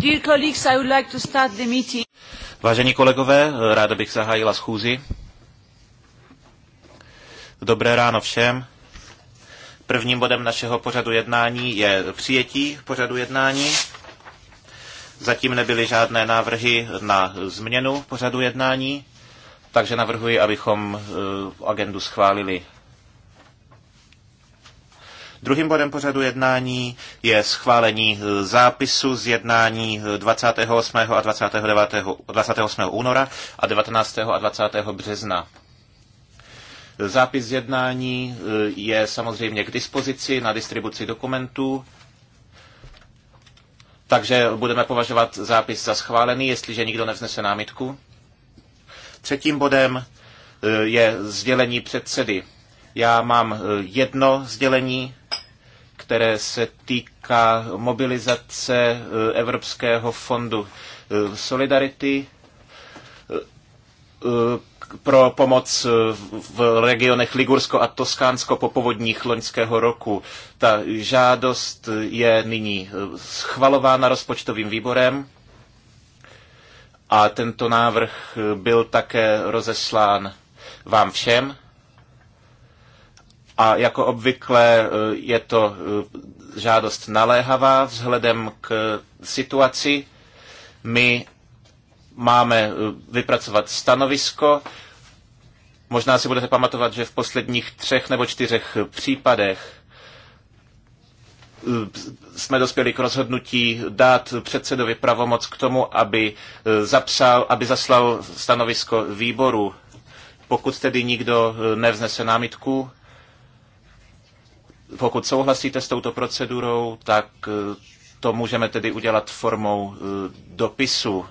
Dear colleagues, I would like to start the meeting. Vážení kolegové, ráda bych zahájila schůzi. Dobré ráno všem. Prvním bodem našeho pořadu jednání je přijetí pořadu jednání. Zatím nebyly žádné návrhy na změnu pořadu jednání, takže navrhuji, abychom eh, agendu schválili Druhým bodem pořadu jednání je schválení e, zápisu z jednání 28. E, a 29. 28. února a 19. a 20. března. Zápis jednání e, je samozřejmě k dispozici na distribuci dokumentů. Takže budeme považovat zápis za schválený, jestliže nikdo nevznese námitku. Třetím bodem je sdělení předsedy. Já mám jedno sdělení které se týká mobilizace eh, Evropského fondu eh, Solidarity eh, pro pomoc v regionech Ligursko a Toskánsko po povodních loňského roku. Ta žádost je nyní schvalována rozpočtovým výborem a tento návrh byl také rozeslán vám všem. A jako obvykle eh, je to eh, žádost naléhavá vzhledem k eh, situaci. My máme vypracovat stanovisko. Možná si budete pamatovat, že v posledních třech nebo čtyřech případech jsme dospěli k rozhodnutí dát předsedovi pravomoc k tomu, aby, zapsal, aby zaslal stanovisko výboru. Pokud tedy nikdo nevznese námitku, pokud souhlasíte s touto procedurou, tak eh, to můžeme tedy udělat formou eh, dopisu.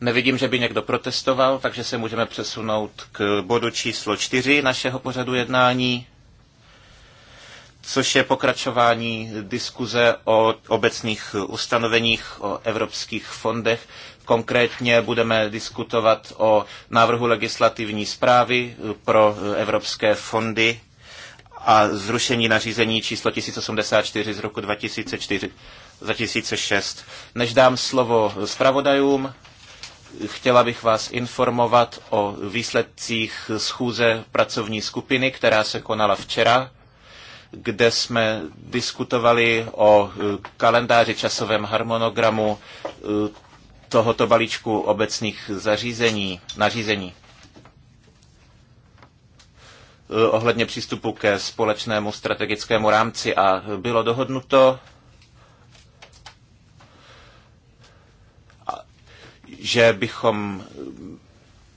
Nevidím, že by někdo protestoval, takže se můžeme přesunout k bodu číslo čtyři našeho pořadu jednání, což je pokračování diskuze o obecných ustanoveních o evropských fondech. Konkrétně budeme diskutovat o návrhu legislativní zprávy eh, pro eh, evropské fondy a zrušení nařízení číslo 1084 z roku 2004, 2006. Než dám slovo zpravodajům, chtěla bych vás informovat o výsledcích schůze pracovní skupiny, která se konala včera, kde jsme diskutovali o eh, kalendáři časovém harmonogramu tohoto balíčku obecných zařízení, nařízení eh, ohledně přístupu ke společnému strategickému rámci a bylo dohodnuto, že bychom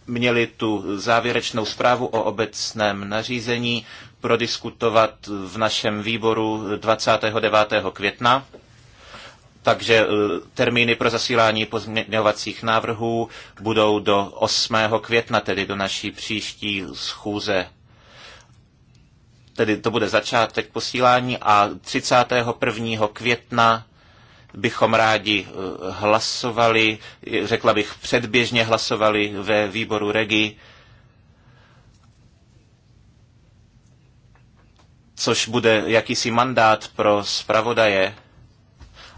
měli tu závěrečnou zprávu o obecném nařízení prodiskutovat v našem výboru 29. května. Takže eh, termíny pro zasílání pozměňovacích návrhů budou do 8. května, tedy do naší příští schůze. Tedy to bude začátek posílání a 31. května bychom rádi eh, hlasovali, řekla bych předběžně hlasovali ve výboru REGI, což bude jakýsi mandát pro zpravodaje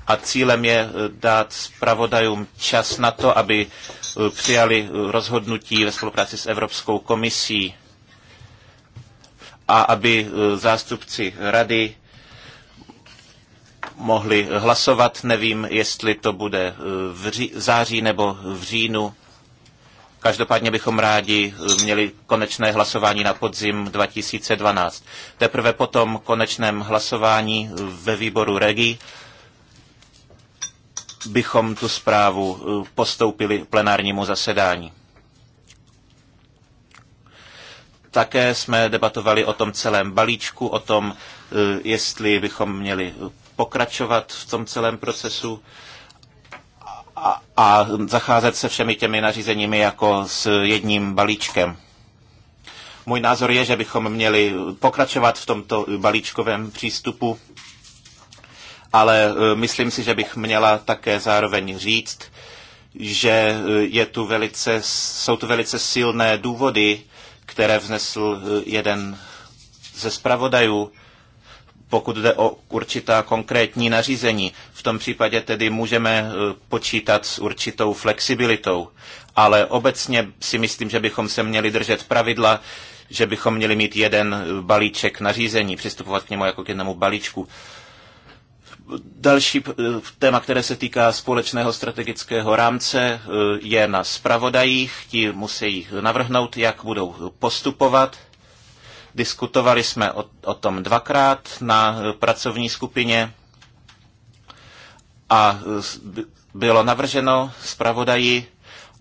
a cílem je eh, dát zpravodajům čas na to, aby eh, přijali eh, rozhodnutí ve spolupráci s Evropskou komisí a aby zástupci rady mohli hlasovat. Nevím, jestli to bude v ří, září nebo v říjnu. Každopádně bychom rádi měli konečné hlasování na podzim 2012. Teprve potom konečném hlasování ve výboru REGI bychom tu zprávu eh, postoupili plenárnímu zasedání. Také jsme debatovali o tom celém balíčku, o tom, eh, jestli bychom měli pokračovat v tom celém procesu a, a zacházet se všemi těmi nařízeními jako s jedním balíčkem. Můj názor je, že bychom měli pokračovat v tomto balíčkovém přístupu ale e, myslím si, že bych měla také zároveň říct, že e, je tu velice, jsou tu velice silné důvody, které vznesl e, jeden ze zpravodajů, pokud jde o určitá konkrétní nařízení. V tom případě tedy můžeme počítat s určitou flexibilitou, ale obecně si myslím, že bychom se měli držet pravidla, že bychom měli mít jeden balíček nařízení, přistupovat k němu jako k jednomu balíčku. Další téma, které se týká společného strategického rámce, e, je na spravodajích. Ti musí navrhnout, jak budou postupovat. Diskutovali jsme o, o tom dvakrát na e, pracovní skupině a e, bylo navrženo zpravodaji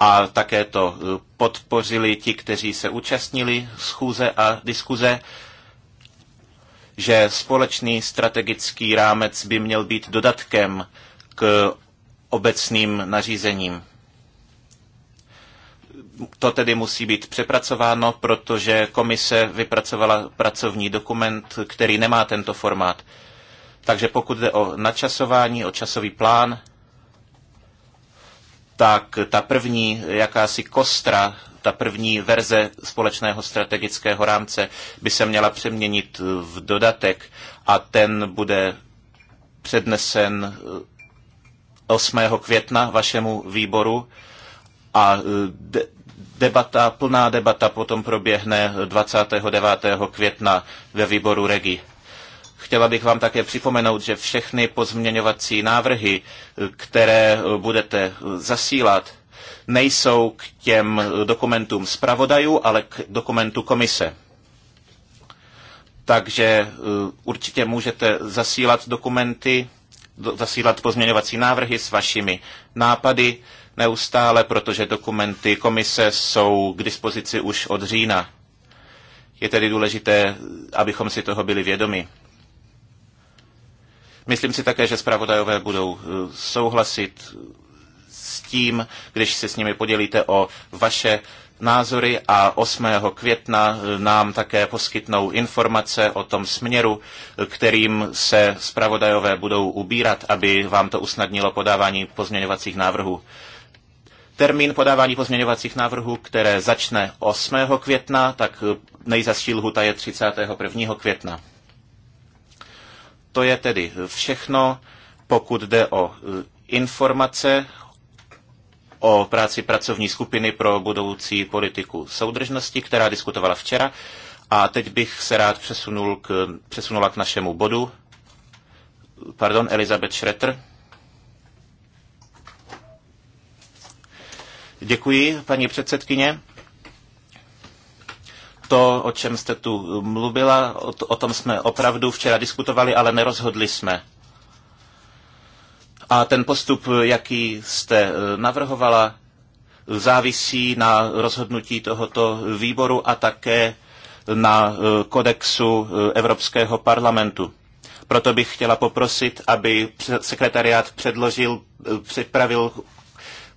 a také to podpořili ti, kteří se účastnili schůze a diskuze, že společný strategický rámec by měl být dodatkem k obecným nařízením. To tedy musí být přepracováno, protože komise vypracovala pracovní dokument, který nemá tento formát. Takže pokud jde o načasování, o časový plán, tak ta první jakási kostra ta první verze společného strategického rámce by se měla přeměnit v dodatek a ten bude přednesen 8. Eh, května vašemu výboru a eh, de- debata, plná debata potom proběhne 29. května ve výboru REGI. Chtěla bych vám také připomenout, že všechny pozměňovací návrhy, eh, které budete zasílat, nejsou k těm dokumentům zpravodajů, ale k dokumentu komise. Takže eh, určitě můžete zasílat dokumenty, zasílat pozměňovací návrhy s vašimi nápady neustále, protože dokumenty komise jsou k dispozici už od října. Je tedy důležité, abychom si toho byli vědomi. Myslím si také, že zpravodajové budou eh, souhlasit s tím, když se s nimi podělíte o vaše názory a 8. května eh, nám také poskytnou informace o tom směru, eh, kterým se zpravodajové budou ubírat, aby vám to usnadnilo podávání pozměňovacích návrhů. Termín podávání pozměňovacích návrhů, které začne 8. května, tak eh, nejzastší lhuta je 31. května. To je tedy všechno, pokud jde o informace o práci pracovní skupiny pro budoucí politiku soudržnosti, která diskutovala včera. A teď bych se rád přesunul k, přesunula k našemu bodu. Pardon, Elizabeth Schretter. Děkuji, paní předsedkyně. To, o čem jste tu mluvila, o, o tom jsme opravdu včera diskutovali, ale nerozhodli jsme. A ten postup, jaký jste e, navrhovala, závisí na rozhodnutí tohoto výboru a také na e, kodexu e, Evropského parlamentu. Proto bych chtěla poprosit, aby sekretariát předložil, připravil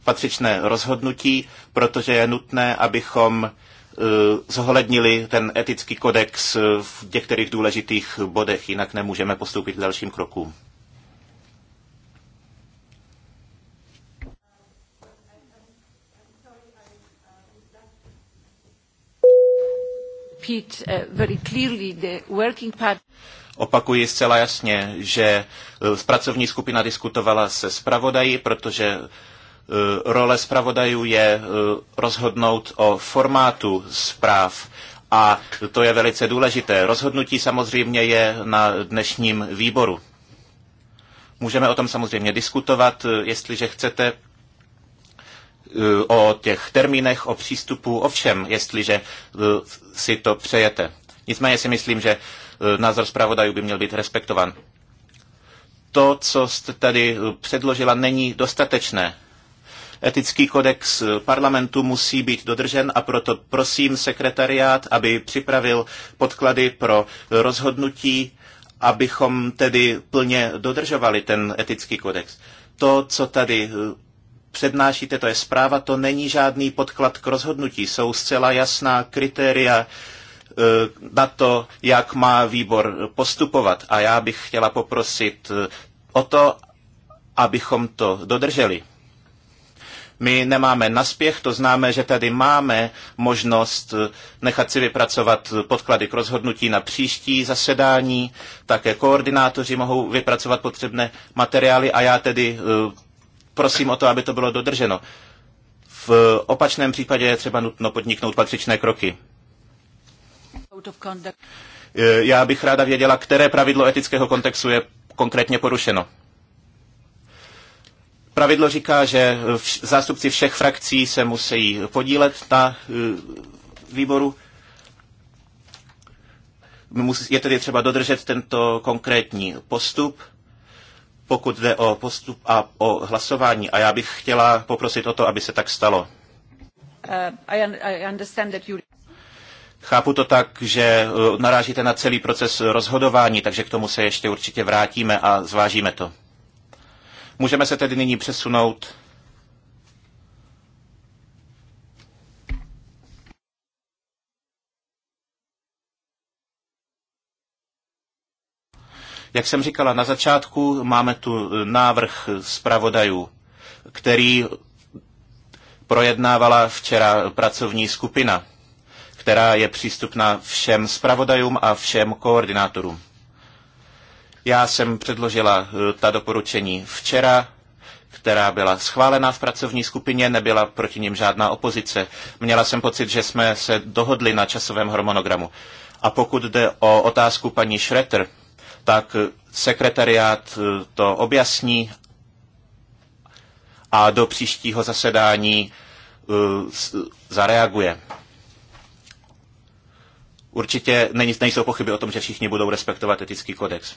patřičné rozhodnutí, protože je nutné, abychom zohlednili ten etický kodex v některých důležitých bodech, jinak nemůžeme postoupit k dalším krokům. Eh, Opakuji zcela jasně, že eh, pracovní skupina diskutovala se zpravodají, protože eh, role zpravodajů je rozhodnout o formátu zpráv. A to je velice důležité. Rozhodnutí samozřejmě je na dnešním výboru. Můžeme o tom samozřejmě diskutovat, jestliže chcete, Eh, o těch termínech, o přístupu, o všem, jestliže eh, si to přejete. Nicméně si myslím, že eh, názor zpravodajů by měl být respektovan. To, co jste tady předložila, není dostatečné. Etický kodex parlamentu musí být dodržen a proto prosím sekretariát, aby připravil podklady pro rozhodnutí, abychom tedy plně dodržovali ten etický kodex. To, co tady přednášíte, to je zpráva, to není žádný podklad k rozhodnutí. Jsou zcela jasná kritéria eh, na to, jak má výbor postupovat. A já bych chtěla poprosit eh, o to, abychom to dodrželi. My nemáme naspěch, to známe, že tady máme možnost eh, nechat si vypracovat podklady k rozhodnutí na příští zasedání, také koordinátoři mohou vypracovat potřebné materiály a já tedy prosím o to, aby to bylo dodrženo. V opačném případě je třeba nutno podniknout patřičné kroky. Eh, já bych ráda věděla, které pravidlo etického kontextu je konkrétně porušeno. Pravidlo říká, že zástupci všech frakcí se musí podílet na eh, výboru. Je tedy třeba dodržet tento konkrétní postup pokud jde o postup a o hlasování. A já bych chtěla poprosit o to, aby se tak stalo. Uh, Chápu to tak, že uh, narážíte na celý proces rozhodování, takže k tomu se ještě určitě vrátíme a zvážíme to. Můžeme se tedy nyní přesunout Jak jsem říkala na začátku, máme tu návrh zpravodajů, který projednávala včera pracovní skupina, která je přístupná všem zpravodajům a všem koordinátorům. Já jsem předložila eh, ta doporučení včera, která byla schválena v pracovní skupině, nebyla proti ním žádná opozice. Měla jsem pocit, že jsme se dohodli na časovém harmonogramu. A pokud jde o otázku paní Schretter, tak sekretariát eh, to objasní a do příštího zasedání eh, zareaguje. Určitě nejsou pochyby o tom, že všichni budou respektovat etický kodex.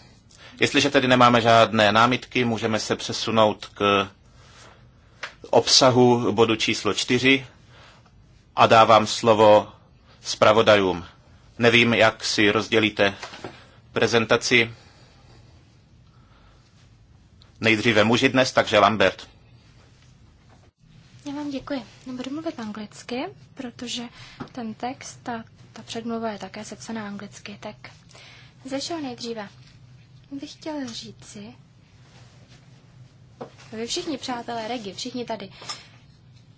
Jestliže tedy nemáme žádné námitky, můžeme se přesunout k obsahu bodu číslo 4 a dávám slovo zpravodajům. Nevím, jak si rozdělíte prezentaci. Nejdříve muži dnes, takže Lambert. Já vám děkuji. Nebudu mluvit anglicky, protože ten text, ta, ta předmluva je také sepsaná anglicky, tak začal nejdříve. Bych chtěl říci, vy všichni přátelé Regi, všichni tady,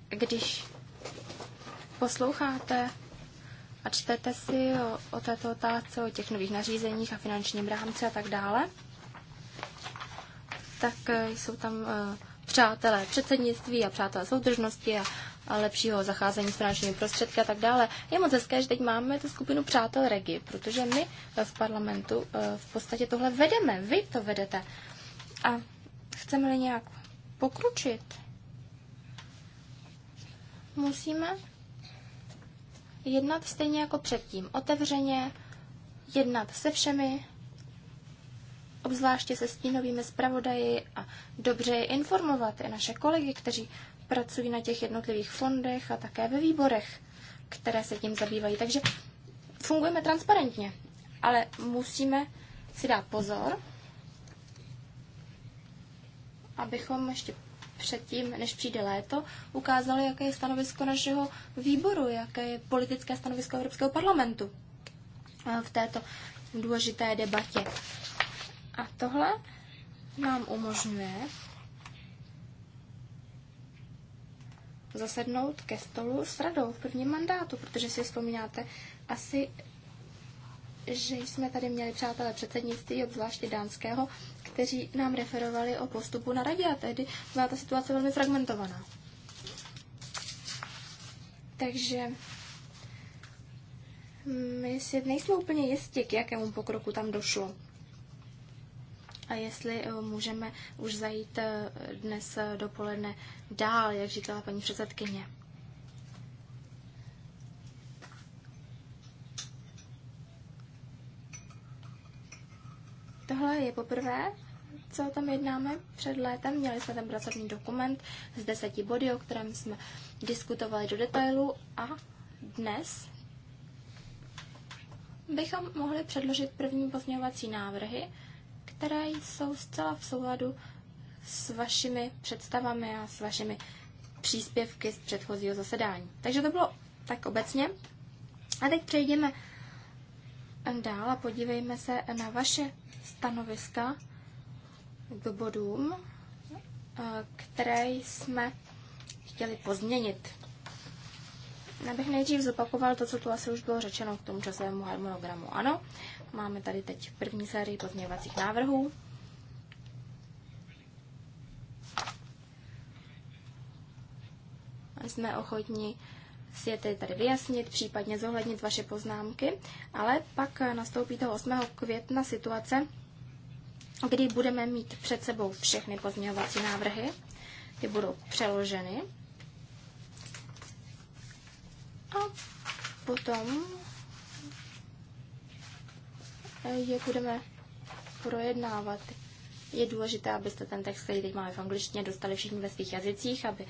když posloucháte a čtete si o, o této otázce, o těch nových nařízeních a finančním rámci a tak dále, tak eh, jsou tam eh, přátelé předsednictví a přátelé soudržnosti a lepšího zacházení s finančními prostředky a tak dále. Je moc hezké, že teď máme tu skupinu Přátel Regi, protože my eh, v parlamentu v podstatě tohle vedeme, vy to vedete. A chceme-li nějak pokručit, musíme jednat stejně jako předtím, otevřeně, jednat se všemi, obzvláště se stínovými zpravodaji a dobře je informovat i naše kolegy, kteří pracují na těch jednotlivých fondech a také ve výborech, které se tím zabývají. Takže fungujeme transparentně, ale musíme si dát pozor, abychom ještě předtím, než přijde léto, ukázali, jaké je stanovisko našeho výboru, jaké je politické stanovisko Evropského parlamentu v této důležité debatě. A tohle nám umožňuje zasednout ke stolu s radou v prvním mandátu, protože si vzpomínáte asi, že jsme tady měli přátelé předsednictví, obzvláště dánského, kteří nám referovali o postupu na radě a tehdy byla ta situace velmi fragmentovaná. Takže my si nejsme úplně jistí, k jakému pokroku tam došlo a jestli eh, můžeme už zajít eh, dnes eh, dopoledne dál, jak říkala paní předsedkyně. Tohle je poprvé, co tam jednáme před létem. Měli jsme tam pracovní dokument z deseti body, o kterém jsme diskutovali do detailu a dnes bychom mohli předložit první pozměňovací návrhy, které jsou zcela v souladu s vašimi představami a s vašimi příspěvky z předchozího zasedání. Takže to bylo tak obecně. A teď přejdeme dál a podívejme se na vaše stanoviska k bodům, které jsme chtěli pozměnit. Já bych nejdřív zopakoval to, co tu asi už bylo řečeno k tomu časovému harmonogramu. Ano, Máme tady teď první sérii pozměňovacích návrhů. Jsme ochotni si je tedy tady vyjasnit, případně zohlednit vaše poznámky, ale pak nastoupí toho 8. května situace, kdy budeme mít před sebou všechny pozměňovací návrhy, ty budou přeloženy a potom jak budeme projednávat. Je důležité, abyste ten text, který teď máme v angličtině, dostali všichni ve svých jazycích, aby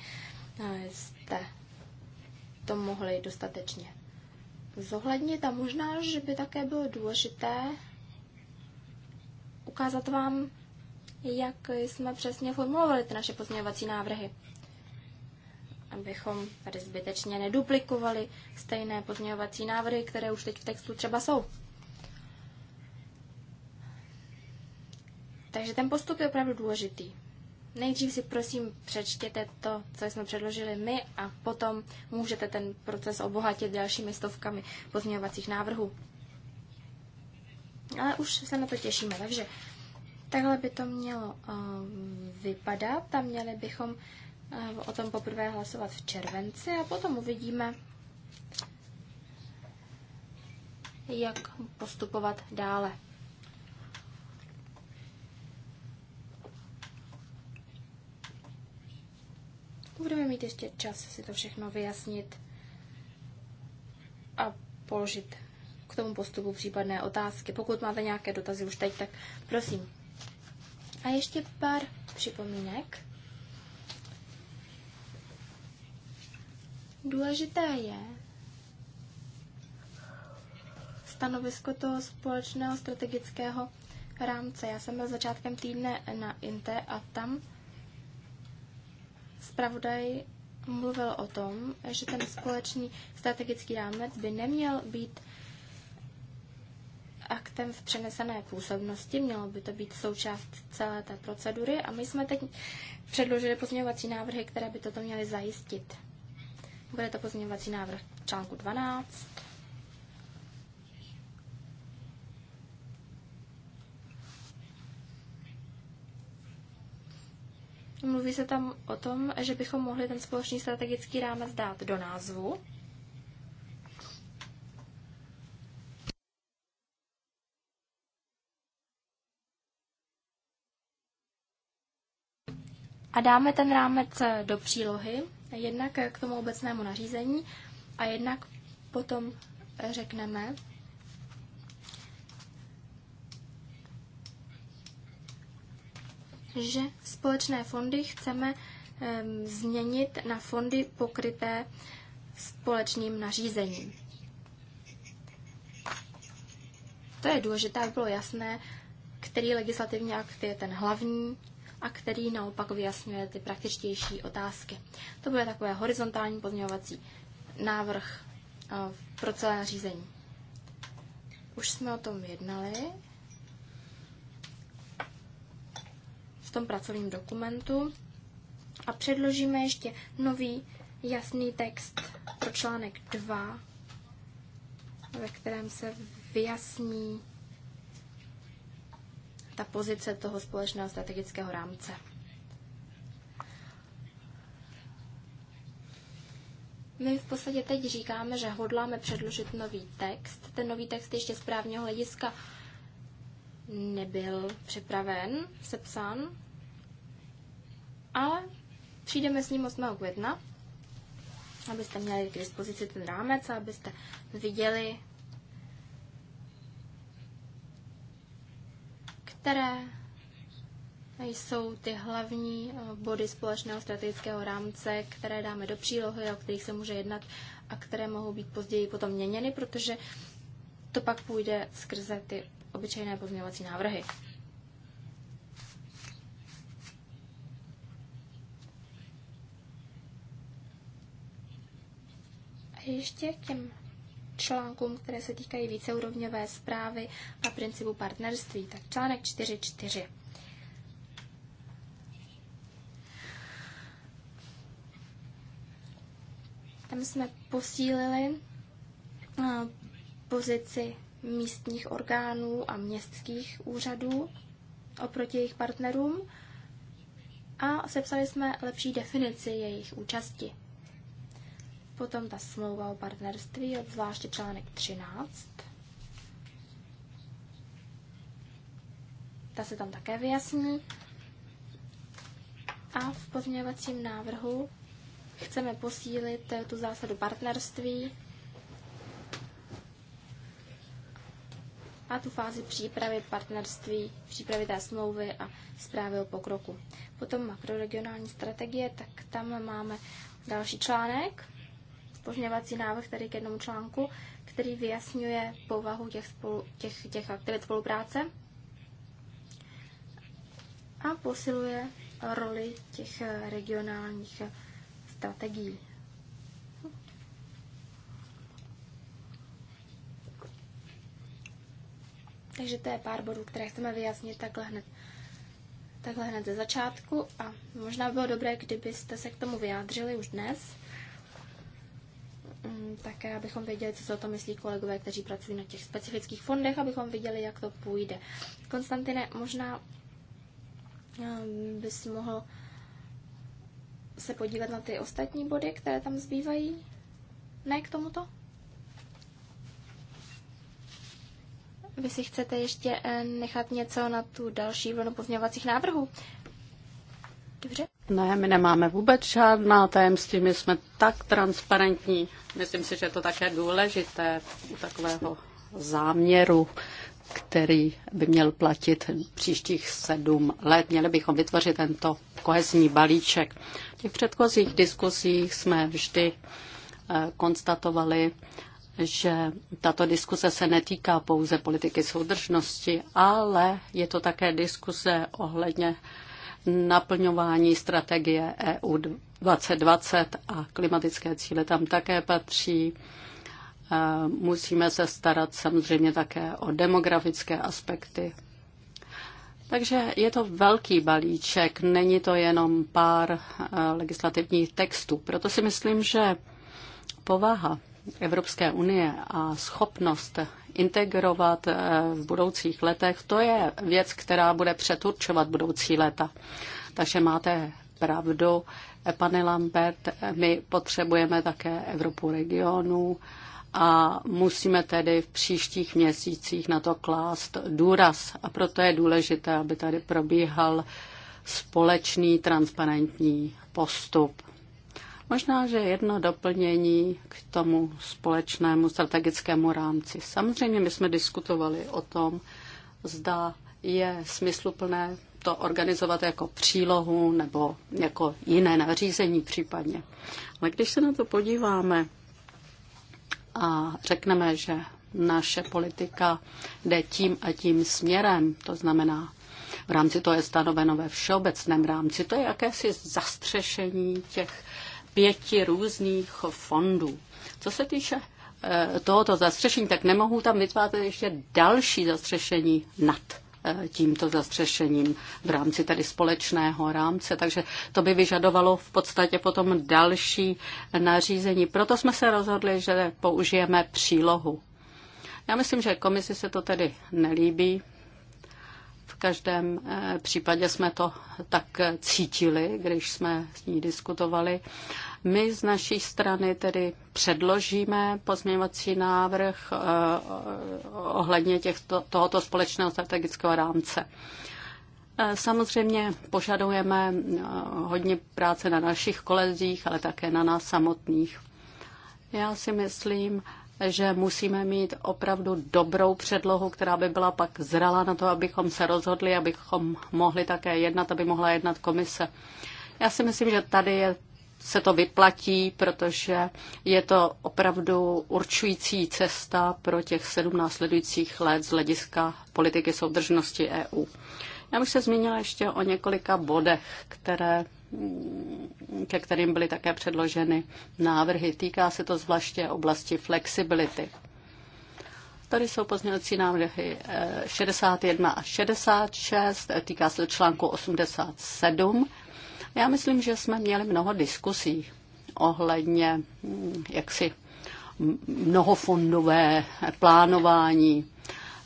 eh, jste to mohli dostatečně zohlednit a možná, že by také bylo důležité ukázat vám, jak jsme přesně formulovali ty naše pozměňovací návrhy. Abychom tady zbytečně neduplikovali stejné pozměňovací návrhy, které už teď v textu třeba jsou. Takže ten postup je opravdu důležitý. Nejdřív si prosím přečtěte to, co jsme předložili my a potom můžete ten proces obohatit dalšími stovkami pozměňovacích návrhů. Ale už se na to těšíme, takže takhle by to mělo eh, vypadat a měli bychom eh, o tom poprvé hlasovat v červenci a potom uvidíme, jak postupovat dále. Budeme mít ještě čas si to všechno vyjasnit a položit k tomu postupu případné otázky. Pokud máte nějaké dotazy už teď, tak prosím. A ještě pár připomínek. Důležité je stanovisko toho společného strategického rámce. Já jsem byl začátkem týdne na INTE a tam Spravodaj mluvil o tom, že ten společný strategický rámec by neměl být aktem v přenesené působnosti, mělo by to být součást celé té procedury a my jsme teď předložili pozměňovací návrhy, které by toto měly zajistit. Bude to pozměňovací návrh článku 12, Mluví se tam o tom, že bychom mohli ten společný strategický rámec dát do názvu. A dáme ten rámec do přílohy, jednak k tomu obecnému nařízení a jednak potom řekneme, že společné fondy chceme změnit na fondy pokryté společným nařízením. To je důležité, aby bylo jasné, který legislativní akt je ten hlavní a který naopak vyjasňuje ty praktičtější otázky. To bude takové horizontální pozměňovací návrh eh, pro celé nařízení. Už jsme o tom jednali tom pracovním dokumentu a předložíme ještě nový jasný text pro článek 2, ve kterém se vyjasní ta pozice toho společného strategického rámce. My v podstatě teď říkáme, že hodláme předložit nový text. Ten nový text ještě z právního hlediska nebyl připraven, sepsán, ale přijdeme s ním 8. května, abyste měli k dispozici ten rámec a abyste viděli, které jsou ty hlavní eh, body společného strategického rámce, které dáme do přílohy, o kterých se může jednat a které mohou být později potom měněny, protože to pak půjde skrze ty obyčejné pozměňovací návrhy. ještě k těm článkům, které se týkají víceúrovňové zprávy a principu partnerství. Tak článek 4.4. Tam jsme posílili eh, pozici místních orgánů a městských úřadů oproti jejich partnerům a sepsali jsme lepší definici jejich účasti. Potom ta smlouva o partnerství, obzvláště článek 13. Ta se tam také vyjasní. A v pozměňovacím návrhu chceme posílit eh, tu zásadu partnerství a tu fázi přípravy partnerství, přípravy té smlouvy a zprávy o pokroku. Potom makroregionální strategie, tak tam máme další článek pozměvací návrh tady k jednomu článku, který vyjasňuje povahu těch, spolu, těch, těch aktivit spolupráce a posiluje roli těch regionálních strategií. Takže to je pár bodů, které chceme vyjasnit takhle hned, takhle hned ze začátku a možná by bylo dobré, kdybyste se k tomu vyjádřili už dnes. Mm, také abychom věděli, co se o tom myslí kolegové, kteří pracují na těch specifických fondech, abychom viděli, jak to půjde. Konstantine, možná um, bys mohl se podívat na ty ostatní body, které tam zbývají? Ne k tomuto? Vy si chcete ještě eh, nechat něco na tu další vlnu pozměňovacích návrhů? Dobře. Ne, my nemáme vůbec žádná tajemství, my jsme tak transparentní. Myslím si, že je to také důležité u takového záměru, který by měl platit příštích sedm let. Měli bychom vytvořit tento kohezní balíček. V těch předchozích diskusích jsme vždy eh, konstatovali, že tato diskuse se netýká pouze politiky soudržnosti, ale je to také diskuse ohledně naplňování strategie EU 2020 a klimatické cíle tam také patří. Musíme se starat samozřejmě také o demografické aspekty. Takže je to velký balíček, není to jenom pár e, legislativních textů. Proto si myslím, že povaha Evropské unie a schopnost integrovat eh, v budoucích letech, to je věc, která bude předurčovat budoucí léta. Takže máte pravdu, pane Lambert, my potřebujeme také Evropu regionu a musíme tedy v příštích měsících na to klást důraz. A proto je důležité, aby tady probíhal společný transparentní postup. Možná, že jedno doplnění k tomu společnému strategickému rámci. Samozřejmě my jsme diskutovali o tom, zda je smysluplné to organizovat jako přílohu nebo jako jiné nařízení případně. Ale když se na to podíváme a řekneme, že naše politika jde tím a tím směrem, to znamená v rámci to je stanoveno ve všeobecném rámci. To je jakési zastřešení těch pěti různých fondů. Co se týče eh, tohoto zastřešení, tak nemohu tam vytvářet ještě další zastřešení nad eh, tímto zastřešením v rámci tady společného rámce, takže to by vyžadovalo v podstatě potom další nařízení. Proto jsme se rozhodli, že použijeme přílohu. Já myslím, že komisi se to tedy nelíbí, každém eh, případě jsme to tak cítili, když jsme s ní diskutovali. My z naší strany tedy předložíme pozměňovací návrh eh, ohledně těchto, tohoto společného strategického rámce. Eh, samozřejmě požadujeme hodně práce na našich kolezích, ale také na nás samotných. Já si myslím, že musíme mít opravdu dobrou předlohu, která by byla pak zralá na to, abychom se rozhodli, abychom mohli také jednat, aby mohla jednat komise. Já si myslím, že tady je, se to vyplatí, protože je to opravdu určující cesta pro těch sedm následujících let z hlediska politiky soudržnosti EU. Já bych se zmínila ještě o několika bodech, které Mm, ke kterým byly také předloženy návrhy. Týká se to zvláště oblasti flexibility. Tady jsou pozměňovací návrhy 61 eh, a 66, eh, týká se článku 87. Já myslím, že jsme měli mnoho diskusí ohledně mm, jaksi mnohofondové plánování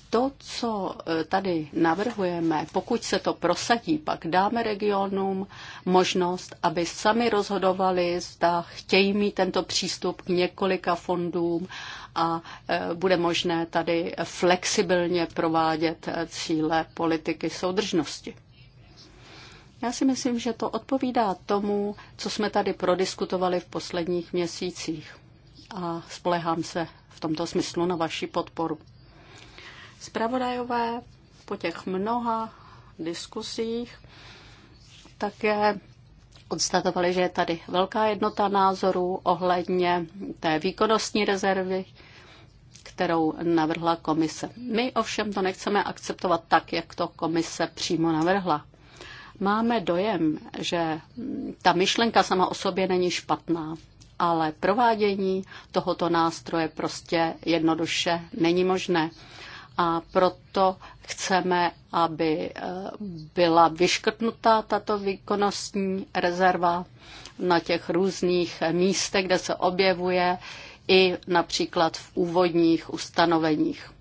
to, co e, tady navrhujeme, pokud se to prosadí, pak dáme regionům možnost, aby sami rozhodovali, zda chtějí mít tento přístup k několika fondům a e, bude možné tady flexibilně provádět e, cíle politiky soudržnosti. Já si myslím, že to odpovídá tomu, co jsme tady prodiskutovali v posledních měsících a spolehám se v tomto smyslu na vaši podporu. Spravodajové po těch mnoha diskusích také konstatovali, že je tady velká jednota názorů ohledně té výkonnostní rezervy, kterou navrhla komise. My ovšem to nechceme akceptovat tak, jak to komise přímo navrhla. Máme dojem, že ta myšlenka sama o sobě není špatná, ale provádění tohoto nástroje prostě jednoduše není možné a proto chceme, aby e, byla vyškrtnutá tato výkonnostní rezerva na těch různých místech, kde se objevuje i například v úvodních ustanoveních.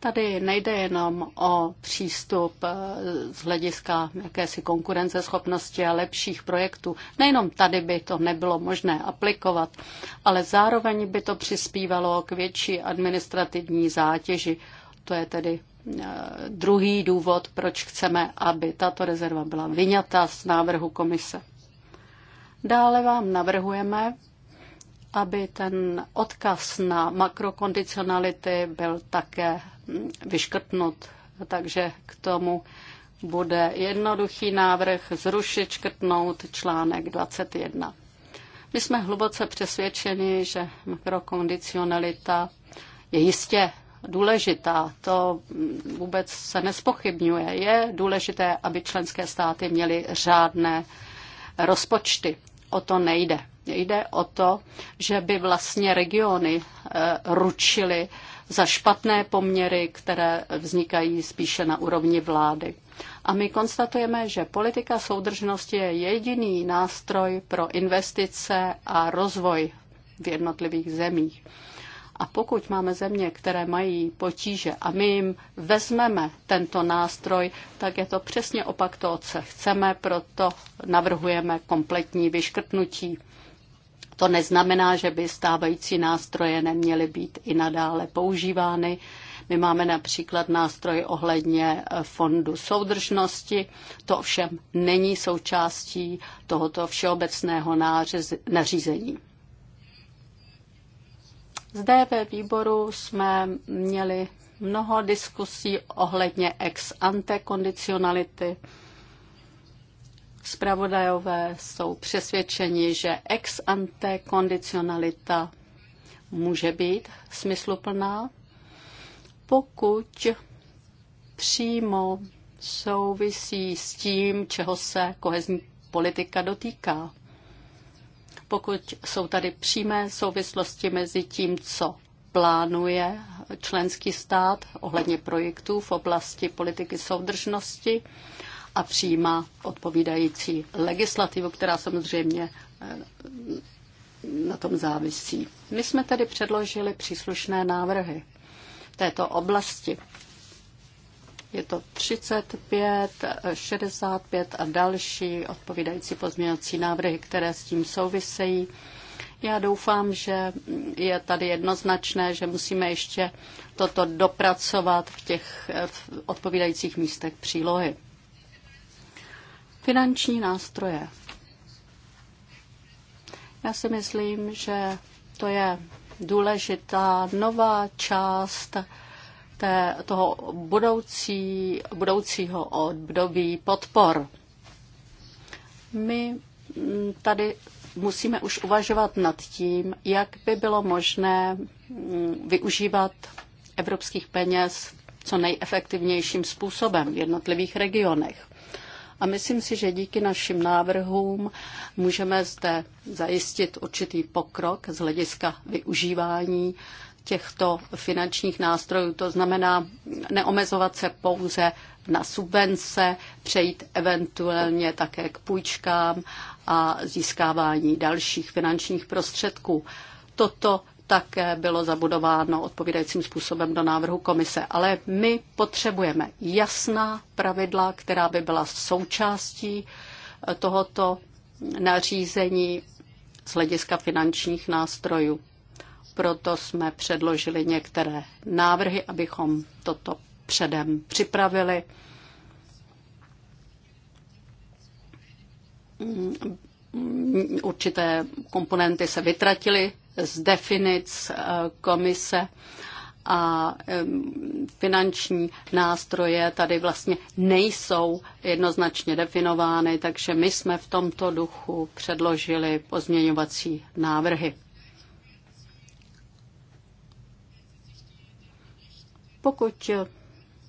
Tady nejde jenom o přístup eh, z hlediska jakési konkurenceschopnosti a lepších projektů. Nejenom tady by to nebylo možné aplikovat, ale zároveň by to přispívalo k větší administrativní zátěži. To je tedy eh, druhý důvod, proč chceme, aby tato rezerva byla vyňata z návrhu komise. Dále vám navrhujeme, aby ten odkaz na makrokondicionality byl také vyškrtnut. Takže k tomu bude jednoduchý návrh zrušit, škrtnout článek 21. My jsme hluboce přesvědčeni, že mikrokondicionalita je jistě důležitá, to vůbec se nespochybňuje. Je důležité, aby členské státy měly řádné rozpočty. O to nejde. Jde o to, že by vlastně regiony eh, ručily za špatné poměry, které vznikají spíše na úrovni vlády. A my konstatujeme, že politika soudržnosti je jediný nástroj pro investice a rozvoj v jednotlivých zemích. A pokud máme země, které mají potíže a my jim vezmeme tento nástroj, tak je to přesně opak toho, co chceme, proto navrhujeme kompletní vyškrtnutí to neznamená, že by stávající nástroje neměly být i nadále používány. My máme například nástroj ohledně eh, fondu soudržnosti. To ovšem není součástí tohoto všeobecného nařízení. Zde ve výboru jsme měli mnoho diskusí ohledně ex ante kondicionality. Spravodajové jsou přesvědčeni, že ex ante kondicionalita může být smysluplná, pokud přímo souvisí s tím, čeho se kohezní politika dotýká. Pokud jsou tady přímé souvislosti mezi tím, co plánuje členský stát ohledně projektů v oblasti politiky soudržnosti a přijímá odpovídající legislativu, která samozřejmě eh, na tom závisí. My jsme tedy předložili příslušné návrhy této oblasti. Je to 35, 65 a další odpovídající pozměňovací návrhy, které s tím souvisejí. Já doufám, že je tady jednoznačné, že musíme ještě toto dopracovat v těch eh, odpovídajících místech přílohy. Finanční nástroje. Já si myslím, že to je důležitá nová část té, toho budoucí, budoucího období podpor. My mm, tady musíme už uvažovat nad tím, jak by bylo možné mm, využívat evropských peněz co nejefektivnějším způsobem v jednotlivých regionech. A myslím si, že díky našim návrhům můžeme zde zajistit určitý pokrok z hlediska využívání těchto finančních nástrojů. To znamená neomezovat se pouze na subvence, přejít eventuálně také k půjčkám a získávání dalších finančních prostředků. Toto také bylo zabudováno odpovídajícím způsobem do návrhu komise. Ale my potřebujeme jasná pravidla, která by byla součástí eh, tohoto nařízení z hlediska finančních nástrojů. Proto jsme předložili některé návrhy, abychom toto předem připravili. Mm, mm, určité komponenty se vytratily z definic eh, komise a finanční nástroje tady vlastně nejsou jednoznačně definovány, takže my jsme v tomto duchu předložili pozměňovací návrhy. Pokud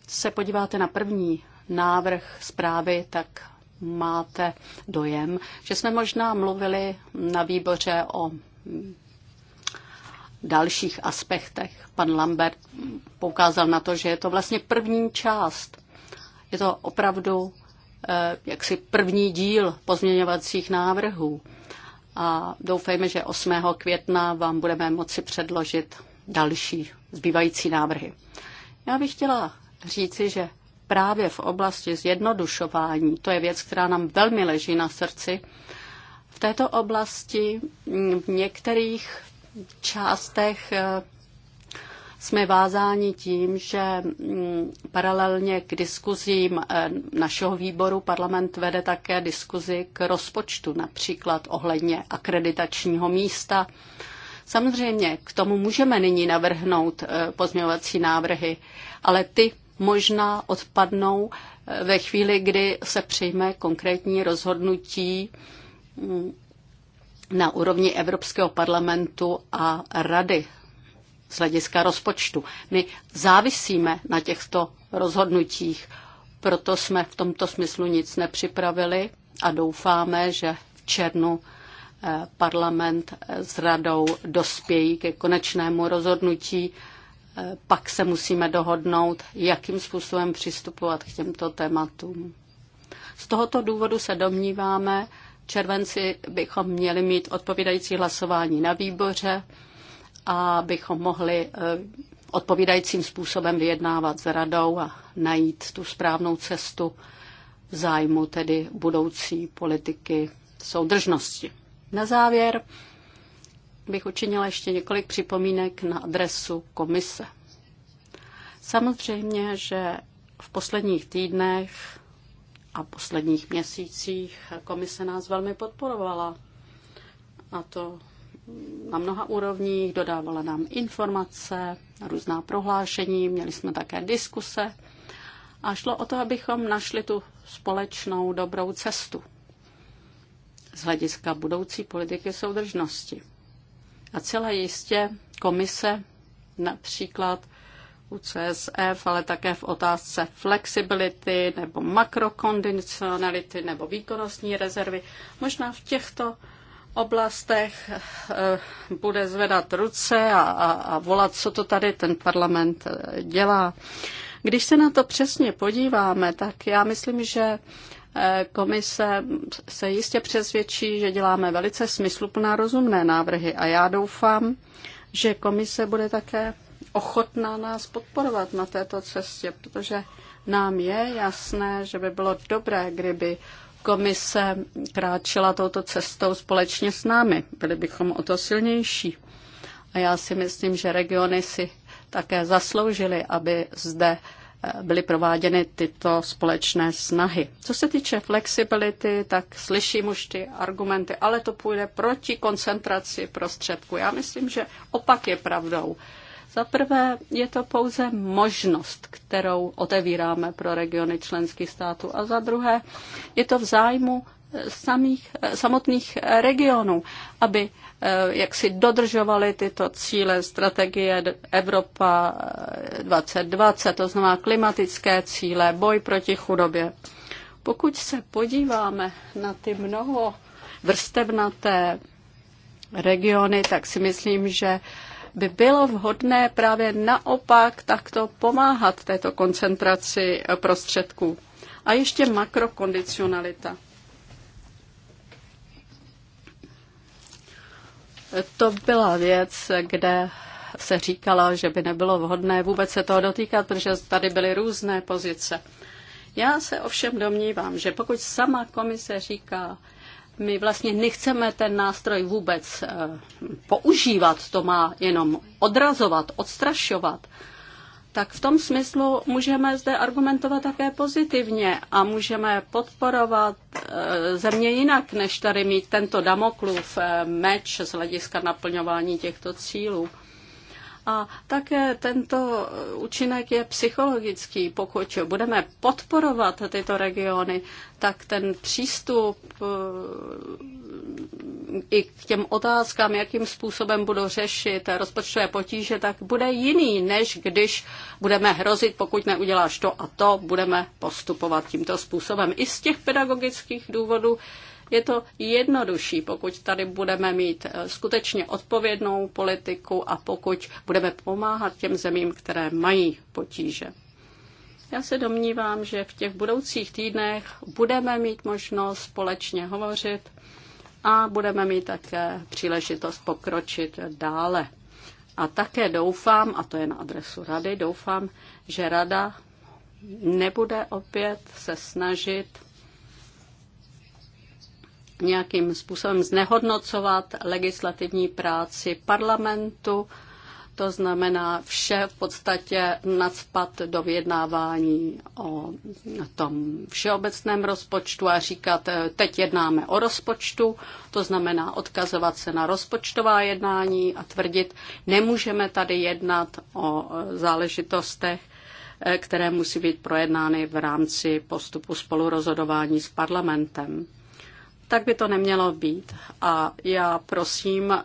se podíváte na první návrh zprávy, tak máte dojem, že jsme možná mluvili na výboře o dalších aspektech. Pan Lambert poukázal na to, že je to vlastně první část. Je to opravdu eh, jaksi první díl pozměňovacích návrhů. A doufejme, že 8. května vám budeme moci předložit další zbývající návrhy. Já bych chtěla říci, že právě v oblasti zjednodušování, to je věc, která nám velmi leží na srdci, v této oblasti v některých částech eh, jsme vázáni tím, že mm, paralelně k diskuzím eh, našeho výboru parlament vede také diskuzi k rozpočtu, například ohledně akreditačního místa. Samozřejmě k tomu můžeme nyní navrhnout eh, pozměňovací návrhy, ale ty možná odpadnou ve chvíli, kdy se přijme konkrétní rozhodnutí mm, na úrovni Evropského parlamentu a rady z hlediska rozpočtu. My závisíme na těchto rozhodnutích, proto jsme v tomto smyslu nic nepřipravili a doufáme, že v černu eh, parlament eh, s radou dospějí ke konečnému rozhodnutí. Eh, pak se musíme dohodnout, jakým způsobem přistupovat k těmto tématům. Z tohoto důvodu se domníváme, červenci bychom měli mít odpovídající hlasování na výboře a bychom mohli eh, odpovídajícím způsobem vyjednávat s radou a najít tu správnou cestu v zájmu tedy budoucí politiky soudržnosti. Na závěr bych učinila ještě několik připomínek na adresu komise. Samozřejmě, že v posledních týdnech a posledních měsících komise nás velmi podporovala. A to na mnoha úrovních, dodávala nám informace, různá prohlášení, měli jsme také diskuse a šlo o to, abychom našli tu společnou dobrou cestu z hlediska budoucí politiky soudržnosti. A celé jistě komise například UCSF, ale také v otázce flexibility nebo makrokondicionality nebo výkonnostní rezervy. Možná v těchto oblastech eh, bude zvedat ruce a, a, a volat, co to tady ten parlament eh, dělá. Když se na to přesně podíváme, tak já myslím, že eh, komise se jistě přesvědčí, že děláme velice smysluplná rozumné návrhy a já doufám, že komise bude také ochotná nás podporovat na této cestě, protože nám je jasné, že by bylo dobré, kdyby komise kráčela touto cestou společně s námi. Byli bychom o to silnější. A já si myslím, že regiony si také zasloužily, aby zde eh, byly prováděny tyto společné snahy. Co se týče flexibility, tak slyším už ty argumenty, ale to půjde proti koncentraci prostředků. Já myslím, že opak je pravdou. Za prvé je to pouze možnost, kterou otevíráme pro regiony členských států a za druhé je to v zájmu eh, samých, eh, samotných regionů, aby eh, jak si dodržovali tyto cíle strategie Evropa 2020, to znamená klimatické cíle, boj proti chudobě. Pokud se podíváme na ty mnoho vrstevnaté regiony, tak si myslím, že by bylo vhodné právě naopak takto pomáhat této koncentraci prostředků. A ještě makrokondicionalita. To byla věc, kde se říkala, že by nebylo vhodné vůbec se toho dotýkat, protože tady byly různé pozice. Já se ovšem domnívám, že pokud sama komise říká, my vlastně nechceme ten nástroj vůbec eh, používat, to má jenom odrazovat, odstrašovat. Tak v tom smyslu můžeme zde argumentovat také pozitivně a můžeme podporovat eh, země jinak, než tady mít tento damoklův eh, meč z hlediska naplňování těchto cílů. A také tento účinek je psychologický. Pokud budeme podporovat tyto regiony, tak ten přístup eh, i k těm otázkám, jakým způsobem budou řešit rozpočtové potíže, tak bude jiný, než když budeme hrozit, pokud neuděláš to a to, budeme postupovat tímto způsobem. I z těch pedagogických důvodů je to jednodušší, pokud tady budeme mít eh, skutečně odpovědnou politiku a pokud budeme pomáhat těm zemím, které mají potíže. Já se domnívám, že v těch budoucích týdnech budeme mít možnost společně hovořit a budeme mít také příležitost pokročit dále. A také doufám, a to je na adresu rady, doufám, že rada nebude opět se snažit nějakým způsobem znehodnocovat legislativní práci parlamentu, to znamená vše v podstatě nadspat do vyjednávání o tom všeobecném rozpočtu a říkat, eh, teď jednáme o rozpočtu, to znamená odkazovat se na rozpočtová jednání a tvrdit, nemůžeme tady jednat o eh, záležitostech, eh, které musí být projednány v rámci postupu spolurozhodování s parlamentem tak by to nemělo být. A já prosím eh,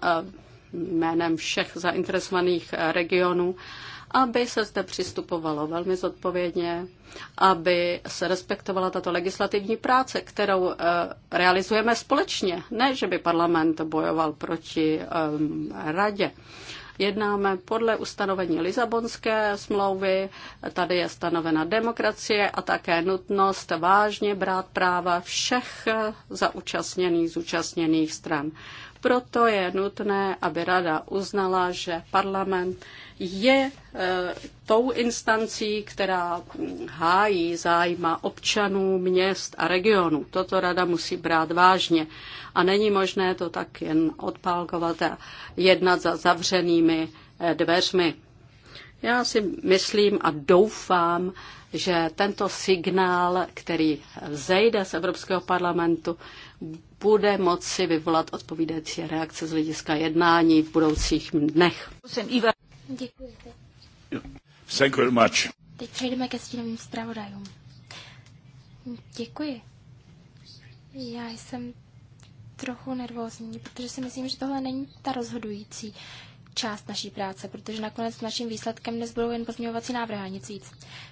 jménem všech zainteresovaných eh, regionů, aby se zde přistupovalo velmi zodpovědně, aby se respektovala tato legislativní práce, kterou eh, realizujeme společně. Ne, že by parlament bojoval proti radě. Jednáme podle ustanovení Lisabonské smlouvy, tady je stanovena demokracie a také nutnost vážně brát práva všech zaúčastněných, zúčastněných stran. Proto je nutné, aby Rada uznala, že parlament je e, tou instancí, která hájí zájma občanů, měst a regionů. Toto rada musí brát vážně a není možné to tak jen odpálkovat a jednat za zavřenými e, dveřmi. Já si myslím a doufám, že tento signál, který zejde z Evropského parlamentu, bude moci vyvolat odpovídající reakce z hlediska jednání v budoucích dnech. Děkuji. Thank you very much. Teď přejdeme ke stínovým zpravodajům. Děkuji. Já jsem trochu nervózní, protože si myslím, že tohle není ta rozhodující část naší práce, protože nakonec naším výsledkem dnes budou jen pozměňovací návrhy a nic víc.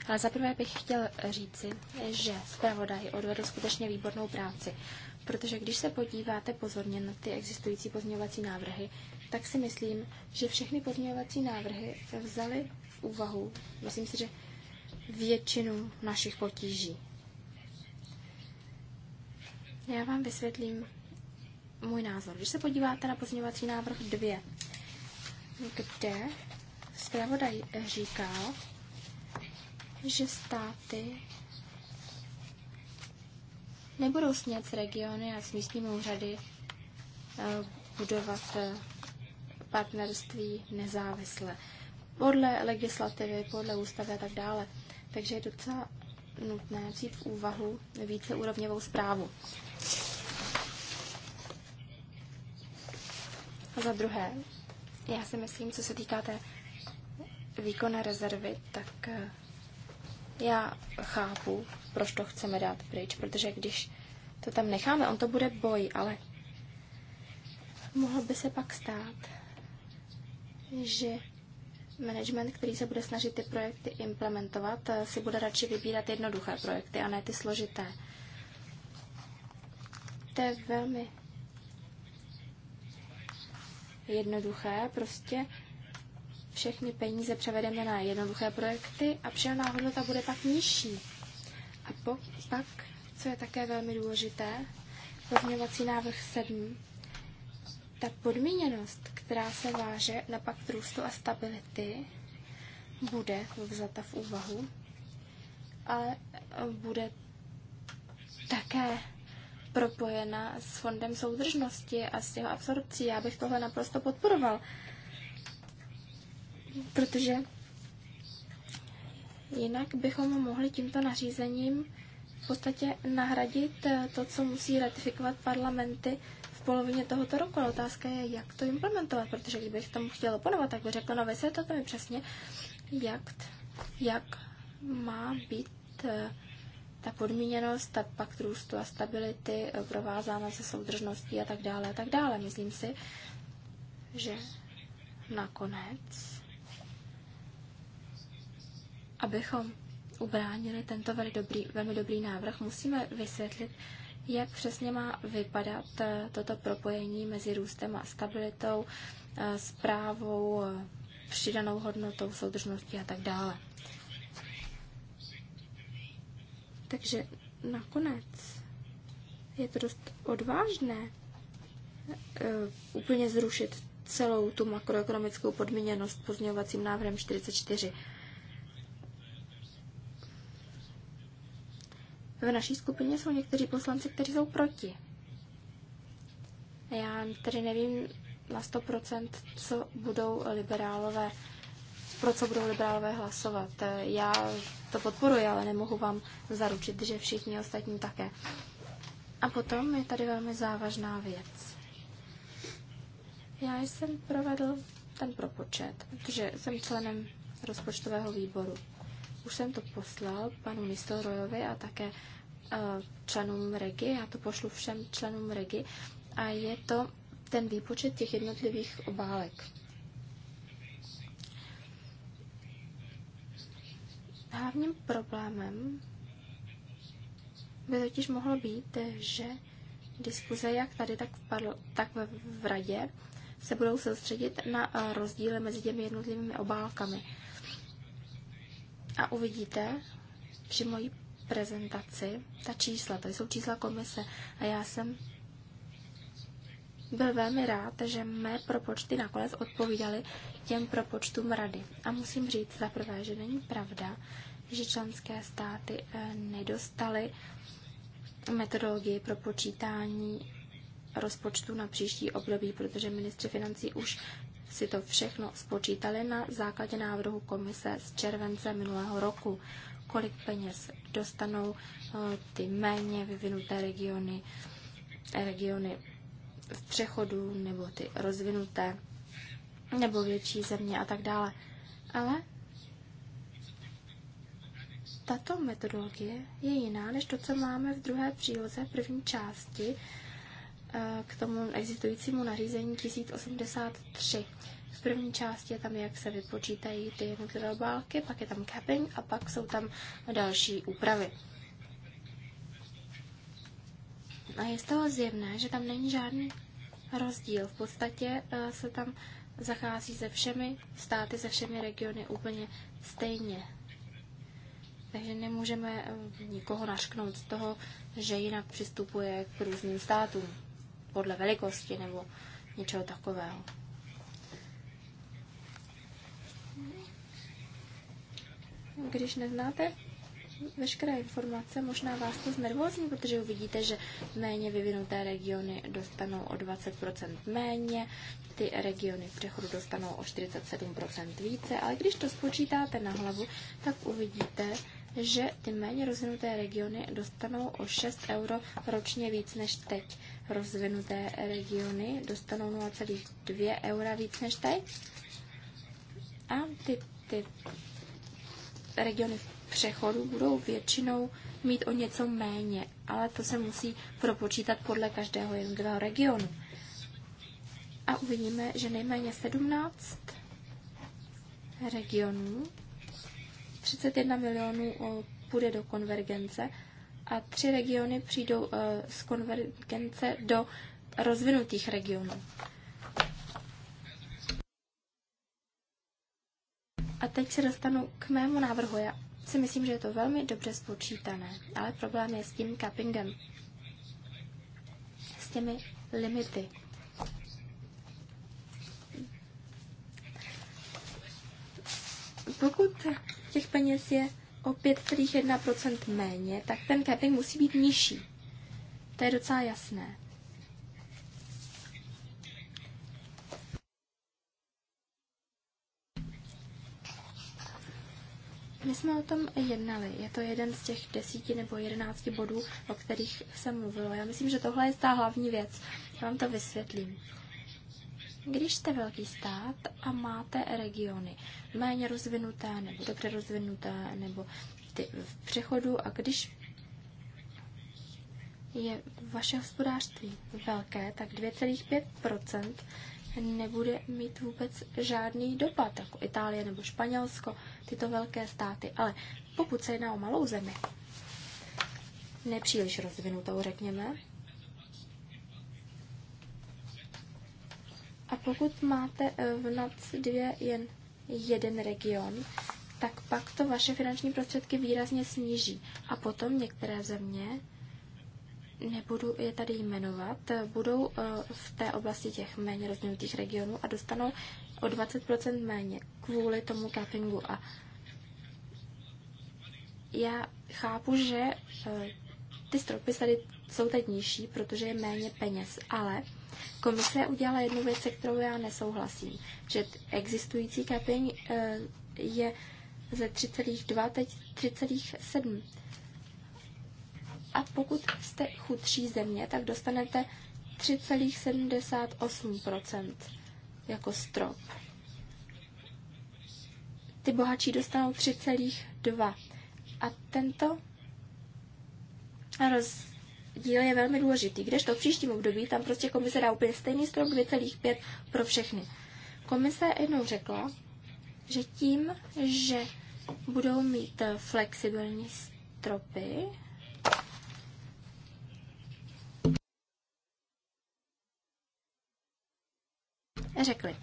Ale zaprvé bych chtěl říci, že zpravodaj odvedl skutečně výbornou práci protože když se podíváte pozorně na ty existující pozměňovací návrhy, tak si myslím, že všechny pozměňovací návrhy vzaly v úvahu, myslím si, že většinu našich potíží. Já vám vysvětlím můj názor. Když se podíváte na pozměňovací návrh 2, kde zpravodaj říkal, že státy nebudou smět regiony a s místními úřady eh, budovat eh, partnerství nezávisle. Podle legislativy, podle ústavy a tak dále. Takže je docela nutné vzít v úvahu víceúrovněvou zprávu. A za druhé, já si myslím, co se týká té výkonné rezervy, tak eh, já chápu proč to chceme dát pryč, protože když to tam necháme, on to bude boj, ale mohlo by se pak stát, že management, který se bude snažit ty projekty implementovat, si bude radši vybírat jednoduché projekty a ne ty složité. To je velmi jednoduché, prostě všechny peníze převedeme na jednoduché projekty a přidaná hodnota bude pak nižší pak, co je také velmi důležité, pozměňovací návrh 7, ta podmíněnost, která se váže na pakt růstu a stability, bude vzata v úvahu, ale bude také propojena s fondem soudržnosti a s jeho absorpcí. Já bych tohle naprosto podporoval, protože Jinak bychom mohli tímto nařízením v podstatě nahradit eh, to, co musí ratifikovat parlamenty v polovině tohoto roku. Ale otázka je, jak to implementovat, protože kdybych tomu chtěla oponovat, tak bych řekla, no vysvětlete mi přesně, jak, jak má být eh, ta podmíněnost, ta pakt růstu a stability eh, provázána se soudržností a tak dále a tak dále. Myslím si, že nakonec Abychom ubránili tento velmi dobrý, velmi dobrý návrh, musíme vysvětlit, jak přesně má vypadat eh, toto propojení mezi růstem a stabilitou, zprávou, eh, eh, přidanou hodnotou, soudržností a tak dále. Takže nakonec je to dost odvážné úplně zrušit celou tu makroekonomickou podmíněnost pozměňovacím návrhem 44. V naší skupině jsou někteří poslanci, kteří jsou proti. Já tedy nevím na 100%, co budou liberálové, pro co budou liberálové hlasovat. Já to podporuji, ale nemohu vám zaručit, že všichni ostatní také. A potom je tady velmi závažná věc. Já jsem provedl ten propočet, protože jsem členem rozpočtového výboru. Už jsem to poslal panu Nistorojovi a také eh, členům REGI. Já to pošlu všem členům REGI. A je to ten výpočet těch jednotlivých obálek. Hlavním problémem by totiž mohlo být, že diskuze jak tady, tak, v parlo, tak v, v radě se budou soustředit na eh, rozdíly mezi těmi jednotlivými obálkami a uvidíte při mojí prezentaci ta čísla, to jsou čísla komise a já jsem byl velmi rád, že mé propočty nakonec odpovídaly těm propočtům rady. A musím říct za prvé, že není pravda, že členské státy eh, nedostaly metodologii pro počítání rozpočtu na příští období, protože ministři financí už si to všechno spočítali na základě návrhu komise z července minulého roku. Kolik peněz dostanou eh, ty méně vyvinuté regiony, regiony v přechodu nebo ty rozvinuté nebo větší země a tak dále. Ale tato metodologie je jiná než to, co máme v druhé příloze první části Eh, k tomu existujícímu nařízení 1083. V první části je tam, jak se vypočítají ty jednotlivé obálky, pak je tam capping a pak jsou tam další úpravy. A je z toho zjevné, že tam není žádný rozdíl. V podstatě eh, se tam zachází se všemi státy, se všemi regiony úplně stejně. Takže nemůžeme eh, nikoho našknout z toho, že jinak přistupuje k různým státům podle velikosti nebo něčeho takového. Když neznáte veškeré informace, možná vás to znervozní, protože uvidíte, že méně vyvinuté regiony dostanou o 20% méně, ty regiony v přechodu dostanou o 47% více, ale když to spočítáte na hlavu, tak uvidíte, že ty méně rozvinuté regiony dostanou o 6 euro ročně víc než teď. Rozvinuté regiony dostanou 0,2 eura víc než teď. A ty, ty regiony v přechodu budou většinou mít o něco méně, ale to se musí propočítat podle každého jednotlivého regionu. A uvidíme, že nejméně 17 regionů 31 milionů půjde do konvergence a tři regiony přijdou e, z konvergence do rozvinutých regionů. A teď se dostanu k mému návrhu. Já si myslím, že je to velmi dobře spočítané, ale problém je s tím cappingem, s těmi limity. pokud těch peněz je o 5,1% méně, tak ten capping musí být nižší. To je docela jasné. My jsme o tom jednali. Je to jeden z těch desíti nebo jedenácti bodů, o kterých jsem mluvila. Já myslím, že tohle je ta hlavní věc. Já vám to vysvětlím. Když jste velký stát a máte regiony méně rozvinuté nebo dobře rozvinuté nebo ty v přechodu a když je vaše hospodářství velké, tak 2,5% nebude mít vůbec žádný dopad, jako Itálie nebo Španělsko, tyto velké státy. Ale pokud se jedná o malou zemi, nepříliš rozvinutou, řekněme, A pokud máte eh, v NAC2 jen jeden region, tak pak to vaše finanční prostředky výrazně sníží. A potom některé země, nebudu je tady jmenovat, eh, budou eh, v té oblasti těch méně rozvinutých regionů a dostanou o 20% méně kvůli tomu cappingu. A já chápu, že ty stropy tady jsou teď nižší, protože je méně peněz, ale Komise udělala jednu věc, se kterou já nesouhlasím, že existující kapeň eh, je ze 3,2, teď 3,7. A pokud jste chudší země, tak dostanete 3,78% jako strop. Ty bohatší dostanou 3,2. A tento roz, díl je velmi důležitý, kdežto v příštím období tam prostě komise dá úplně stejný strop 2,5 pro všechny. Komise jednou řekla, že tím, že budou mít flexibilní stropy, řekli,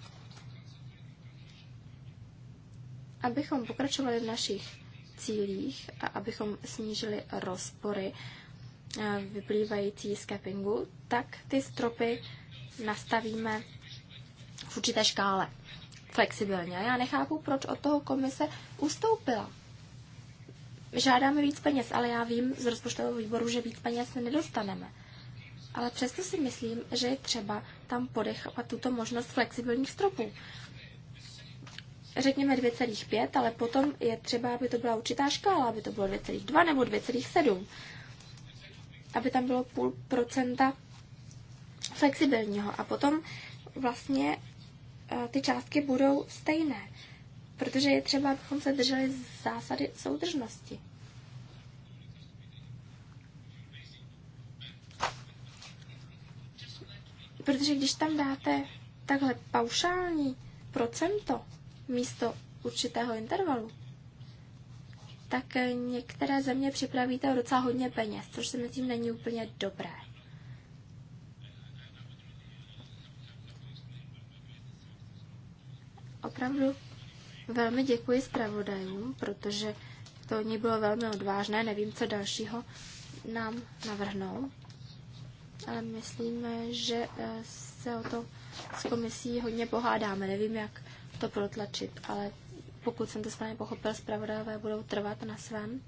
abychom pokračovali v našich cílích a abychom snížili rozpory Eh, vyplývající z cappingu, tak ty stropy nastavíme v určité škále flexibilně. Já nechápu, proč od toho komise ustoupila. Žádáme víc peněz, ale já vím z rozpočtového výboru, že víc peněz nedostaneme. Ale přesto si myslím, že je třeba tam podechovat tuto možnost flexibilních stropů. Řekněme 2,5, ale potom je třeba, aby to byla určitá škála, aby to bylo 2,2 nebo 2,7 aby tam bylo půl procenta flexibilního. A potom vlastně e, ty částky budou stejné, protože je třeba, abychom se drželi zásady soudržnosti. Protože když tam dáte takhle paušální procento místo určitého intervalu, tak některé země připraví to docela hodně peněz, což si myslím není úplně dobré. Opravdu velmi děkuji zpravodajům, protože to od ní bylo velmi odvážné, nevím, co dalšího nám navrhnou, ale myslíme, že eh, se o to s komisí hodně pohádáme, nevím, jak to protlačit, ale pokud jsem to správně pochopil, zpravodajové budou trvat na svém.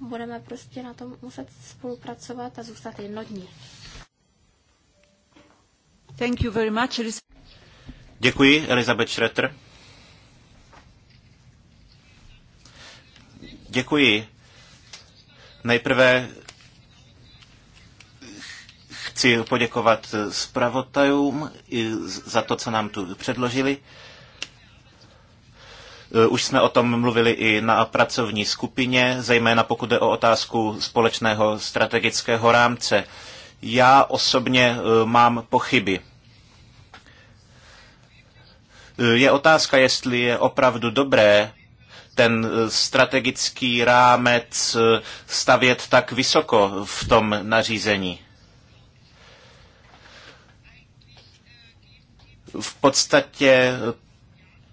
Budeme prostě na tom muset spolupracovat a zůstat jednotní. Thank you very much, Děkuji, Elizabeth Schroeter. Děkuji. Nejprve chci poděkovat zpravotajům za to, co nám tu předložili. Eh, už jsme o tom mluvili i na pracovní skupině, zejména pokud jde o otázku společného strategického rámce. Já osobně eh, mám pochyby. Eh, je otázka, jestli je opravdu dobré ten strategický rámec stavět tak vysoko v tom nařízení. V podstatě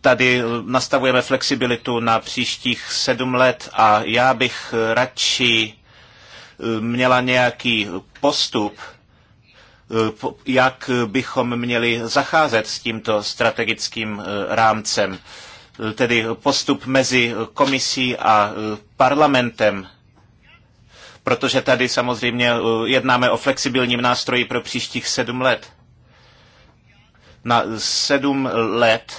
tady nastavujeme flexibilitu na příštích sedm let a já bych radši eh, měla nějaký postup, eh, jak bychom měli zacházet s tímto strategickým eh, rámcem, tedy postup mezi komisí a parlamentem, protože tady samozřejmě jednáme o flexibilním nástroji pro příštích sedm let. Na sedm let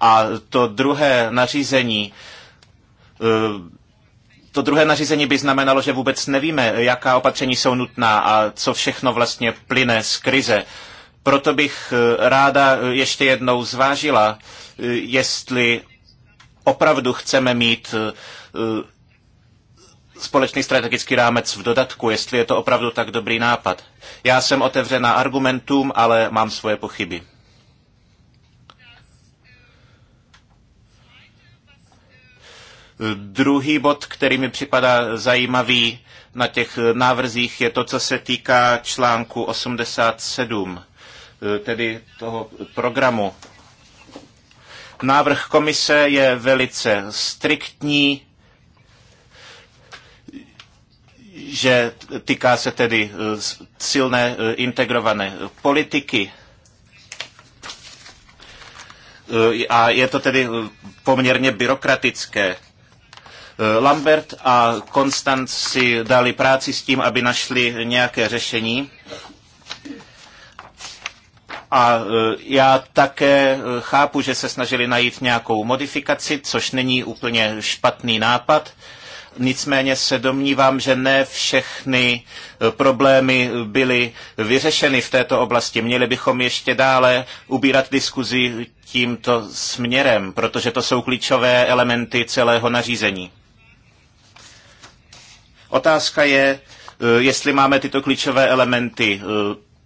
a to druhé nařízení eh, to druhé nařízení by znamenalo, že vůbec nevíme, jaká opatření jsou nutná a co všechno vlastně plyne z krize. Proto bych eh, ráda ještě jednou zvážila, eh, jestli opravdu chceme mít společný strategický rámec v dodatku, jestli je to opravdu tak dobrý nápad. Já jsem otevřena argumentům, ale mám svoje pochyby. Druhý bod, který mi připadá zajímavý na těch návrzích, je to, co se týká článku 87, eh, tedy toho programu. Návrh komise je velice striktní, že týká se tedy eh, silné eh, integrované politiky. A je to tedy poměrně byrokratické. Eh, Lambert a Konstant si dali práci s tím, aby našli nějaké řešení. A eh, já také eh, chápu, že se snažili najít nějakou modifikaci, což není úplně špatný nápad. Nicméně se domnívám, že ne všechny problémy byly vyřešeny v této oblasti. Měli bychom ještě dále ubírat diskuzi tímto směrem, protože to jsou klíčové elementy celého nařízení. Otázka je, eh, jestli máme tyto klíčové elementy eh,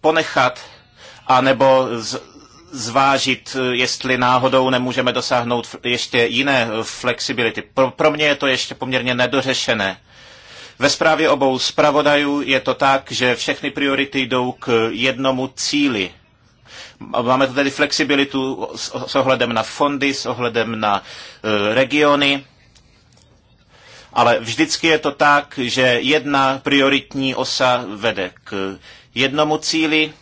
ponechat, anebo zvážit, eh, jestli náhodou nemůžeme dosáhnout ještě jiné flexibility. Pro, pro mě je to ještě poměrně nedořešené. Ve zprávě obou zpravodajů je to tak, že všechny priority jdou k jednomu cíli. Máme tu tedy flexibilitu s, ohledem na fondy, s ohledem na regiony ale vždycky je to tak, že jedna prioritní osa vede k jednomu cíli,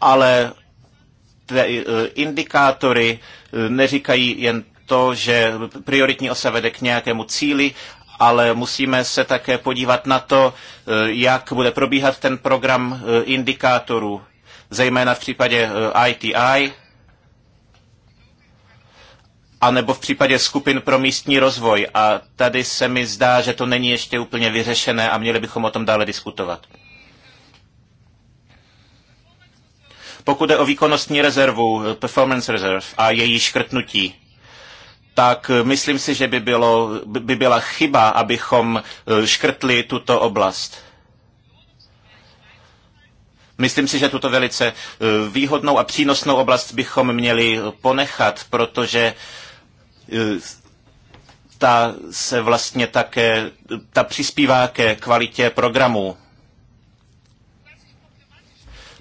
ale ty eh, indikátory eh, neříkají jen to, že prioritní osa vede k nějakému cíli, ale musíme se také podívat na to, eh, jak bude probíhat ten program indikátorů, zejména v případě ITI, anebo v případě skupin pro místní rozvoj. A tady se mi zdá, že to není ještě úplně vyřešené a měli bychom o tom dále diskutovat. Pokud je o výkonnostní rezervu, performance reserve a její škrtnutí, tak myslím si, že by, bylo, by byla chyba, abychom e, škrtli tuto oblast. Myslím si, že tuto velice e, výhodnou a přínosnou oblast bychom měli ponechat, protože E, ta se vlastně také, ta přispívá ke kvalitě programů.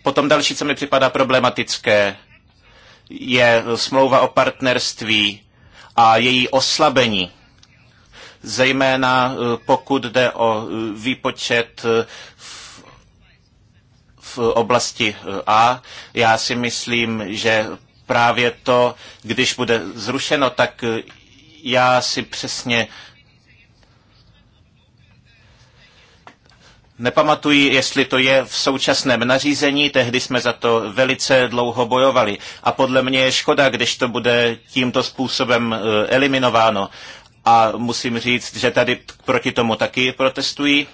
Potom další, co mi připadá problematické, je smlouva o partnerství a její oslabení zejména e, pokud jde o e, výpočet v, v oblasti A. Já si myslím, že právě to, když bude zrušeno, tak já si přesně Nepamatuji, jestli to je v současném nařízení, tehdy jsme za to velice dlouho bojovali. A podle mě je škoda, když to bude tímto způsobem eh, eliminováno. A musím říct, že tady proti tomu taky protestují.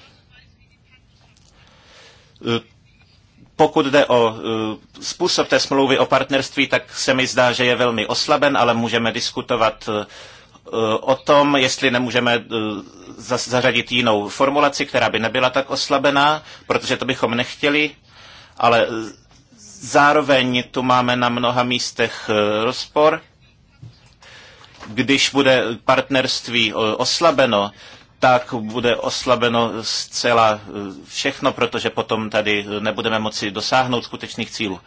Eh, pokud jde o e, způsob té smlouvy o partnerství, tak se mi zdá, že je velmi oslaben, ale můžeme diskutovat e, o tom, jestli nemůžeme e, zařadit jinou formulaci, která by nebyla tak oslabená, protože to bychom nechtěli, ale zároveň tu máme na mnoha místech rozpor. Když bude partnerství oslabeno, tak bude oslabeno zcela eh, všechno, protože potom tady eh, nebudeme moci dosáhnout skutečných cílů.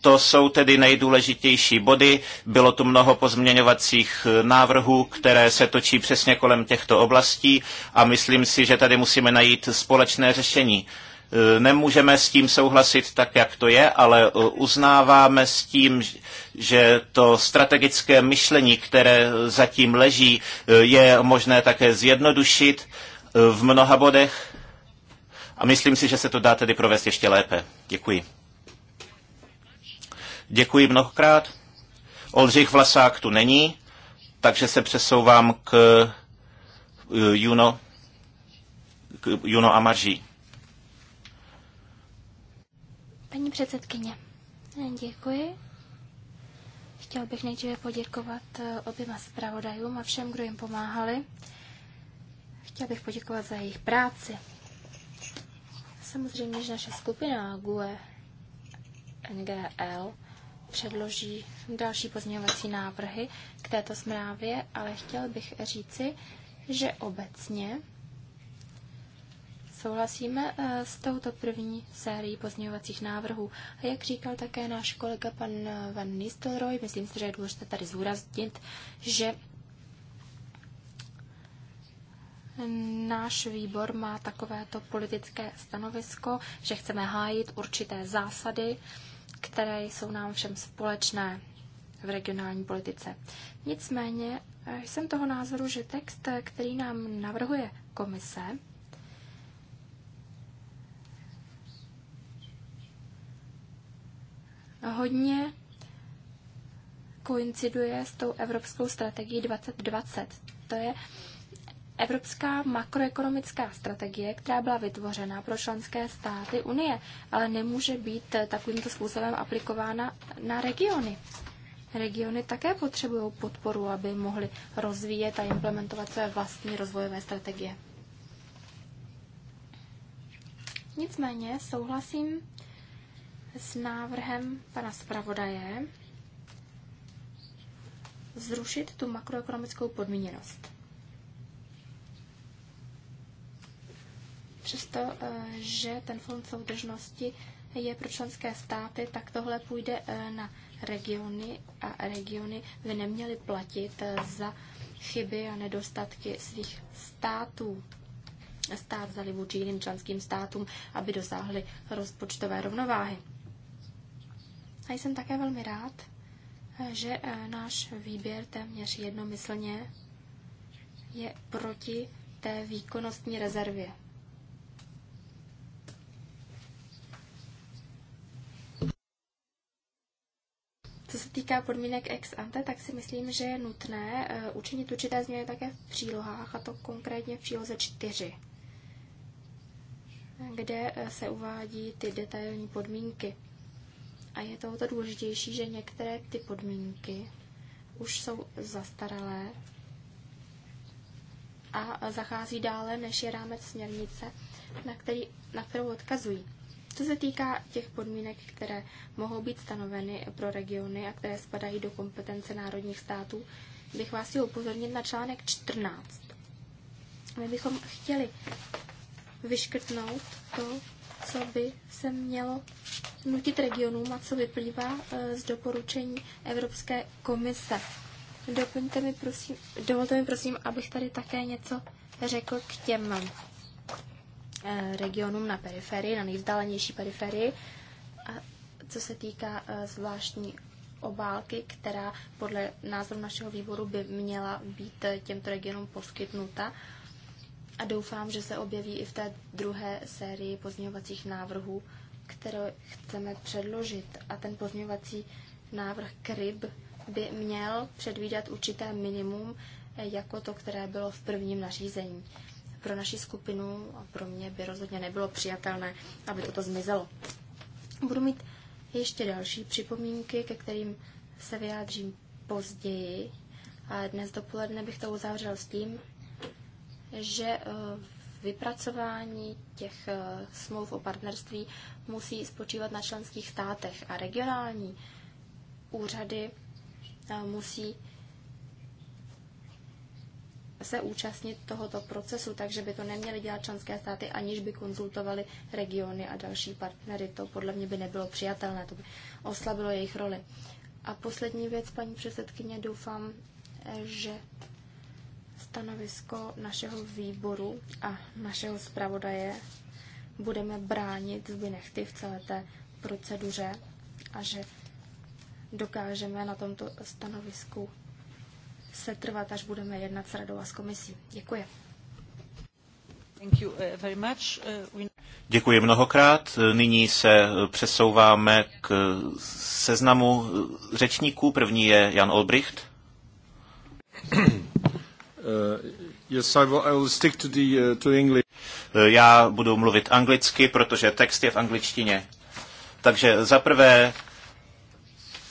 To jsou tedy nejdůležitější body. Bylo tu mnoho pozměňovacích eh, návrhů, které se točí přesně kolem těchto oblastí a myslím si, že tady musíme najít společné řešení. Eh, nemůžeme s tím souhlasit tak, jak to je, ale eh, uznáváme s tím, že to strategické myšlení, které eh, zatím leží, je možné také zjednodušit v mnoha bodech a myslím si, že se to dá tedy provést ještě lépe. Děkuji. Děkuji mnohokrát. Oldřich Vlasák tu není, takže se přesouvám k Juno, k Juno Amarží. Paní předsedkyně, děkuji. Chtěl bych nejdříve poděkovat eh, oběma zpravodajům a všem, kdo jim pomáhali. Chtěl bych poděkovat za jejich práci. Samozřejmě, že naše skupina GUE NGL předloží další pozměňovací návrhy k této zprávě, ale chtěl bych říci, že obecně Souhlasíme eh, s touto první sérií pozměňovacích návrhů. A jak říkal také náš kolega pan eh, Van Nistelrooy, myslím si, že je důležité tady zúraznit, že Náš výbor má takovéto politické stanovisko, že chceme hájit určité zásady, které jsou nám všem společné v regionální politice. Nicméně eh, jsem toho názoru, že text, který nám navrhuje komise, hodně koinciduje s tou evropskou strategií 2020. To je evropská makroekonomická strategie, která byla vytvořena pro členské státy Unie, ale nemůže být takovýmto způsobem aplikována na regiony. Regiony také potřebují podporu, aby mohly rozvíjet a implementovat své vlastní rozvojové strategie. Nicméně souhlasím s návrhem pana zpravodaje zrušit tu makroekonomickou podmíněnost. Přesto, eh, že ten fond soudržnosti je pro členské státy, tak tohle půjde eh, na regiony a regiony by neměly platit eh, za chyby a nedostatky svých států. Stát vzali vůči jiným členským státům, aby dosáhly rozpočtové rovnováhy. A jsem také velmi rád, eh, že eh, náš výběr téměř jednomyslně je proti té výkonnostní rezervě. Co se týká podmínek ex ante, tak si myslím, že je nutné eh, učinit určité změny také v přílohách, a to konkrétně v příloze 4, kde se uvádí ty detailní podmínky. A je to o to důležitější, že některé ty podmínky už jsou zastaralé a zachází dále, než je rámec směrnice, na, který, na kterou odkazují. Co se týká těch podmínek, které mohou být stanoveny pro regiony a které spadají do kompetence národních států, bych vás chtěl upozornit na článek 14. My bychom chtěli vyškrtnout to, co by se mělo nutit regionům a co vyplývá eh, z doporučení Evropské komise. Doplňte mi prosím, dovolte mi prosím, abych tady také něco řekl k těm eh, regionům na periferii, na nejvzdálenější periferii, A co se týká eh, zvláštní obálky, která podle názoru našeho výboru by měla být těmto regionům poskytnuta. A doufám, že se objeví i v té druhé sérii pozměňovacích návrhů, které chceme předložit. A ten pozměňovací návrh KRIB by měl předvídat určité minimum, eh, jako to, které bylo v prvním nařízení. Pro naši skupinu a pro mě by rozhodně nebylo přijatelné, aby toto zmizelo. Budu mít ještě další připomínky, ke kterým se vyjádřím později. A dnes dopoledne bych to uzavřel s tím, že eh, vypracování těch eh, smluv o partnerství musí spočívat na členských státech a regionální úřady eh, musí se účastnit tohoto procesu, takže by to neměly dělat členské státy, aniž by konzultovali regiony a další partnery. To podle mě by nebylo přijatelné, to by oslabilo jejich roli. A poslední věc, paní předsedkyně, doufám, eh, že stanovisko našeho výboru a našeho zpravodaje budeme bránit zuby nechty v celé té proceduře a že dokážeme na tomto stanovisku setrvat, až budeme jednat s radou a s komisí. Děkuji. Eh, eh, Děkuji mnohokrát. Nyní se přesouváme k seznamu řečníků. První je Jan Olbricht. Uh, yes, I will, I will stick to the, uh, to English. Uh, já budu mluvit anglicky, protože text je v angličtině. Takže zaprvé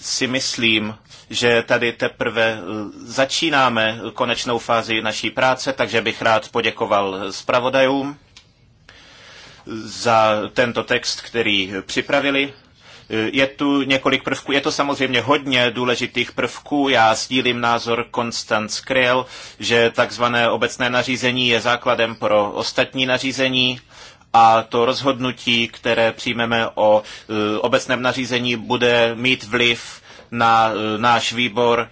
si myslím, že tady teprve začínáme konečnou fázi naší práce, takže bych rád poděkoval zpravodajům za tento text, který připravili. Je tu několik prvků, je to samozřejmě hodně důležitých prvků. Já sdílím názor Konstanc Krell, že takzvané obecné nařízení je základem pro ostatní nařízení a to rozhodnutí, které přijmeme o e, obecném nařízení, bude mít vliv na e, náš výbor e,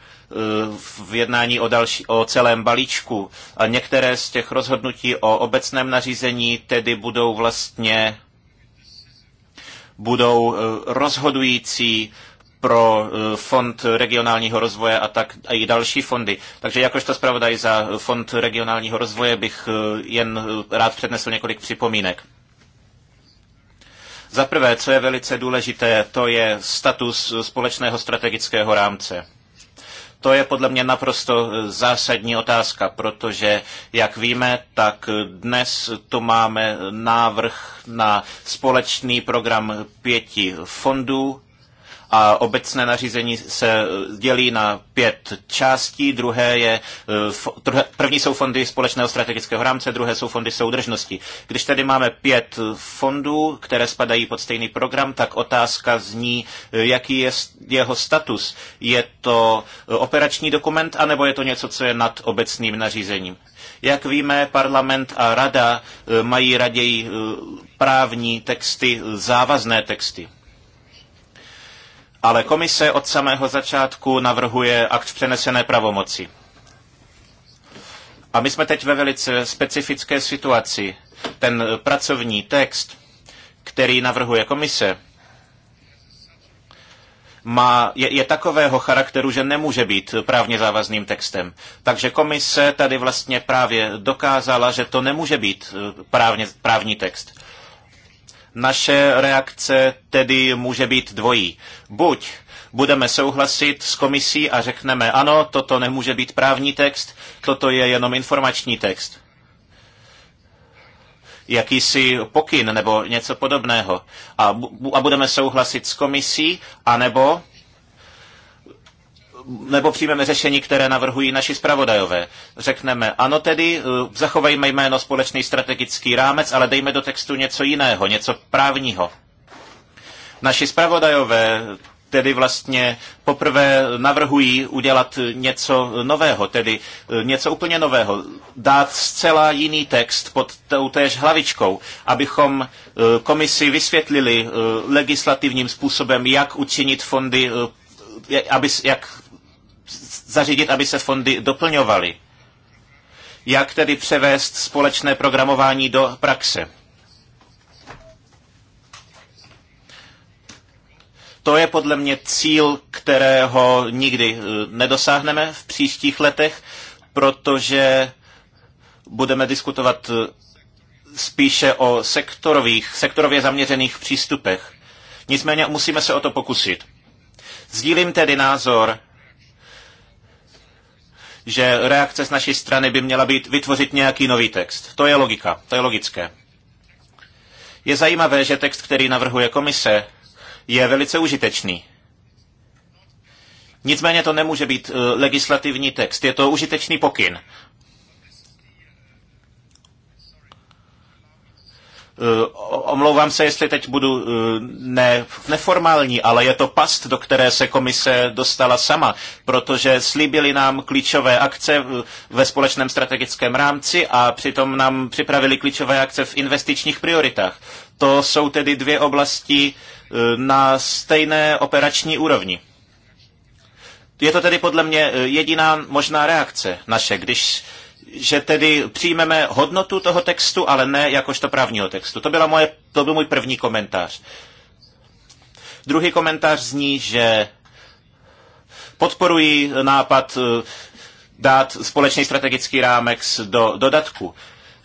v jednání o, další, o celém balíčku. A některé z těch rozhodnutí o obecném nařízení tedy budou vlastně budou eh, rozhodující pro eh, Fond regionálního rozvoje a tak a i další fondy. Takže jakožto zpravodaj za Fond regionálního rozvoje bych eh, jen rád přednesl několik připomínek. Za prvé, co je velice důležité, to je status společného strategického rámce. To je podle mě naprosto eh, zásadní otázka, protože, jak víme, tak dnes tu máme návrh na společný program pěti fondů a obecné nařízení se eh, dělí na pět částí. Druhé je, eh, první jsou fondy společného strategického rámce, druhé jsou fondy soudržnosti. Když tedy máme pět eh, fondů, které spadají pod stejný program, tak otázka zní, jaký je jeho status. Je to operační dokument, anebo je to něco, co je nad obecným nařízením? Jak víme, parlament a rada mají raději právní texty, závazné texty ale komise od samého začátku navrhuje akt přenesené pravomoci. A my jsme teď ve velice specifické situaci. Ten pracovní text, který navrhuje komise, má, je, je takového charakteru, že nemůže být právně závazným textem. Takže komise tady vlastně právě dokázala, že to nemůže být eh, právně, právní text. Naše reakce tedy může být dvojí. Buď budeme souhlasit s komisí a řekneme, ano, toto nemůže být právní text, toto je jenom informační text. Jakýsi pokyn nebo něco podobného. A, a budeme souhlasit s komisí, anebo nebo přijmeme řešení, které navrhují naši zpravodajové. Řekneme, ano tedy, eh, zachovejme jméno společný strategický rámec, ale dejme do textu něco jiného, něco právního. Naši zpravodajové tedy vlastně poprvé navrhují udělat něco nového, tedy eh, něco úplně nového. Dát zcela jiný text pod tou též hlavičkou, abychom eh, komisi vysvětlili legislativním způsobem, jak učinit fondy aby, jak zařídit, aby se fondy doplňovaly. Jak tedy převést společné programování do praxe? To je podle mě cíl, kterého nikdy eh, nedosáhneme v příštích letech, protože budeme diskutovat eh, spíše o sektorových, sektorově zaměřených přístupech. Nicméně musíme se o to pokusit. Sdílím tedy názor, že reakce z naší strany by měla být vytvořit nějaký nový text. To je logika, to je logické. Je zajímavé, že text, který navrhuje komise, je velice užitečný. Nicméně to nemůže být eh, legislativní text, je to užitečný pokyn. Eh, omlouvám se, jestli teď budu eh, ne, neformální, ale je to past, do které se komise dostala sama, protože slíbili nám klíčové akce eh, ve společném strategickém rámci a přitom nám připravili klíčové akce v investičních prioritách. To jsou tedy dvě oblasti na stejné operační úrovni. Je to tedy podle mě jediná možná reakce naše, když že tedy přijmeme hodnotu toho textu, ale ne jakožto právního textu. To, byla moje, to byl můj první komentář. Druhý komentář zní, že podporuji nápad eh, dát společný strategický rámec do dodatku,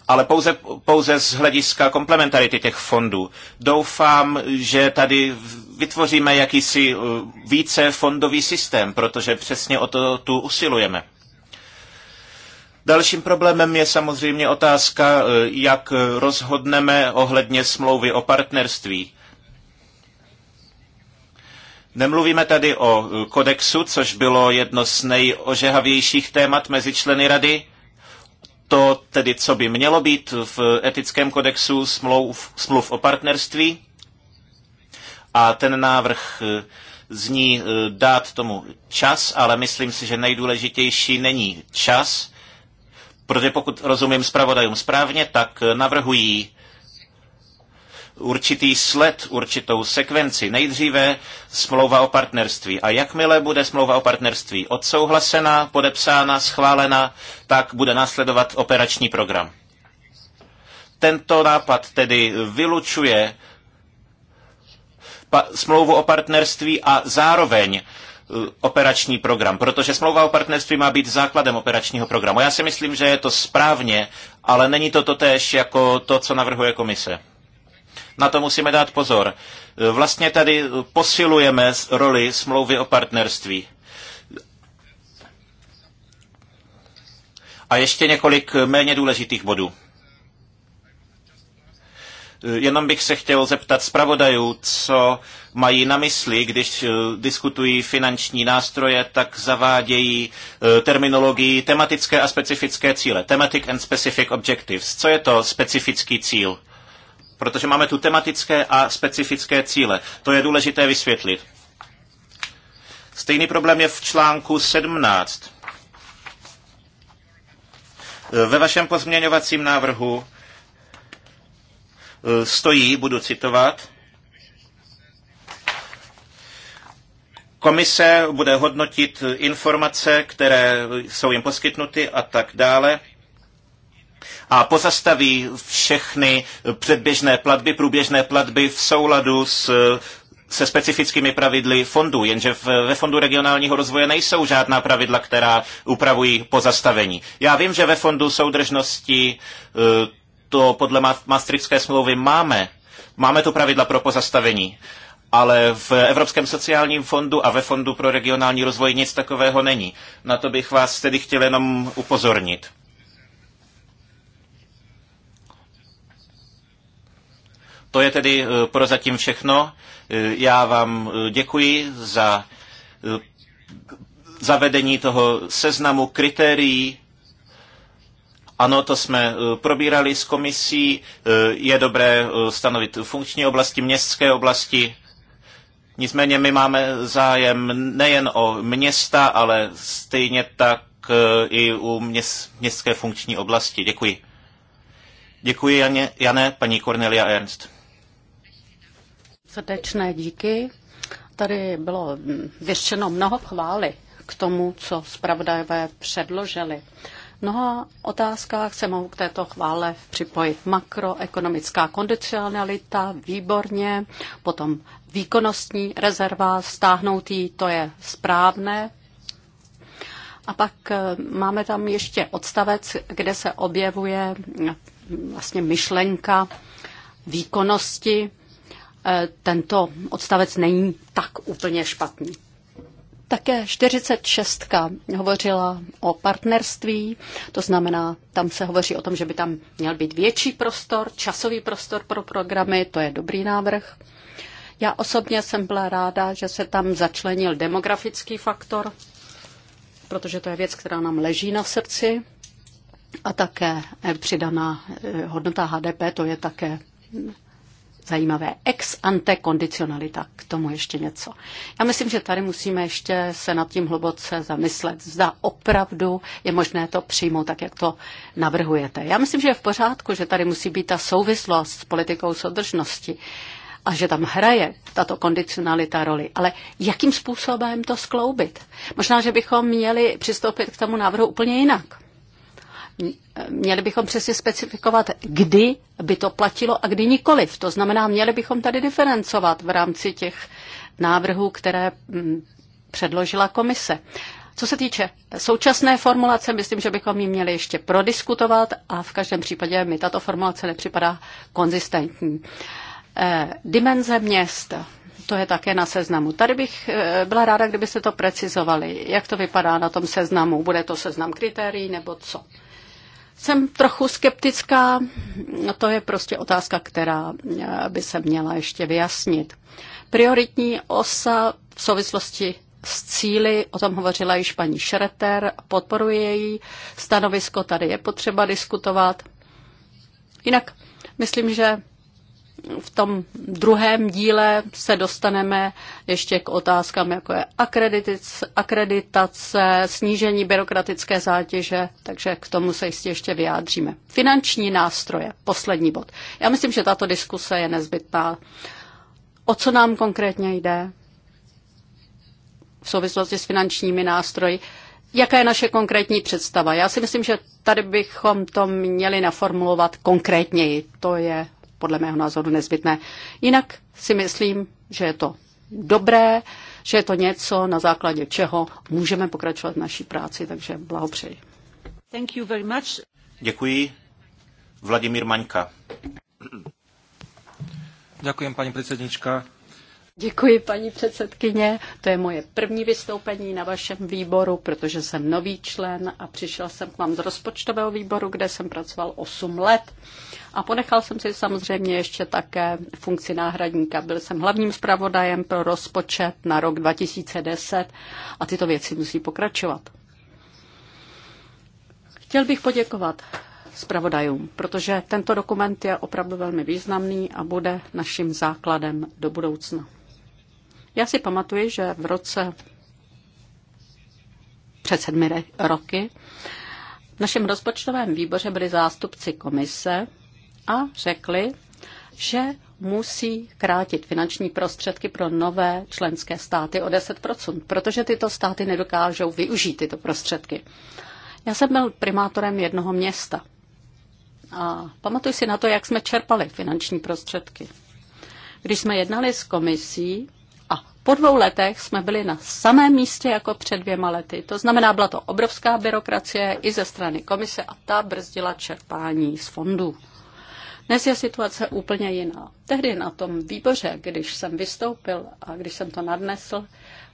ale pouze, pouze z hlediska komplementarity těch fondů. Doufám, že tady vytvoříme jakýsi eh, více fondový systém, protože přesně o to tu usilujeme. Dalším problémem je samozřejmě otázka, eh, jak rozhodneme ohledně smlouvy o partnerství. Nemluvíme tady o eh, kodexu, což bylo jedno z nejožehavějších témat mezi členy rady. To tedy, co by mělo být v etickém kodexu smlouv smluv o partnerství. A ten návrh eh, zní dát tomu čas, ale myslím si, že nejdůležitější není čas, Protože pokud rozumím zpravodajům správně, tak navrhují určitý sled, určitou sekvenci. Nejdříve smlouva o partnerství. A jakmile bude smlouva o partnerství odsouhlasena, podepsána, schválena, tak bude následovat operační program. Tento nápad tedy vylučuje smlouvu o partnerství a zároveň Eh, operační program, protože smlouva o partnerství má být základem operačního programu. Já si myslím, že je to správně, ale není to totéž jako to, co navrhuje komise. Na to musíme dát pozor. Eh, vlastně tady eh, posilujeme roli smlouvy o partnerství. A ještě několik méně důležitých bodů. Eh, jenom bych se chtěl zeptat zpravodajů, co mají na mysli, když eh, diskutují finanční nástroje, tak zavádějí eh, terminologii tematické a specifické cíle. Thematic and specific objectives. Co je to specifický cíl? Protože máme tu tematické a specifické cíle. To je důležité vysvětlit. Stejný problém je v článku 17. Ve vašem pozměňovacím návrhu Eh, stojí, budu citovat, Komise bude hodnotit informace, které jsou jim poskytnuty a tak dále a pozastaví všechny předběžné platby, průběžné platby v souladu s se specifickými pravidly fondů, jenže ve Fondu regionálního rozvoje nejsou žádná pravidla, která upravují pozastavení. Já vím, že ve Fondu soudržnosti eh, to podle Maastrichtské smlouvy máme. Máme tu pravidla pro pozastavení. Ale v Evropském sociálním fondu a ve Fondu pro regionální rozvoj nic takového není. Na to bych vás tedy chtěl jenom upozornit. To je tedy eh, pro zatím všechno. Eh, já vám eh, děkuji za zavedení toho seznamu kritérií, ano, to jsme e, probírali s komisí. E, je dobré e, stanovit funkční oblasti, městské oblasti. Nicméně my máme zájem nejen o města, ale stejně tak i u měst, městské funkční oblasti. Děkuji. Děkuji, Janě, Jane, paní Cornelia Ernst. Srdečné díky. Tady bylo vyřešeno mnoho chvály k tomu, co zpravodajové předložili mnoha otázkách se mohu k této chvále připojit. Makroekonomická kondicionalita, výborně, potom výkonnostní rezerva, stáhnoutý, to je správné. A pak eh, máme tam ještě odstavec, kde se objevuje eh, vlastně myšlenka výkonnosti. Eh, tento odstavec není tak úplně špatný. Také 46. hovořila o partnerství, to znamená, tam se hovoří o tom, že by tam měl být větší prostor, časový prostor pro programy, to je dobrý návrh. Já osobně jsem byla ráda, že se tam začlenil demografický faktor, protože to je věc, která nám leží na srdci. A také přidaná eh, hodnota HDP, to je také zajímavé. Ex ante kondicionalita, k tomu ještě něco. Já myslím, že tady musíme ještě se nad tím hluboce zamyslet. Zda opravdu je možné to přijmout tak, jak to navrhujete. Já myslím, že je v pořádku, že tady musí být ta souvislost s politikou soudržnosti a že tam hraje tato kondicionalita roli. Ale jakým způsobem to skloubit? Možná, že bychom měli přistoupit k tomu návrhu úplně jinak měli bychom přesně specifikovat, kdy by to platilo a kdy nikoliv. To znamená, měli bychom tady diferencovat v rámci těch návrhů, které mm, předložila komise. Co se týče současné formulace, myslím, že bychom ji měli ještě prodiskutovat a v každém případě mi tato formulace nepřipadá konzistentní. Eh, dimenze měst to je také na seznamu. Tady bych eh, byla ráda, kdybyste to precizovali. Jak to vypadá na tom seznamu? Bude to seznam kritérií nebo co? jsem trochu skeptická. To je prostě otázka, která eh, by se měla ještě vyjasnit. Prioritní osa v souvislosti s cíly, o tom hovořila již paní Šreter, podporuje její stanovisko, tady je potřeba diskutovat. Jinak myslím, že v tom druhém díle se dostaneme ještě k otázkám, jako je akreditace, snížení byrokratické zátěže, takže k tomu se jistě ještě vyjádříme. Finanční nástroje, poslední bod. Já myslím, že tato diskuse je nezbytná. O co nám konkrétně jde v souvislosti s finančními nástroji? Jaká je naše konkrétní představa? Já si myslím, že tady bychom to měli naformulovat konkrétněji. To je podle mého názoru nezbytné. Jinak si myslím, že je to dobré, že je to něco, na základě čeho můžeme pokračovat v naší práci, takže blahopřeji. Thank you very much. Děkuji. Vladimír Maňka. Děkuji, paní předsednička. Děkuji, paní předsedkyně. To je moje první vystoupení na vašem výboru, protože jsem nový člen a přišel jsem k vám z rozpočtového výboru, kde jsem pracoval 8 let. A ponechal jsem si samozřejmě ještě také funkci náhradníka. Byl jsem hlavním zpravodajem pro rozpočet na rok 2010 a tyto věci musí pokračovat. Chtěl bych poděkovat zpravodajům, protože tento dokument je opravdu velmi významný a bude naším základem do budoucna. Já si pamatuju, že v roce před sedmi roky v našem rozpočtovém výboře byli zástupci komise a řekli, že musí krátit finanční prostředky pro nové členské státy o 10%, protože tyto státy nedokážou využít tyto prostředky. Já jsem byl primátorem jednoho města a pamatuju si na to, jak jsme čerpali finanční prostředky. Když jsme jednali s komisí, po dvou letech jsme byli na samém místě jako před dvěma lety. To znamená, byla to obrovská byrokracie i ze strany komise a ta brzdila čerpání z fondů. Dnes je situace úplně jiná. Tehdy na tom výboře, když jsem vystoupil a když jsem to nadnesl,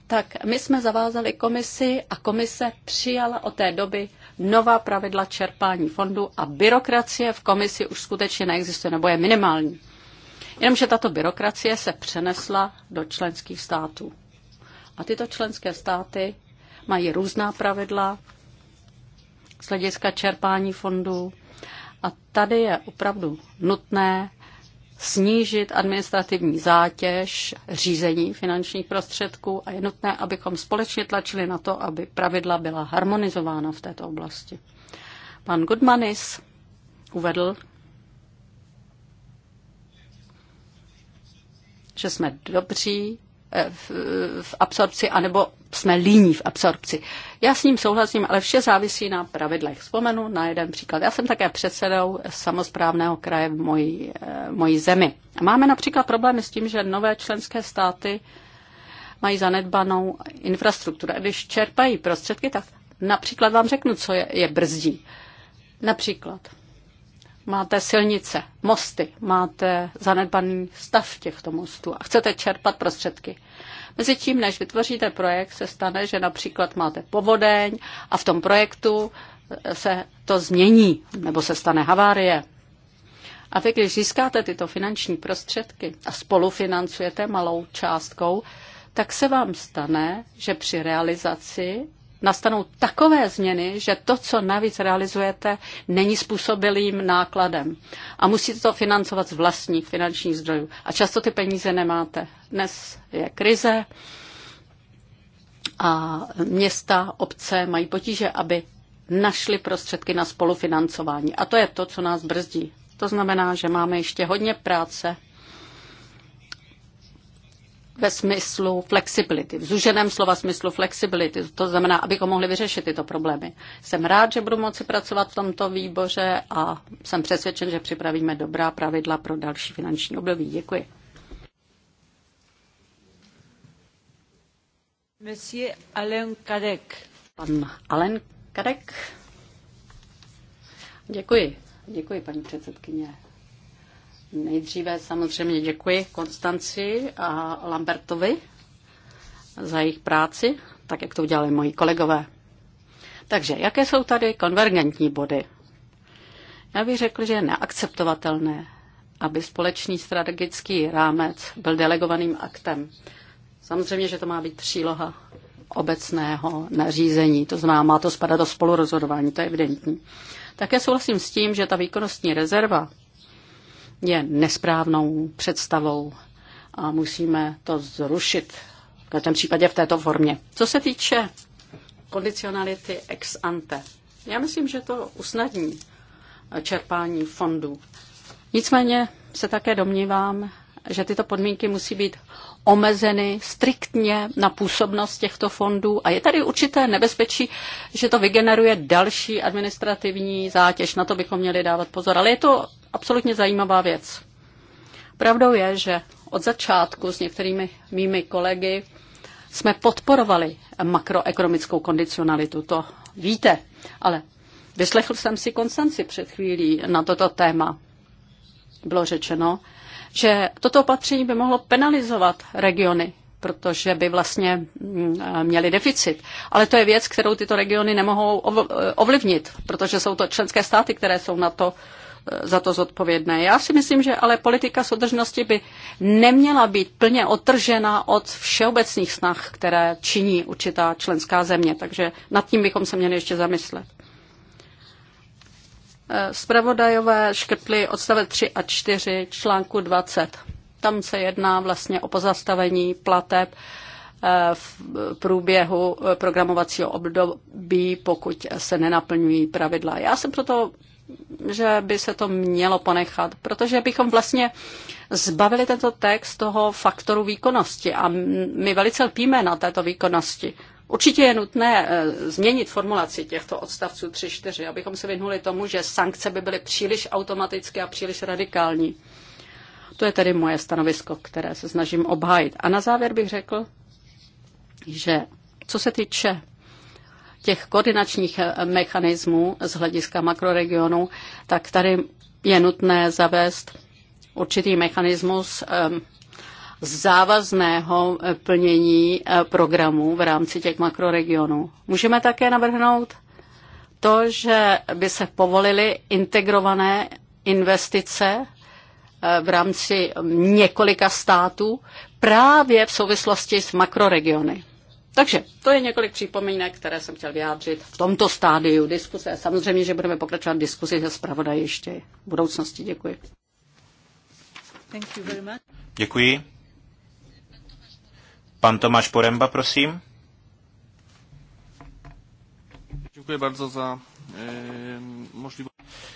tak my jsme zavázali komisi a komise přijala od té doby nová pravidla čerpání fondů a byrokracie v komisi už skutečně neexistuje nebo je minimální. Jenomže tato byrokracie se přenesla do členských států. A tyto členské státy mají různá pravidla z hlediska čerpání fondů. A tady je opravdu nutné snížit administrativní zátěž řízení finančních prostředků a je nutné, abychom společně tlačili na to, aby pravidla byla harmonizována v této oblasti. Pan Goodmanis uvedl, že jsme dobří eh, v, v absorpci, anebo jsme líní v absorpci. Já s ním souhlasím, ale vše závisí na pravidlech. Vzpomenu na jeden příklad. Já jsem také předsedou samozprávného kraje v mojí, eh, mojí zemi. Máme například problémy s tím, že nové členské státy mají zanedbanou infrastrukturu. A když čerpají prostředky, tak například vám řeknu, co je, je brzdí. Například máte silnice, mosty, máte zanedbaný stav těchto mostů a chcete čerpat prostředky. Mezitím, než vytvoříte projekt, se stane, že například máte povodeň a v tom projektu eh, se to změní nebo se stane havárie. A vy, když získáte tyto finanční prostředky a spolufinancujete malou částkou, tak se vám stane, že při realizaci nastanou takové změny, že to, co navíc realizujete, není způsobilým nákladem. A musíte to financovat z vlastních finančních zdrojů. A často ty peníze nemáte. Dnes je krize a města, obce mají potíže, aby našli prostředky na spolufinancování. A to je to, co nás brzdí. To znamená, že máme ještě hodně práce ve smyslu flexibility, v zuženém slova smyslu flexibility, to znamená, abychom mohli vyřešit tyto problémy. Jsem rád, že budu moci pracovat v tomto výboře a jsem přesvědčen, že připravíme dobrá pravidla pro další finanční období. Děkuji. Monsieur Alain Kadek. Pan Alain Kadek. Děkuji. Děkuji, paní předsedkyně. Nejdříve samozřejmě děkuji Konstanci a Lambertovi za jejich práci, tak jak to udělali moji kolegové. Takže jaké jsou tady konvergentní body? Já bych řekl, že je neakceptovatelné, aby společný strategický rámec byl delegovaným aktem. Samozřejmě, že to má být příloha obecného nařízení, to znamená, má to spadat do spolurozhodování, to je evidentní. Také souhlasím s tím, že ta výkonnostní rezerva je nesprávnou představou a musíme to zrušit v každém případě v této formě. Co se týče kondicionality ex ante, já myslím, že to usnadní čerpání fondů. Nicméně se také domnívám, že tyto podmínky musí být omezeny striktně na působnost těchto fondů a je tady určité nebezpečí, že to vygeneruje další administrativní zátěž. Na to bychom měli dávat pozor. Ale je to absolutně zajímavá věc. Pravdou je, že od začátku s některými mými kolegy jsme podporovali makroekonomickou kondicionalitu, to víte, ale vyslechl jsem si Konstanci před chvílí na toto téma. Bylo řečeno, že toto opatření by mohlo penalizovat regiony, protože by vlastně mm, měli deficit. Ale to je věc, kterou tyto regiony nemohou ovlivnit, protože jsou to členské státy, které jsou na to za to zodpovědné. Já si myslím, že ale politika soudržnosti by neměla být plně otržena od všeobecných snah, které činí určitá členská země. Takže nad tím bychom se měli ještě zamyslet. Spravodajové eh, škrtly odstave 3 a 4 článku 20. Tam se jedná vlastně o pozastavení plateb eh, v průběhu eh, programovacího období, pokud se nenaplňují pravidla. Já jsem proto že by se to mělo ponechat, protože bychom vlastně zbavili tento text toho faktoru výkonnosti a my velice lpíme na této výkonnosti. Určitě je nutné eh, změnit formulaci těchto odstavců 3-4, abychom se vyhnuli tomu, že sankce by byly příliš automatické a příliš radikální. To je tedy moje stanovisko, které se snažím obhájit. A na závěr bych řekl, že co se týče těch koordinačních eh, mechanismů z hlediska makroregionu, tak tady je nutné zavést určitý mechanismus ehm, závazného eh, plnění eh, programů v rámci těch makroregionů. Můžeme také navrhnout to, že by se povolily integrované investice v rámci několika států právě v souvislosti s makroregiony. Takže to je několik připomínek, které jsem chtěl vyjádřit v tomto stádiu diskuse. Samozřejmě, že budeme pokračovat v diskusi se zpravodaj ještě v budoucnosti. Děkuji. Thank you very much. Děkuji. Pan Tomáš Poremba, prosím. Děkuji bardzo za e, eh, možnost.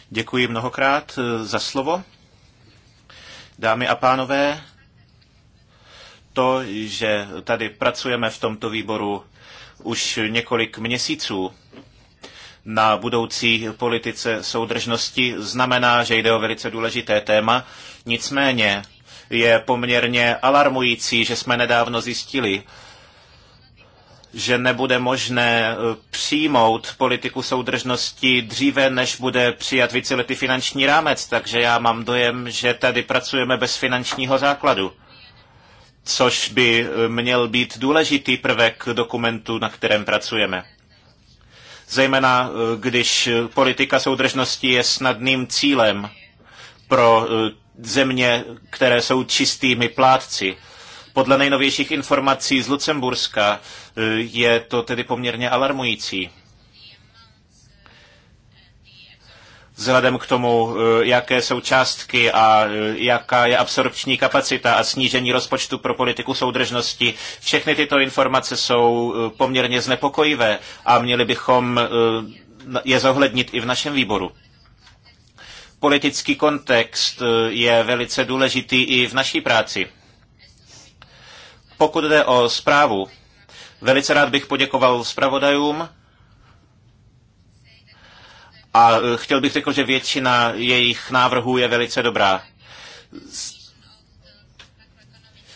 Děkuji mnohokrát eh, za slovo. Dámy a pánové, to, že tady pracujeme v tomto výboru už několik měsíců na budoucí politice soudržnosti, znamená, že jde o velice důležité téma. Nicméně je poměrně alarmující, že jsme nedávno zjistili, že nebude možné eh, přijmout politiku soudržnosti dříve, než bude přijat víceletý finanční rámec. Takže já mám dojem, že tady pracujeme bez finančního základu což by eh, měl být důležitý prvek dokumentu, na kterém pracujeme. Zejména eh, když eh, politika soudržnosti je snadným cílem pro země, které jsou čistými plátci. Podle nejnovějších informací z Lucemburska je to tedy poměrně alarmující. vzhledem k tomu, eh, jaké jsou částky a eh, jaká je absorpční kapacita a snížení rozpočtu pro politiku soudržnosti. Všechny tyto informace jsou eh, poměrně znepokojivé a měli bychom je zohlednit i v našem výboru. Politický kontext je velice důležitý i v naší práci. Pokud jde o zprávu, velice rád bych poděkoval zpravodajům, a eh, chtěl bych řekl, že většina jejich návrhů je velice dobrá.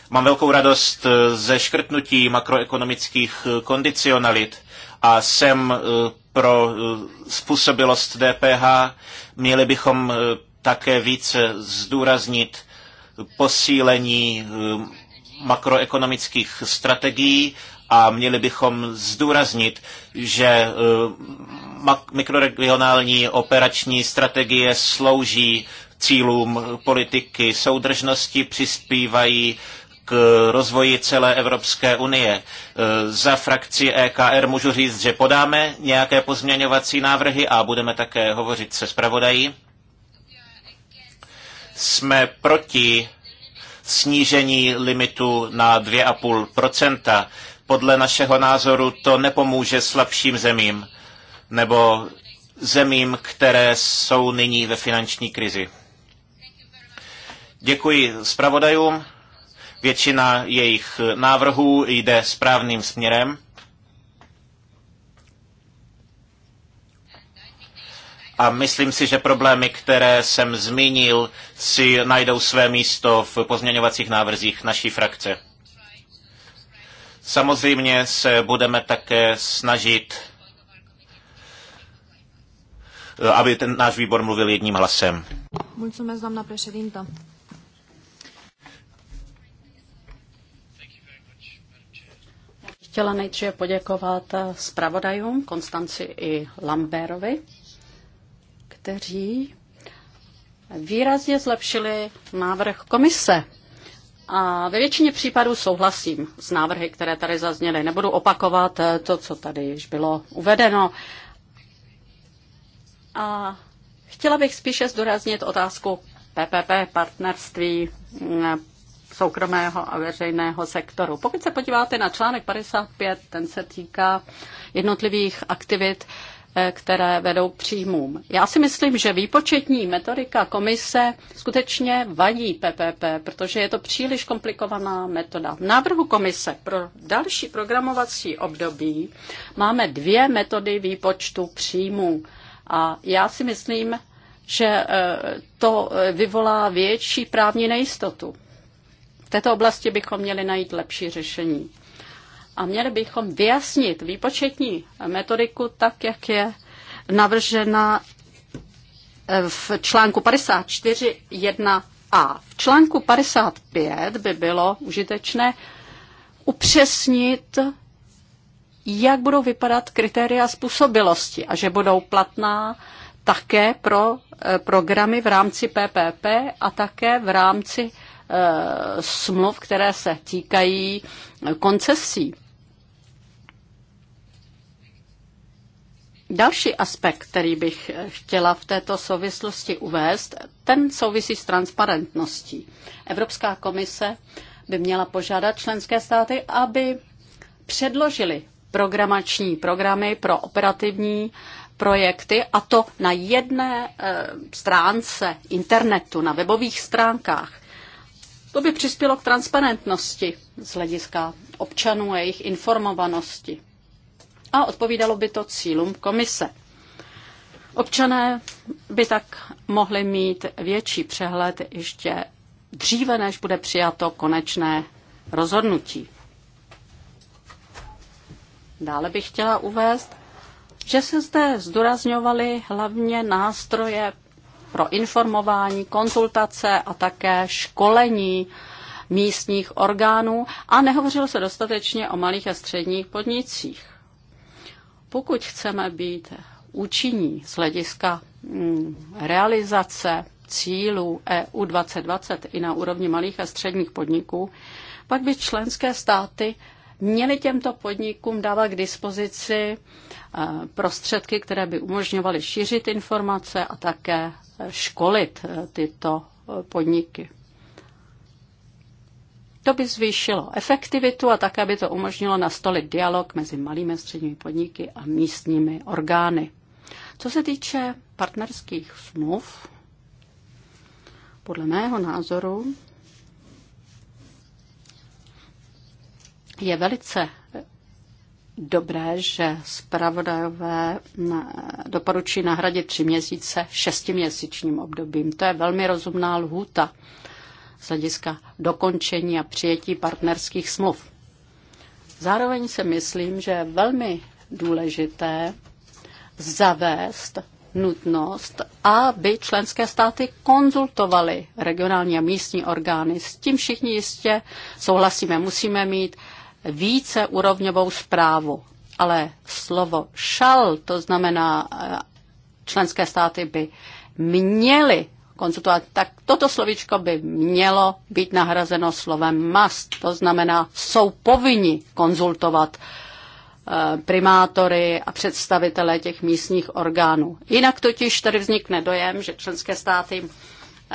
Mám velkou radost eh, ze škrtnutí makroekonomických eh, kondicionalit a jsem pro způsobilost DPH. Měli bychom také více zdůraznit posílení makroekonomických strategií a měli bychom zdůraznit, že mikroregionální operační strategie slouží cílům politiky soudržnosti, přispívají k rozvoji celé Evropské unie. E, za frakci EKR můžu říct, že podáme nějaké pozměňovací návrhy a budeme také hovořit se zpravodají. Jsme proti snížení limitu na 2,5 podle našeho názoru to nepomůže slabším zemím nebo zemím, které jsou nyní ve finanční krizi. Děkuji zpravodajům. Většina jejich návrhů jde správným směrem. A myslím si, že problémy, které jsem zmínil, si najdou své místo v pozměňovacích návrzích naší frakce. Samozřejmě se budeme také snažit Eh, aby ten náš výbor mluvil jedním hlasem. Mulțumesc, doamna președintă. Chtěla nejdříve poděkovat eh, zpravodajům Konstanci i Lambérovi, kteří výrazně zlepšili návrh komise. A ve většině případů souhlasím s návrhy, které tady zazněly. Nebudu opakovat eh, to, co tady již bylo uvedeno. A chtěla bych spíše zdůraznit otázku PPP, partnerství mm, soukromého a veřejného sektoru. Pokud se podíváte na článek 55, ten se týká jednotlivých aktivit, eh, které vedou k příjmům. Já si myslím, že výpočetní metodika komise skutečně vadí PPP, protože je to příliš komplikovaná metoda. V návrhu komise pro další programovací období máme dvě metody výpočtu příjmů. A já si myslím, že e, to e, vyvolá větší právní nejistotu. V této oblasti bychom měli najít lepší řešení. A měli bychom vyjasnit výpočetní metodiku tak, jak je navržena e, v článku 54.1a. V článku 55 by bylo užitečné upřesnit jak budou vypadat kritéria způsobilosti a že budou platná také pro eh, programy v rámci PPP a také v rámci eh, smluv, které se týkají eh, koncesí. Další aspekt, který bych chtěla v této souvislosti uvést, ten souvisí s transparentností. Evropská komise by měla požádat členské státy, aby předložili programační programy pro operativní projekty a to na jedné eh, stránce internetu, na webových stránkách. To by přispělo k transparentnosti z hlediska občanů a jejich informovanosti. A odpovídalo by to cílům komise. Občané by tak mohli mít větší přehled ještě dříve, než bude přijato konečné rozhodnutí. Dále bych chtěla uvést, že se zde zdůrazňovaly hlavně nástroje pro informování, konzultace a také školení místních orgánů a nehovořilo se dostatečně o malých a středních podnicích. Pokud chceme být účinní z hlediska mm, realizace cílů EU 2020 i na úrovni malých a středních podniků, pak by členské státy měli těmto podnikům dávat k dispozici eh, prostředky, které by umožňovaly šířit informace a také eh, školit eh, tyto podniky. To by zvýšilo efektivitu a také by to umožnilo nastolit dialog mezi malými a středními podniky a místními orgány. Co se týče partnerských smluv, podle mého názoru Je velice dobré, že zpravodajové doporučí nahradit tři měsíce šestiměsíčním obdobím. To je velmi rozumná lhůta z hlediska dokončení a přijetí partnerských smluv. Zároveň si myslím, že je velmi důležité zavést nutnost, aby členské státy konzultovaly regionální a místní orgány. S tím všichni jistě souhlasíme. Musíme mít víceúrovňovou zprávu. Ale slovo šal, to znamená, eh, členské státy by měly konzultovat, tak toto slovičko by mělo být nahrazeno slovem must, to znamená, jsou povinni konzultovat eh, primátory a představitele těch místních orgánů. Jinak totiž tady vznikne dojem, že členské státy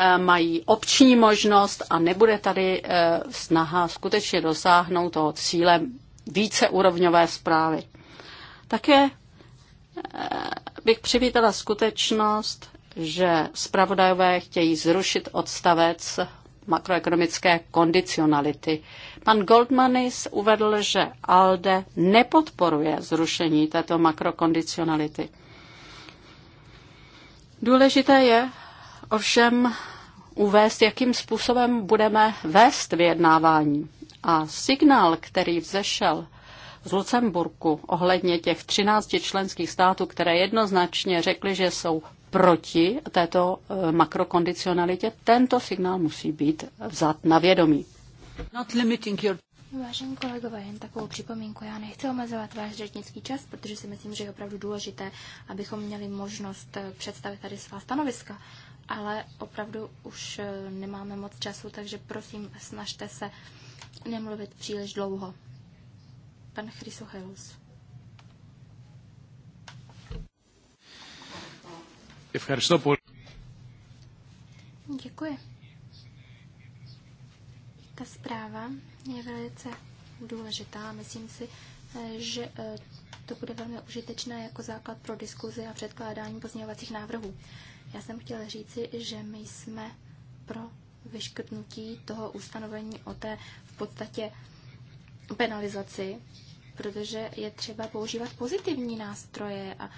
Eh, mají obční možnost a nebude tady eh, snaha skutečně dosáhnout toho cíle víceúrovňové zprávy. Také eh, bych přivítala skutečnost, že zpravodajové chtějí zrušit odstavec makroekonomické kondicionality. Pan Goldmanis uvedl, že ALDE nepodporuje zrušení této makrokondicionality. Důležité je, ovšem uvést, jakým způsobem budeme vést vyjednávání. A signál, který vzešel z Lucemburku ohledně těch 13 členských států, které jednoznačně řekly, že jsou proti této eh, makrokondicionalitě, tento signál musí být vzat na vědomí. Your... Vážení kolegové, jen takovou připomínku. Já nechci omezovat váš řečnický čas, protože si myslím, že je opravdu důležité, abychom měli možnost eh, představit tady svá stanoviska ale opravdu už eh, nemáme moc času, takže prosím, snažte se nemluvit příliš dlouho. Pan Chrysochelus. Děkuji. Ta zpráva je velice důležitá. Myslím si, eh, že eh, to bude velmi užitečné jako základ pro diskuzi a předkládání pozměňovacích návrhů. Já jsem chtěla říci, že my jsme pro vyškrtnutí toho ustanovení o té v podstatě penalizaci, protože je třeba používat pozitivní nástroje a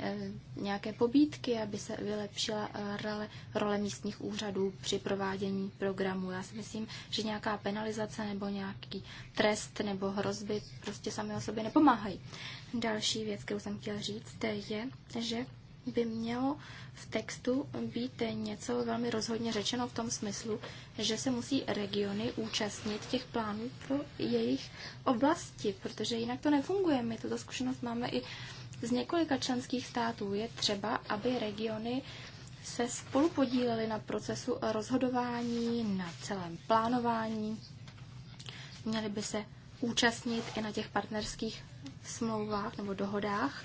e, nějaké pobídky, aby se vylepšila e, role, role místních úřadů při provádění programu. Já si myslím, že nějaká penalizace nebo nějaký trest nebo hrozby prostě sami o sobě nepomáhají. Další věc, kterou jsem chtěla říct, je, že by mělo v textu být něco velmi rozhodně řečeno v tom smyslu, že se musí regiony účastnit těch plánů pro jejich oblasti, protože jinak to nefunguje. My tuto zkušenost máme i z několika členských států. Je třeba, aby regiony se spolu podílely na procesu rozhodování, na celém plánování. Měly by se účastnit i na těch partnerských smlouvách nebo dohodách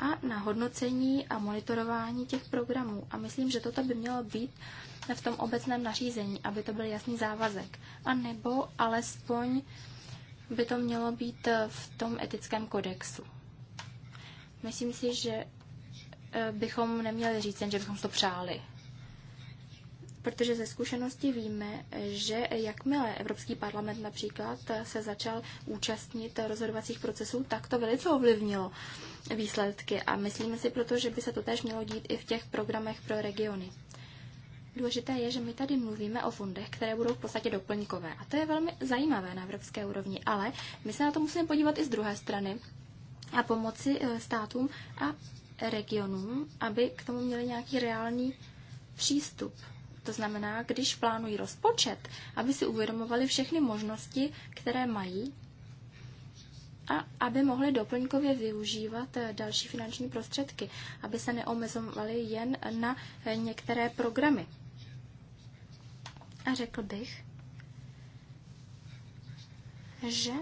a na hodnocení a monitorování těch programů. A myslím, že toto by mělo být v tom obecném nařízení, aby to byl jasný závazek. A nebo alespoň by to mělo být v tom etickém kodexu. Myslím si, že eh, bychom neměli říct že bychom to přáli protože ze zkušenosti víme, že jakmile Evropský parlament například se začal účastnit rozhodovacích procesů, tak to velice ovlivnilo výsledky a myslíme si proto, že by se to též mělo dít i v těch programech pro regiony. Důležité je, že my tady mluvíme o fondech, které budou v podstatě doplňkové. A to je velmi zajímavé na evropské úrovni, ale my se na to musíme podívat i z druhé strany a pomoci eh, státům a regionům, aby k tomu měli nějaký reálný přístup to znamená, když plánují rozpočet, aby si uvědomovali všechny možnosti, které mají a aby mohli doplňkově využívat eh, další finanční prostředky, aby se neomezovali jen na eh, některé programy. A řekl bych, že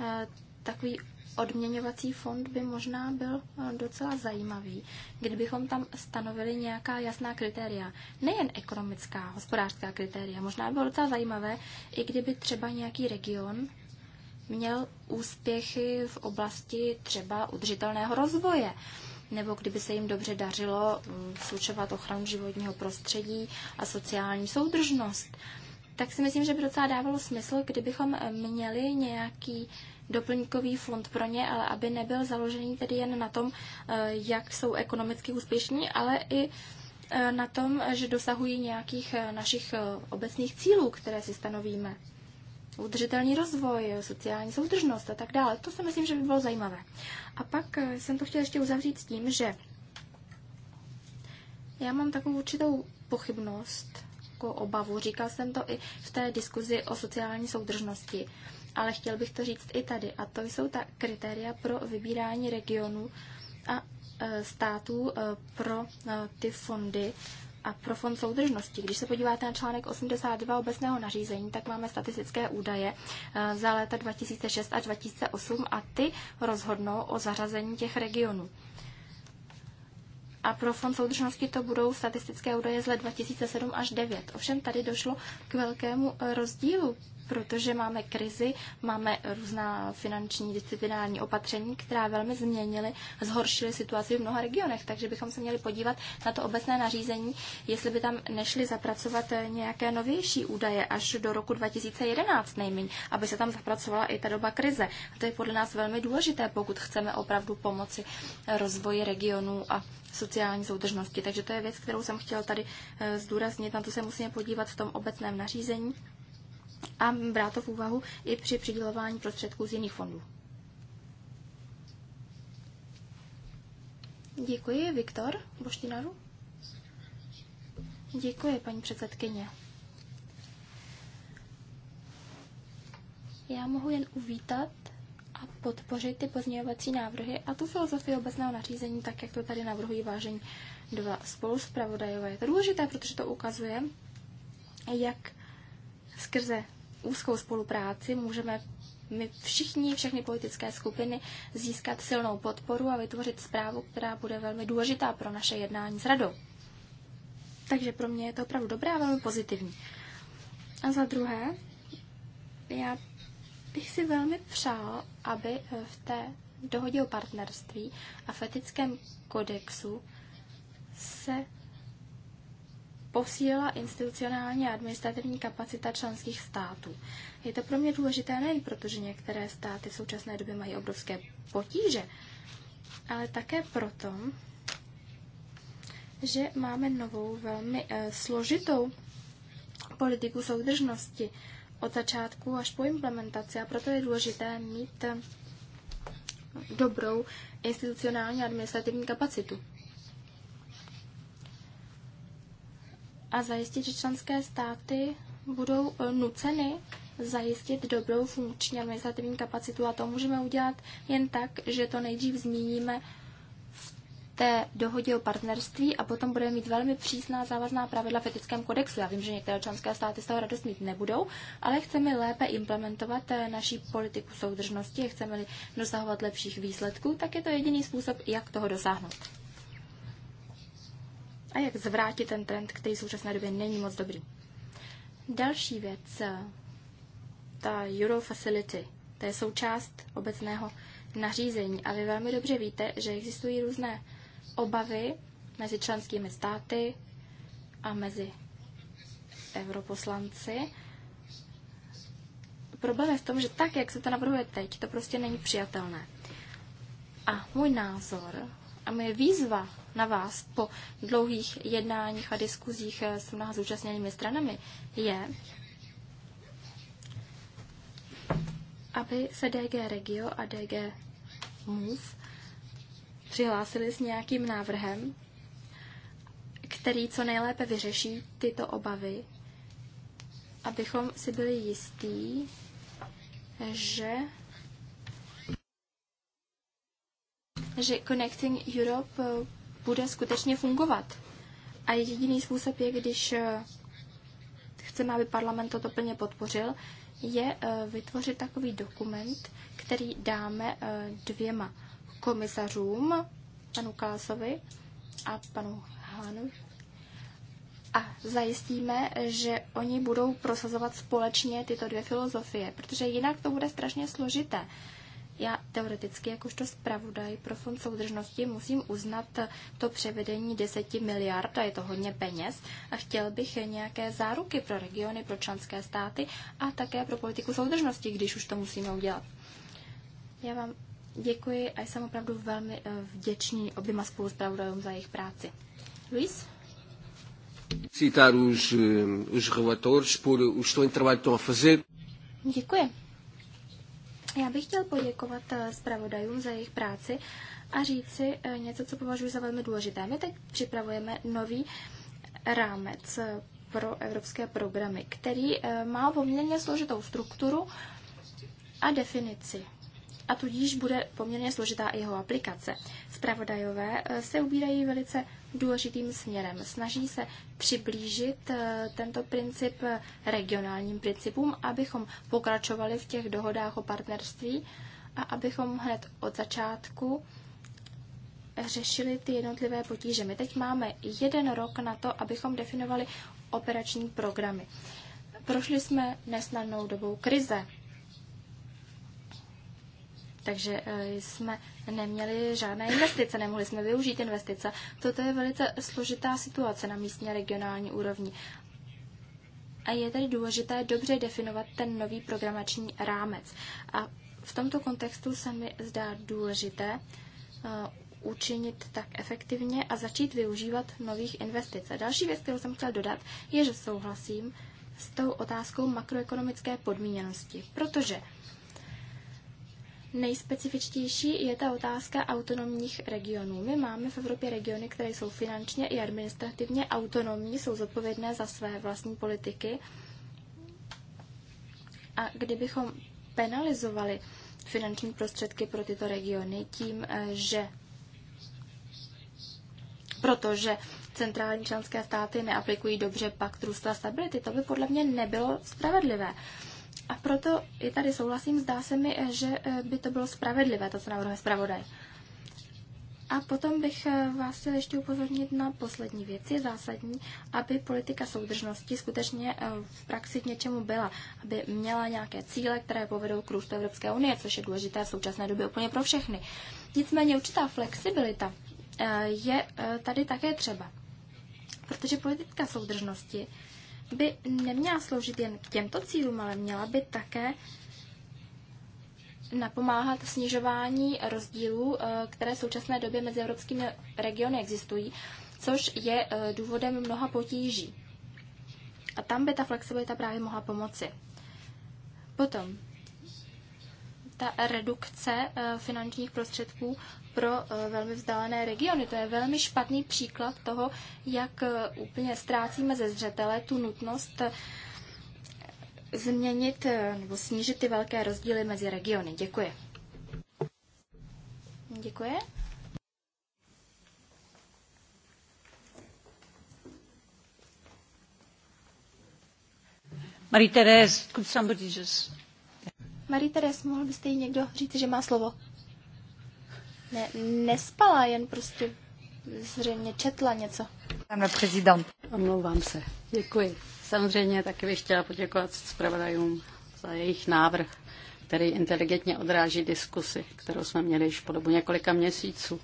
eh, takový odměňovací fond by možná byl eh, docela zajímavý, kdybychom tam stanovili nějaká jasná kritéria. Nejen ekonomická, hospodářská kritéria. Možná by bylo docela zajímavé, i kdyby třeba nějaký region měl úspěchy v oblasti třeba udržitelného rozvoje nebo kdyby se jim dobře dařilo mm, slučovat ochranu životního prostředí a sociální soudržnost, tak si myslím, že by docela dávalo smysl, kdybychom eh, měli nějaký doplňkový fond pro ně, ale aby nebyl založený tedy jen na tom, eh, jak jsou ekonomicky úspěšní, ale i eh, na tom, že dosahují nějakých eh, našich obecných cílů, které si stanovíme. Udržitelný rozvoj, sociální soudržnost a tak dále. To si myslím, že by bylo zajímavé. A pak jsem to chtěla ještě uzavřít s tím, že já mám takovou určitou pochybnost, jako obavu. Říkal jsem to i v té diskuzi o sociální soudržnosti ale chtěl bych to říct i tady. A to jsou ta kritéria pro vybírání regionů a e, států e, pro e, ty fondy a pro fond soudržnosti. Když se podíváte na článek 82 obecného nařízení, tak máme statistické údaje za léta 2006 a 2008 a ty rozhodnou o zařazení těch regionů. A pro fond soudržnosti to budou statistické údaje z let 2007 až 2009. Ovšem tady došlo k velkému rozdílu protože máme krizi, máme různá finanční disciplinární opatření, která velmi změnily, zhoršily situaci v mnoha regionech, takže bychom se měli podívat na to obecné nařízení, jestli by tam nešli zapracovat nějaké novější údaje až do roku 2011 nejméně, aby se tam zapracovala i ta doba krize. A to je podle nás velmi důležité, pokud chceme opravdu pomoci rozvoji regionů a sociální soudržnosti. Takže to je věc, kterou jsem chtěl tady eh, zdůraznit, na to se musíme podívat v tom obecném nařízení a brát to v úvahu i při přidělování prostředků z jiných fondů. Děkuji. Viktor Boštinaru? Děkuji, paní předsedkyně. Já mohu jen uvítat a podpořit ty pozměňovací návrhy a tu filozofii obecného nařízení, tak jak to tady navrhují vážení dva spolu zpravodajové. Je to důležité, protože to ukazuje, jak Skrze úzkou spolupráci můžeme my všichni, všechny politické skupiny získat silnou podporu a vytvořit zprávu, která bude velmi důležitá pro naše jednání s radou. Takže pro mě je to opravdu dobré a velmi pozitivní. A za druhé, já bych si velmi přál, aby v té dohodě o partnerství a v etickém kodexu se posílila institucionální a administrativní kapacita členských států. Je to pro mě důležité nejen proto, že některé státy v současné době mají obrovské potíže, ale také proto, že máme novou velmi e, složitou politiku soudržnosti od začátku až po implementaci a proto je důležité mít dobrou institucionální administrativní kapacitu. a zajistit, že členské státy budou eh, nuceny zajistit dobrou funkční administrativní kapacitu a to můžeme udělat jen tak, že to nejdřív zmíníme v té dohodě o partnerství a potom budeme mít velmi přísná závazná pravidla v etickém kodexu. Já vím, že některé členské státy z toho radost mít nebudou, ale chceme lépe implementovat eh, naší politiku soudržnosti a chceme dosahovat lepších výsledků, tak je to jediný způsob, jak toho dosáhnout a jak zvrátit ten trend, který v současné době není moc dobrý. Další věc, ta Euro Facility, to je součást obecného nařízení a vy velmi dobře víte, že existují různé obavy mezi členskými státy a mezi europoslanci. Problém je v tom, že tak, jak se to navrhuje teď, to prostě není přijatelné. A můj názor a moje výzva na vás po dlouhých jednáních a diskuzích s mnoha zúčastněnými stranami, je, aby se DG Regio a DG Move přihlásili s nějakým návrhem, který co nejlépe vyřeší tyto obavy, abychom si byli jistí, že že Connecting Europe bude skutečně fungovat. A jediný způsob je, když eh, chceme, aby parlament toto plně podpořil, je eh, vytvořit takový dokument, který dáme eh, dvěma komisařům, panu Kalasovi a panu Hánu. A zajistíme, že oni budou prosazovat společně tyto dvě filozofie, protože jinak to bude strašně složité. Já teoreticky, jakožto zpravodaj pro fond soudržnosti, musím uznat to převedení 10 miliard, a je to hodně peněz, a chtěl bych nějaké záruky pro regiony, pro členské státy a také pro politiku soudržnosti, když už to musíme udělat. Já vám děkuji a jsem opravdu velmi eh, vděčný oběma spoluzpravodajům za jejich práci. Luis? Citar os, eh, os relatores por o excelente trabalho que estão a fazer. Děkuji. Já bych chtěl poděkovat eh, zpravodajům za jejich práci a říci eh, něco, co považuji za velmi důležité. My teď připravujeme nový rámec eh, pro evropské programy, který má poměrně složitou strukturu a definici a tudíž bude poměrně složitá i jeho aplikace. Spravodajové eh, se ubírají velice důležitým směrem. Snaží se přiblížit eh, tento princip eh, regionálním principům, abychom pokračovali v těch dohodách o partnerství a abychom hned od začátku řešili ty jednotlivé potíže. My teď máme jeden rok na to, abychom definovali operační programy. Prošli jsme nesnadnou dobou krize. Takže eh, jsme neměli žádné investice, nemohli jsme využít investice. Toto je velice složitá situace na místní a regionální úrovni. A je tedy důležité dobře definovat ten nový programační rámec. A v tomto kontextu se mi zdá důležité eh, učinit tak efektivně a začít využívat nových investic. Další věc, kterou jsem chtěla dodat, je, že souhlasím s tou otázkou makroekonomické podmíněnosti, protože Nejspecifičtější je ta otázka autonomních regionů. My máme v Evropě regiony, které jsou finančně i administrativně autonomní, jsou zodpovědné za své vlastní politiky. A kdybychom penalizovali finanční prostředky pro tyto regiony tím, eh, že protože centrální členské státy neaplikují dobře pakt růstu a stability, to by podle mě nebylo spravedlivé. A proto i tady souhlasím, zdá se mi, eh, že eh, by to bylo spravedlivé, to, co navrhuje zpravodaj. A potom bych eh, vás chtěl ještě upozornit na poslední věc. Je zásadní, aby politika soudržnosti skutečně v praxi k něčemu byla, aby měla nějaké cíle, které povedou k růstu Evropské unie, což je důležité v současné době úplně pro všechny. Nicméně určitá flexibilita je tady také třeba, protože politika soudržnosti by neměla sloužit jen k těmto cílům, ale měla by také napomáhat snižování rozdílů, eh, které v současné době mezi evropskými regiony existují, což je eh, důvodem mnoha potíží. A tam by ta flexibilita právě mohla pomoci. Potom ta redukce eh, finančních prostředků pro eh, velmi vzdálené regiony. To je velmi špatný příklad toho, jak eh, úplně ztrácíme ze zřetele tu nutnost eh, změnit nebo snížit ty velké rozdíly mezi regiony. Děkuji. Děkuji. Marie-Thérèse, could somebody just... Marie-Thérèse, mohl byste jí někdo říct, že má slovo? ne, nespala, jen prostě zřejmě četla něco. Pane prezident. Omlouvám se. Děkuji. Samozřejmě taky bych chtěla poděkovat zpravodajům za jejich návrh, který inteligentně odráží diskusy, kterou jsme měli již po dobu několika měsíců.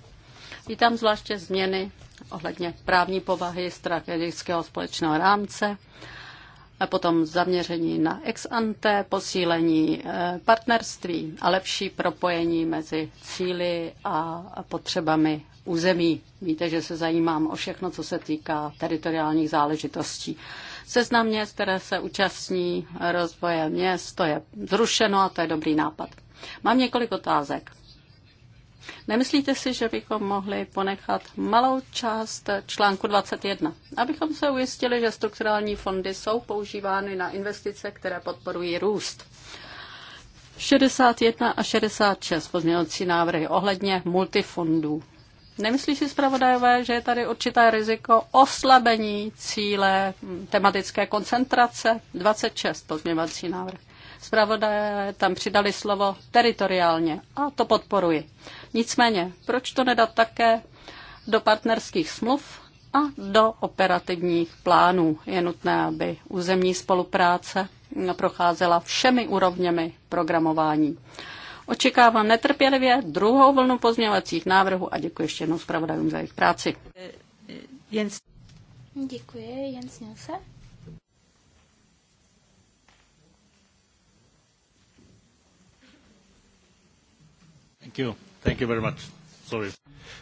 Vítám zvláště změny ohledně právní povahy strategického společného rámce a potom zaměření na ex ante, posílení eh, partnerství a lepší propojení mezi cíly a potřebami území. Víte, že se zajímám o všechno, co se týká teritoriálních záležitostí. Seznam měst, které se účastní rozvoje měst, to je zrušeno a to je dobrý nápad. Mám několik otázek. Nemyslíte si, že bychom mohli ponechat malou část článku 21, abychom se ujistili, že strukturální fondy jsou používány na investice, které podporují růst? 61 a 66 pozměňovací návrhy ohledně multifondů. Nemyslí si zpravodajové, že je tady určité riziko oslabení cíle hm, tematické koncentrace? 26 pozměňovací návrh. Zpravodajé tam přidali slovo teritoriálně a to podporuji. Nicméně, proč to nedat také do partnerských smluv a do operativních plánů? Je nutné, aby územní spolupráce procházela všemi úrovněmi programování. Očekávám netrpělivě druhou vlnu pozměňovacích návrhů a děkuji ještě jednou zpravodajům za jejich práci. Jens. Děkuji, Jens Nilse. Thank you. Thank you very much. Sorry.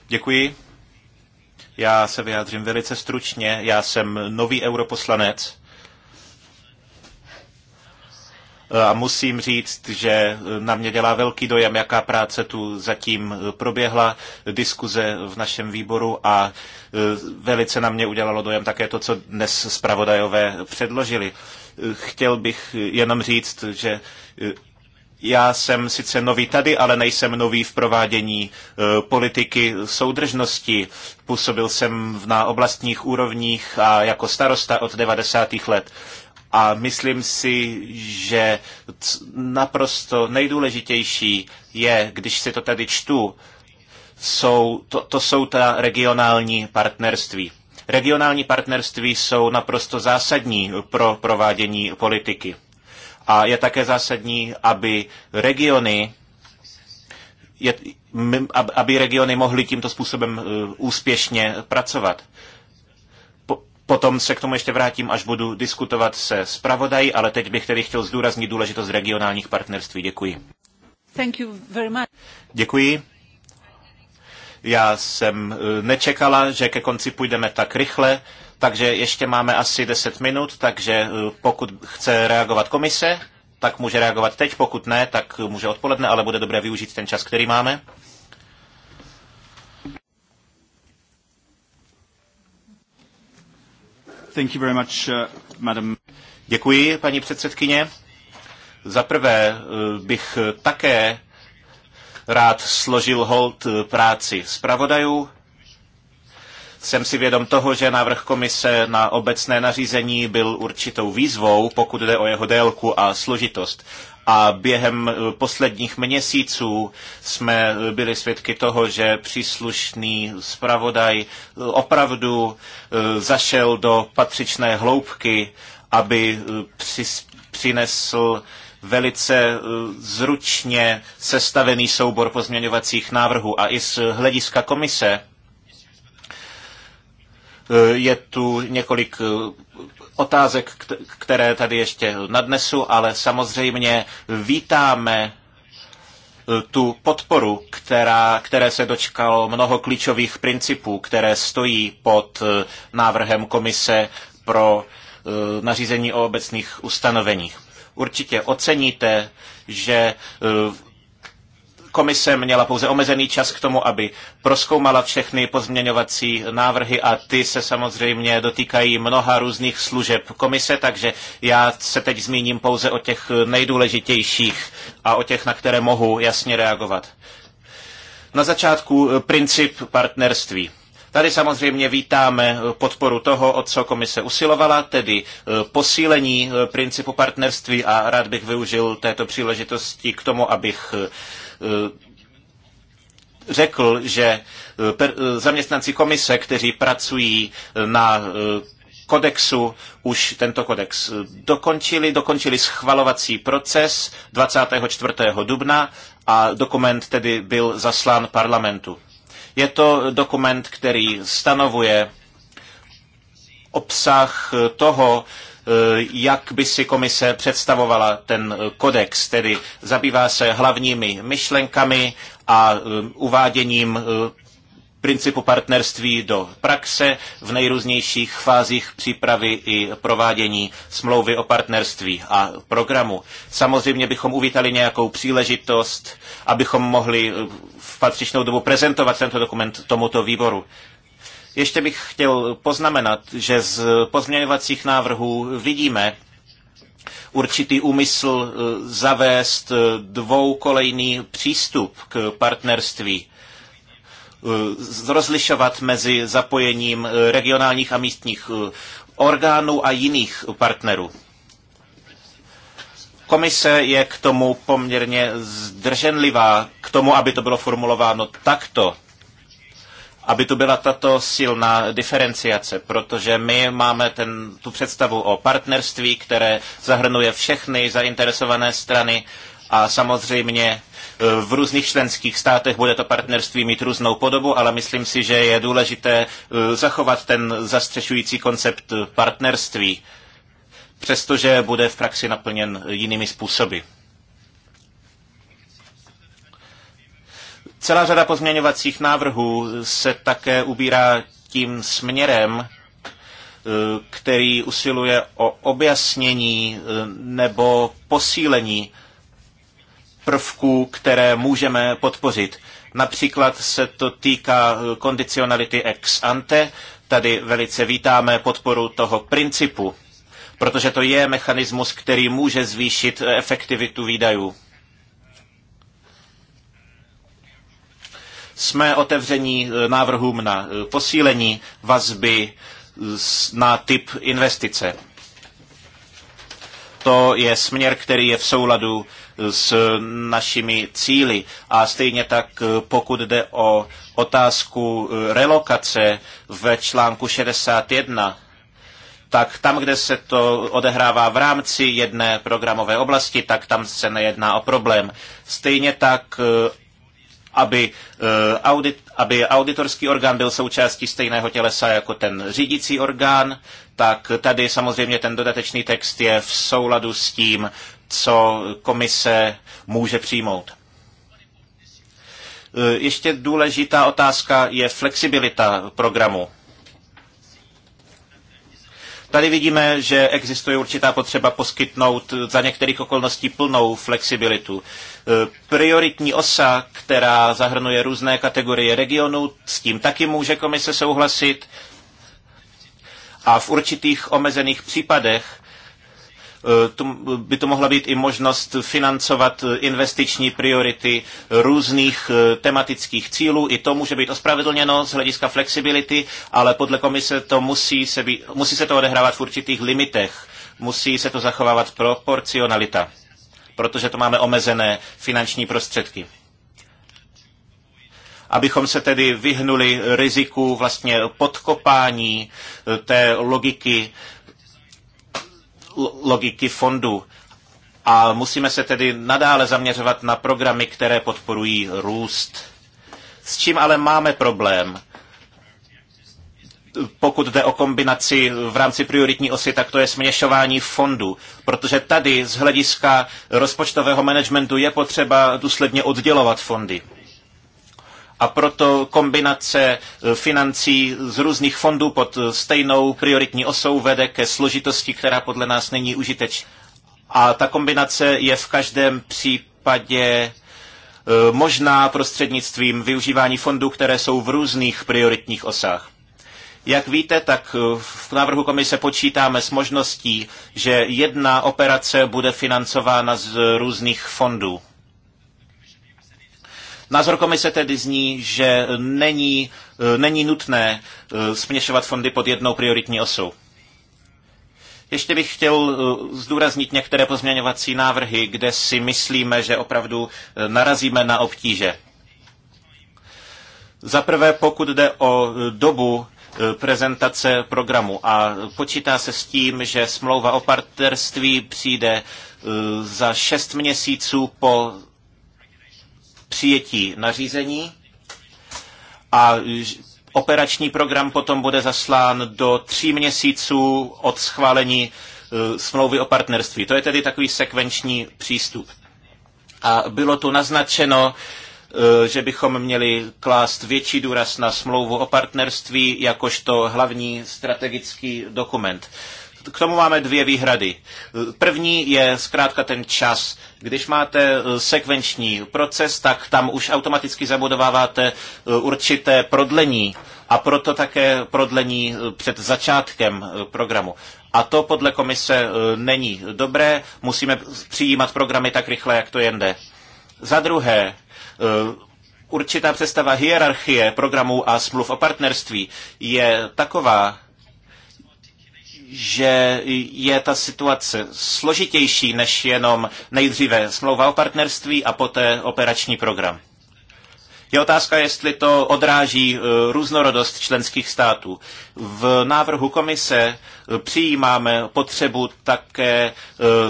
Děkuji. Já se vyjádřím velice stručně. Já jsem nový europoslanec a musím říct, že na mě dělá velký dojem, jaká práce tu zatím proběhla, diskuze v našem výboru a e, velice na mě udělalo dojem také to, co dnes zpravodajové předložili. E, chtěl bych jenom říct, že e, já jsem sice nový tady, ale nejsem nový v provádění eh, politiky soudržnosti. Působil jsem na oblastních úrovních a jako starosta od 90. let. A myslím si, že naprosto nejdůležitější je, když si to tady čtu, jsou, to, to jsou ta regionální partnerství. Regionální partnerství jsou naprosto zásadní pro provádění politiky. A je také zásadní, aby regiony, je, aby regiony mohly tímto způsobem eh, úspěšně pracovat. Potom se k tomu ještě vrátím, až budu diskutovat se zpravodají, ale teď bych tedy chtěl zdůraznit důležitost regionálních partnerství. Děkuji. Thank you very much. Děkuji. Já jsem eh, nečekala, že ke konci půjdeme tak rychle. Takže ještě máme asi 10 minut, takže eh, pokud chce reagovat komise, tak může reagovat teď, pokud ne, tak může odpoledne, ale bude dobré využít ten čas, který máme. Thank you very much, uh, madam. Děkuji, paní předsedkyně. Za prvé eh, bych také rád složil hold eh, práci zpravodajů jsem si vědom toho, že návrh komise na obecné nařízení byl určitou výzvou, pokud jde o jeho délku a složitost. A během eh, posledních měsíců jsme eh, byli svědky toho, že příslušný zpravodaj eh, opravdu zašel do patřičné hloubky, aby přinesl velice zručně sestavený soubor pozměňovacích návrhů. A i z hlediska komise Eh, je tu několik eh, otázek, které tady ještě nadnesu, ale samozřejmě vítáme eh, tu podporu, která, které se dočkalo mnoho klíčových principů, které stojí pod návrhem komise pro nařízení o obecných ustanoveních. Určitě oceníte, že Komise měla pouze omezený čas k tomu, aby proskoumala všechny pozměňovací návrhy a ty se samozřejmě dotýkají mnoha různých služeb komise, takže já se teď zmíním pouze o těch nejdůležitějších a o těch, na které mohu jasně reagovat. Na začátku eh, princip partnerství. Tady samozřejmě vítáme eh, podporu toho, o co komise usilovala, tedy eh, posílení principu partnerství a rád bych využil této příležitosti k tomu, abych Eh, řekl, že eh, eh, zaměstnanci komise, kteří pracují na kodexu už tento kodex dokončili, dokončili schvalovací proces 24. dubna a dokument tedy byl zaslán parlamentu. Je to dokument, který stanovuje obsah toho, Eh, jak by si komise představovala ten eh, kodex, tedy zabývá se hlavními myšlenkami a eh, uváděním principu partnerství do praxe v nejrůznějších fázích přípravy i provádění smlouvy o partnerství a programu. Samozřejmě bychom uvítali nějakou příležitost, abychom mohli v patřičnou dobu prezentovat tento dokument tomuto výboru. Ještě bych chtěl poznamenat, že z pozměňovacích návrhů vidíme, určitý úmysl eh, zavést eh, dvoukolejný přístup k partnerství eh, rozlišovat mezi zapojením regionálních a místních orgánů a jiných partnerů. Komise je k tomu poměrně zdrženlivá, k tomu, aby to bylo formulováno takto aby tu byla tato silná diferenciace, protože my máme ten, tu představu o partnerství, které zahrnuje všechny zainteresované strany a samozřejmě e, v různých členských státech bude to partnerství mít různou podobu, ale myslím si, že je důležité e, zachovat ten zastřešující koncept partnerství, přestože bude v praxi naplněn jinými způsoby. Celá řada pozměňovacích návrhů se také ubírá tím směrem, eh, který usiluje o objasnění eh, nebo posílení prvků, které můžeme podpořit. Například se to týká eh, kondicionality ex ante. Tady velice vítáme podporu toho principu, protože to je mechanismus, který může zvýšit efektivitu výdajů. Jsme otevření e, návrhům na e, posílení vazby e, na typ investice. To je směr, který je v souladu s našimi cíly. A stejně tak, pokud jde o otázku relokace v článku 61, tak tam, kde se to odehrává v rámci jedné programové oblasti, tak tam se nejedná o problém. Stejně tak aby, eh, audit, aby auditorský orgán byl součástí stejného tělesa jako ten řídící orgán, tak tady samozřejmě ten dodatečný text je v souladu s tím, co komise může přijmout. Eh, ještě důležitá otázka je flexibilita programu. Tady vidíme, že existuje určitá potřeba poskytnout za některých okolností plnou flexibilitu. Eh, prioritní osa, která zahrnuje různé kategorie regionů, s tím taky může komise souhlasit. A v určitých omezených případech eh, by to mohla být i možnost financovat eh, investiční priority různých tematických cílů. I to může být ospravedlněno z hlediska flexibility, ale podle komise to musí se, být, musí se to odehrávat v určitých limitech. Musí se to zachovávat proporcionalita protože to máme omezené finanční prostředky abychom se tedy vyhnuli riziku vlastně podkopání eh, té logiky, logiky fondu. A musíme se tedy nadále zaměřovat na programy, které podporují růst. S čím ale máme problém? pokud jde o kombinaci v rámci prioritní osy, tak to je směšování fondů, protože tady z hlediska rozpočtového managementu je potřeba důsledně oddělovat fondy. A proto kombinace e, financí z různých fondů pod stejnou prioritní osou vede ke složitosti, která podle nás není užitečná. A ta kombinace je v každém případě e, možná prostřednictvím využívání fondů, které jsou v různých prioritních osách. Jak víte, tak v návrhu komise počítáme s možností, že jedna operace bude financována z různých fondů. Názor komise tedy zní, že není, není nutné eh, směšovat fondy pod jednou prioritní osou. Ještě bych chtěl eh, zdůraznit některé pozměňovací návrhy, kde si myslíme, že opravdu eh, narazíme na obtíže. Za prvé, pokud jde o dobu, Eh, prezentace programu a počítá se s tím, že smlouva o partnerství přijde eh, za šest měsíců po přijetí nařízení a operační program potom bude zaslán do tří měsíců od schválení eh, smlouvy o partnerství. To je tedy takový sekvenční přístup. A bylo tu naznačeno, Eh, že bychom měli klást větší důraz na smlouvu o partnerství jakožto hlavní strategický dokument. K tomu máme dvě výhrady. První je zkrátka ten čas. Když máte eh, sekvenční proces, tak tam už automaticky zabudováváte eh, určité prodlení a proto také prodlení před začátkem programu. A to podle komise není dobré, musíme přijímat programy tak rychle, jak to jen jde. Za druhé, Eh, určitá představa hierarchie programů a smluv o partnerství je taková, že je ta situace složitější než jenom nejdříve smlouva o partnerství a poté operační program. Je otázka, jestli to odráží e, různorodost členských států. V návrhu komise e, přijímáme potřebu také e,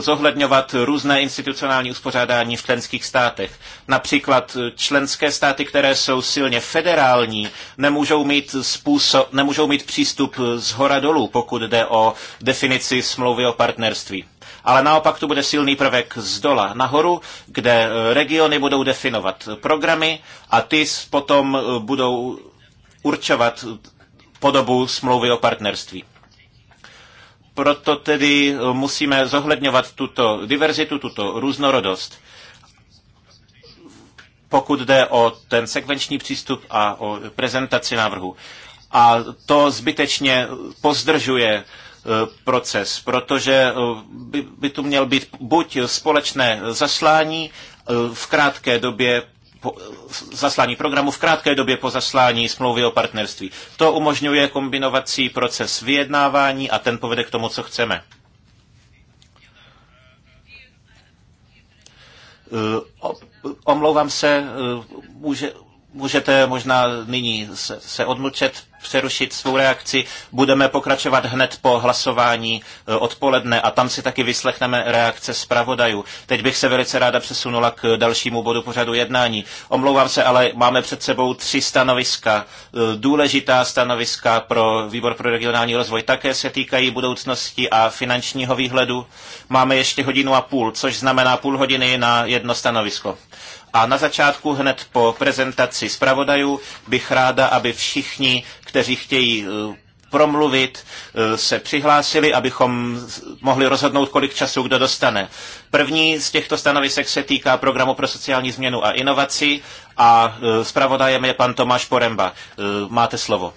zohledňovat různé institucionální uspořádání v členských státech. Například členské státy, které jsou silně federální, nemůžou mít, způsob, nemůžou mít přístup z hora dolů, pokud jde o definici smlouvy o partnerství ale naopak tu bude silný prvek z dola nahoru, kde eh, regiony budou definovat programy a ty potom eh, budou určovat eh, podobu smlouvy o partnerství. Proto tedy musíme zohledňovat tuto diverzitu, tuto různorodost pokud jde o ten sekvenční přístup a o prezentaci návrhu. A to zbytečně pozdržuje Eh, proces, protože eh, by, by tu měl být buď společné zaslání eh, v krátké době po zaslání programu v krátké době po zaslání smlouvy o partnerství. To umožňuje kombinovací proces vyjednávání a ten povede k tomu, co chceme. Omlouvám se, může, Můžete možná nyní se, se odmlčet, přerušit svou reakci. Budeme pokračovat hned po hlasování e, odpoledne a tam si taky vyslechneme reakce zpravodajů. Teď bych se velice ráda přesunula k dalšímu bodu pořadu jednání. Omlouvám se, ale máme před sebou tři stanoviska. E, důležitá stanoviska pro Výbor pro regionální rozvoj také se týkají budoucnosti a finančního výhledu. Máme ještě hodinu a půl, což znamená půl hodiny na jedno stanovisko. A na začátku hned po prezentaci zpravodajů bych ráda, aby všichni, kteří chtějí eh, promluvit, eh, se přihlásili, abychom mohli rozhodnout, kolik času kdo dostane. První z těchto stanovisek se týká programu pro sociální změnu a inovaci a eh, zpravodajem je pan Tomáš Poremba. Máte slovo.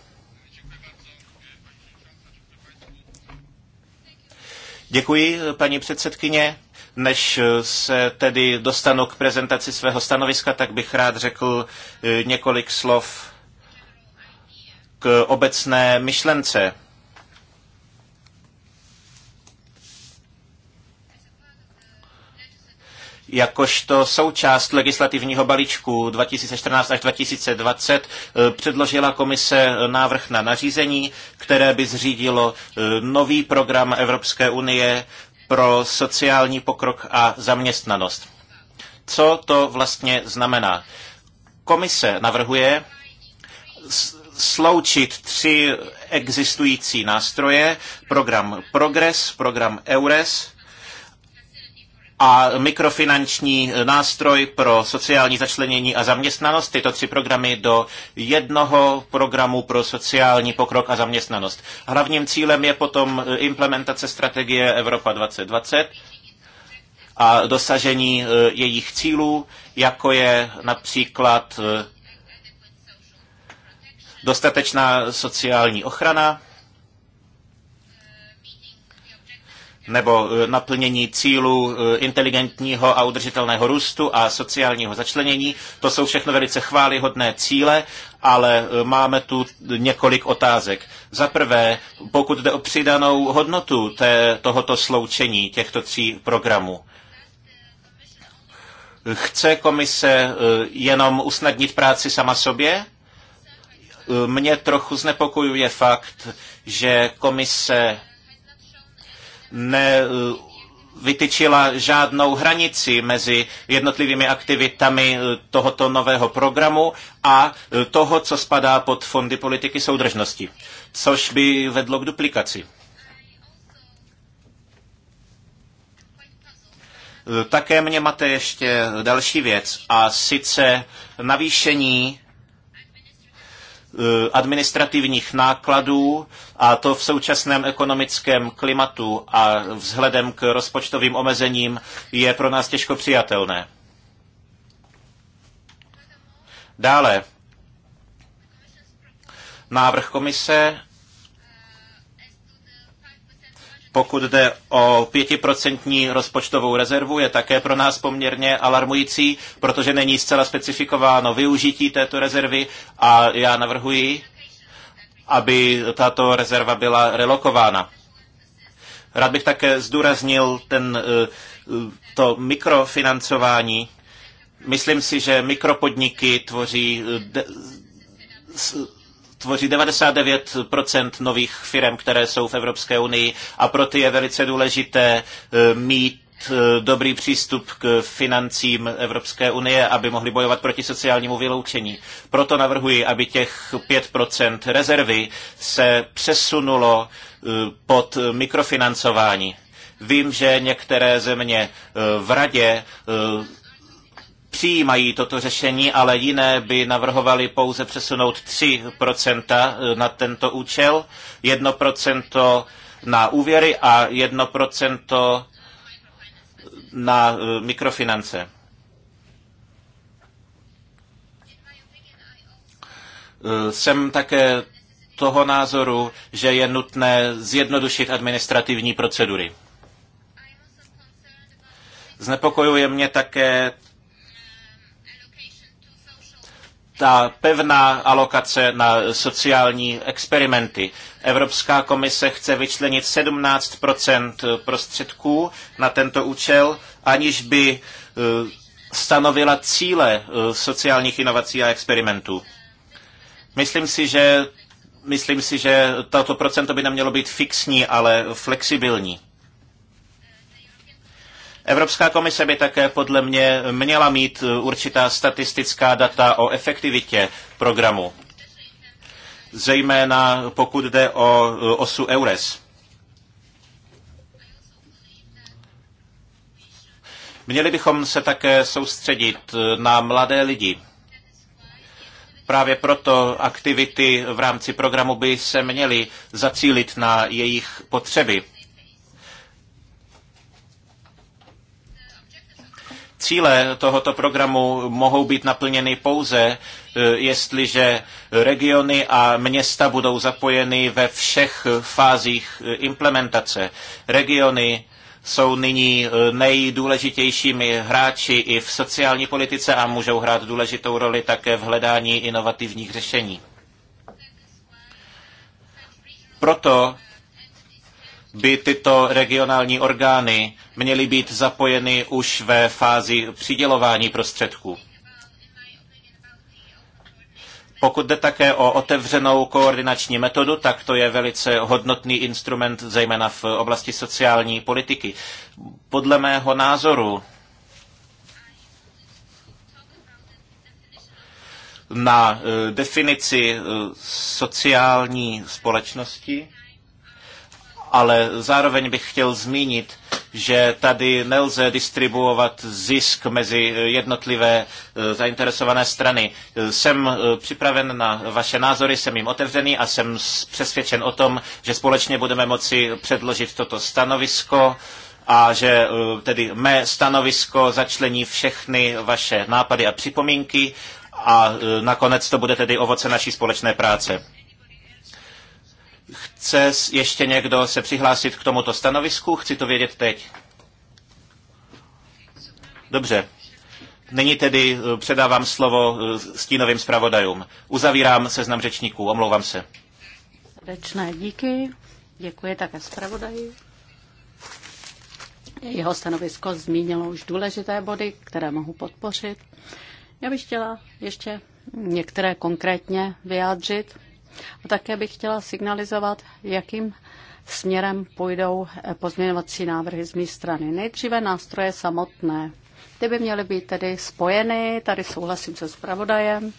Děkuji, paní předsedkyně. Než eh, se tedy dostanu k prezentaci svého stanoviska, tak bych rád řekl eh, několik slov k obecné myšlence. jakožto součást legislativního balíčku 2014 až 2020 eh, předložila komise návrh na nařízení, které by zřídilo nový program Evropské unie pro sociální pokrok a zaměstnanost. Co to vlastně znamená? Komise navrhuje sloučit tři existující nástroje, program Progress, program EURES a mikrofinanční e, nástroj pro sociální začlenění a zaměstnanost, tyto tři programy do jednoho programu pro sociální pokrok a zaměstnanost. Hlavním cílem je potom e, implementace strategie Evropa 2020 a dosažení e, jejich cílů, jako je například dostatečná sociální ochrana, nebo eh, naplnění cílů eh, inteligentního a udržitelného růstu a sociálního začlenění. To jsou všechno velice chválihodné cíle, ale eh, máme tu několik otázek. Za prvé, pokud jde o přidanou hodnotu té, tohoto sloučení těchto tří programů, chce komise jenom usnadnit práci sama sobě? Mě trochu znepokojuje fakt, že komise ne vytyčila žádnou hranici mezi jednotlivými aktivitami eh, tohoto nového programu a eh, toho, co spadá pod fondy politiky soudržnosti, což by vedlo k duplikaci. Eh, také mě máte ještě další věc, a sice navýšení Eh, administrativních nákladů a to v současném ekonomickém klimatu a vzhledem k rozpočtovým omezením je pro nás těžko přijatelné. Dále. Návrh komise Pokud jde o pětiprocentní rozpočtovou rezervu, je také pro nás poměrně alarmující, protože není zcela specifikováno využití této rezervy a já navrhuji, aby tato rezerva byla relokována. Rád bych také zdůraznil ten, eh, to mikrofinancování. Myslím si, že mikropodniky tvoří eh, tvoří 99% nových firm, které jsou v Evropské unii a pro ty je velice důležité eh, mít eh, dobrý přístup k financím Evropské unie, aby mohli bojovat proti sociálnímu vyloučení. Proto navrhuji, aby těch 5% rezervy se přesunulo eh, pod mikrofinancování. Vím, že některé země v radě přijímají toto řešení, ale jiné by navrhovali pouze přesunout 3% e, na tento účel, 1% na úvěry a 1% na e, mikrofinance. E, jsem také toho názoru, že je nutné zjednodušit administrativní procedury. Znepokojuje mě také ta pevná alokace na sociální experimenty. Evropská komise chce vyčlenit 17 prostředků na tento účel, aniž by e, stanovila cíle e, sociálních inovací a experimentů. Myslím si, že, myslím si, že tato procento by nemělo být fixní, ale flexibilní. Evropská komise by také podle mě měla mít eh, určitá statistická data o efektivitě programu, zejména pokud jde o eh, osu EURES. Měli bychom se také soustředit eh, na mladé lidi. Právě proto aktivity v rámci programu by se měly zacílit na jejich potřeby Cíle tohoto programu mohou být naplněny pouze, e, jestliže regiony a města budou zapojeny ve všech fázích e, implementace. Regiony jsou nyní e, nejdůležitějšími hráči i v sociální politice a můžou hrát důležitou roli také v hledání inovativních řešení. Proto by tyto regionální orgány měly být zapojeny už ve fázi přidělování prostředků. Pokud jde také o otevřenou koordinační metodu, tak to je velice hodnotný instrument, zejména v oblasti sociální politiky. Podle mého názoru na eh, definici eh, sociální společnosti ale zároveň bych chtěl zmínit, že tady nelze distribuovat zisk mezi jednotlivé e, zainteresované strany. E, jsem e, připraven na vaše názory, jsem jim otevřený a jsem přesvědčen o tom, že společně budeme moci předložit toto stanovisko a že tedy mé stanovisko začlení všechny vaše nápady a připomínky a nakonec to bude tedy ovoce naší společné práce. Chce ještě někdo se přihlásit k tomuto stanovisku? Chci to vědět teď. Dobře. Nyní tedy eh, předávám slovo eh, stínovým zpravodajům. Uzavírám seznam řečníků, omlouvám se. Srdečné díky, děkuji také zpravodaji. Jeho stanovisko zmínilo už důležité body, které mohu podpořit. Já bych chtěla ještě některé konkrétně vyjádřit. A také bych chtěla signalizovat, jakým směrem půjdou eh, pozměňovací návrhy z mé strany. Nejdříve nástroje samotné. Ty by měly být tedy spojeny, tady souhlasím se zpravodajem.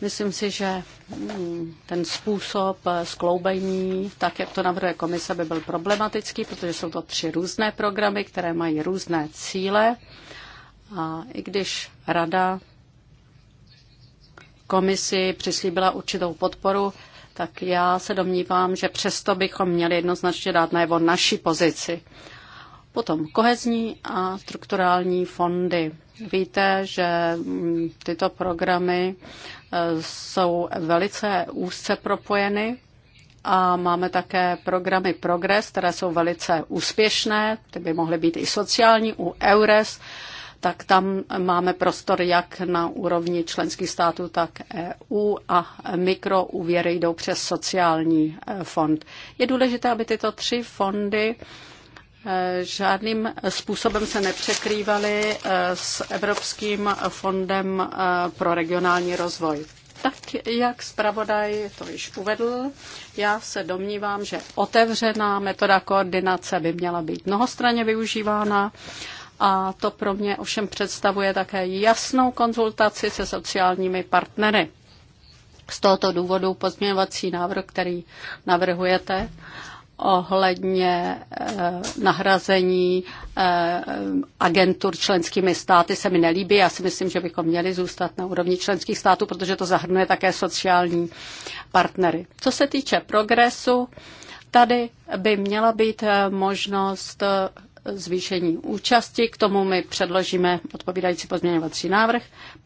Myslím si, že mm, ten způsob eh, skloubení, tak jak to navrhuje komise, by byl problematický, protože jsou to tři různé programy, které mají různé cíle. A i když rada komisi přislíbila určitou podporu, tak já se domnívám, že přesto bychom měli jednoznačně dát najevo naši pozici. Potom kohezní a strukturální fondy. Víte, že mm, tyto programy e, jsou velice úzce propojeny a máme také programy Progress, které jsou velice úspěšné, ty by mohly být i sociální u EURES tak tam máme prostor jak na úrovni členských států, tak EU a mikroúvěry jdou přes sociální eh, fond. Je důležité, aby tyto tři fondy eh, žádným způsobem se nepřekrývaly eh, s Evropským fondem pro regionální rozvoj. Tak jak zpravodaj to již uvedl, já se domnívám, že otevřená metoda koordinace by měla být mnohostranně využívána a to pro mě ovšem představuje také jasnou konzultaci se sociálními partnery. Z tohoto důvodu pozměňovací návrh, který navrhujete, ohledně eh, nahrazení eh, agentur členskými státy se mi nelíbí. Já si myslím, že bychom měli zůstat na úrovni členských států, protože to zahrnuje také sociální partnery. Co se týče progresu, tady by měla být eh, možnost zvýšení účasti. K tomu my předložíme odpovídající pozměňovací návrh.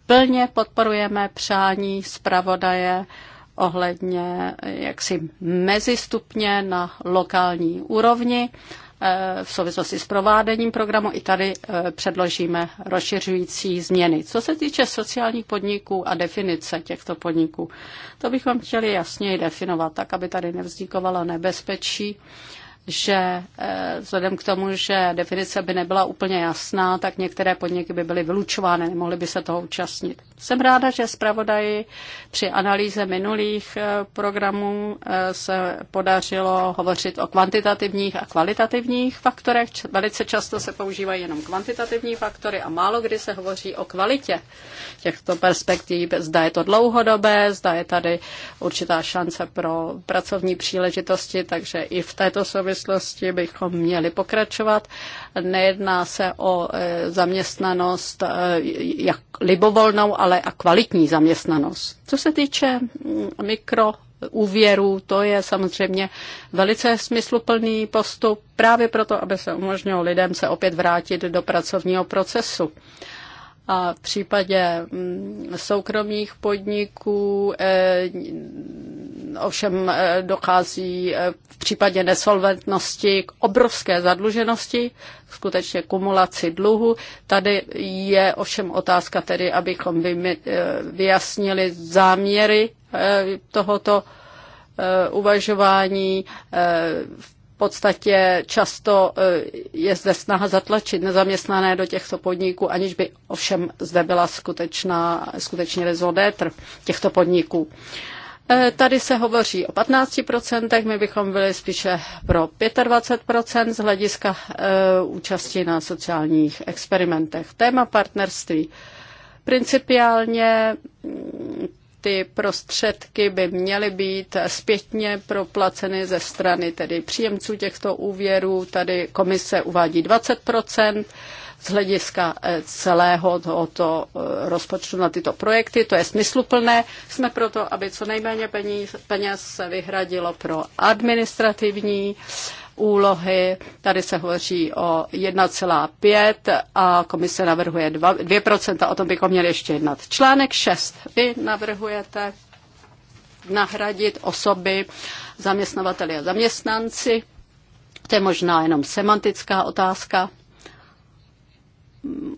Plně podporujeme přání zpravodaje ohledně jaksi mezistupně na lokální úrovni eh, v souvislosti s prováděním programu. I tady eh, předložíme rozšiřující změny. Co se týče sociálních podniků a definice těchto podniků, to bychom chtěli jasněji definovat, tak aby tady nevznikovala nebezpečí, že eh, vzhledem k tomu, že definice by nebyla úplně jasná, tak některé podniky by byly vylučovány, nemohly by se toho účastnit. Jsem ráda, že zpravodaji při analýze minulých eh, programů eh, se podařilo hovořit o kvantitativních a kvalitativních faktorech. Velice často se používají jenom kvantitativní faktory a málo kdy se hovoří o kvalitě těchto perspektiv. Zda je to dlouhodobé, zda je tady určitá šance pro pracovní příležitosti, takže i v této souvislosti bychom měli pokračovat. Nejedná se o eh, zaměstnanost jak libovolnou, ale ale a kvalitní zaměstnanost. Co se týče mm, mikro úvěru, to je samozřejmě velice smysluplný postup právě proto, aby se umožnilo lidem se opět vrátit do pracovního procesu. A v případě mm, soukromých podniků eh, Ovšem eh, dochází eh, v případě nesolventnosti k obrovské zadluženosti, skutečně kumulaci dluhu. Tady je ovšem otázka tedy, abychom eh, vyjasnili záměry tohoto uvažování. V podstatě často je zde snaha zatlačit nezaměstnané do těchto podniků, aniž by ovšem zde byla skutečná, skutečně raison těchto podniků. Eh, tady se hovoří o 15%, my bychom byli spíše pro 25% z hlediska eh, účasti na sociálních experimentech. Téma partnerství. Principiálně mm, ty prostředky by měly být zpětně proplaceny ze strany tedy příjemců těchto úvěrů. Tady komise uvádí 20 z hlediska eh, celého tohoto eh, rozpočtu na tyto projekty. To je smysluplné. Jsme proto, aby co nejméně peníz, peněz se vyhradilo pro administrativní úlohy. Tady se hovoří o 1,5 a komise navrhuje 2, 2%. O tom bychom měli ještě jednat. Článek 6. Vy navrhujete nahradit osoby zaměstnavateli a zaměstnanci. To je možná jenom semantická otázka.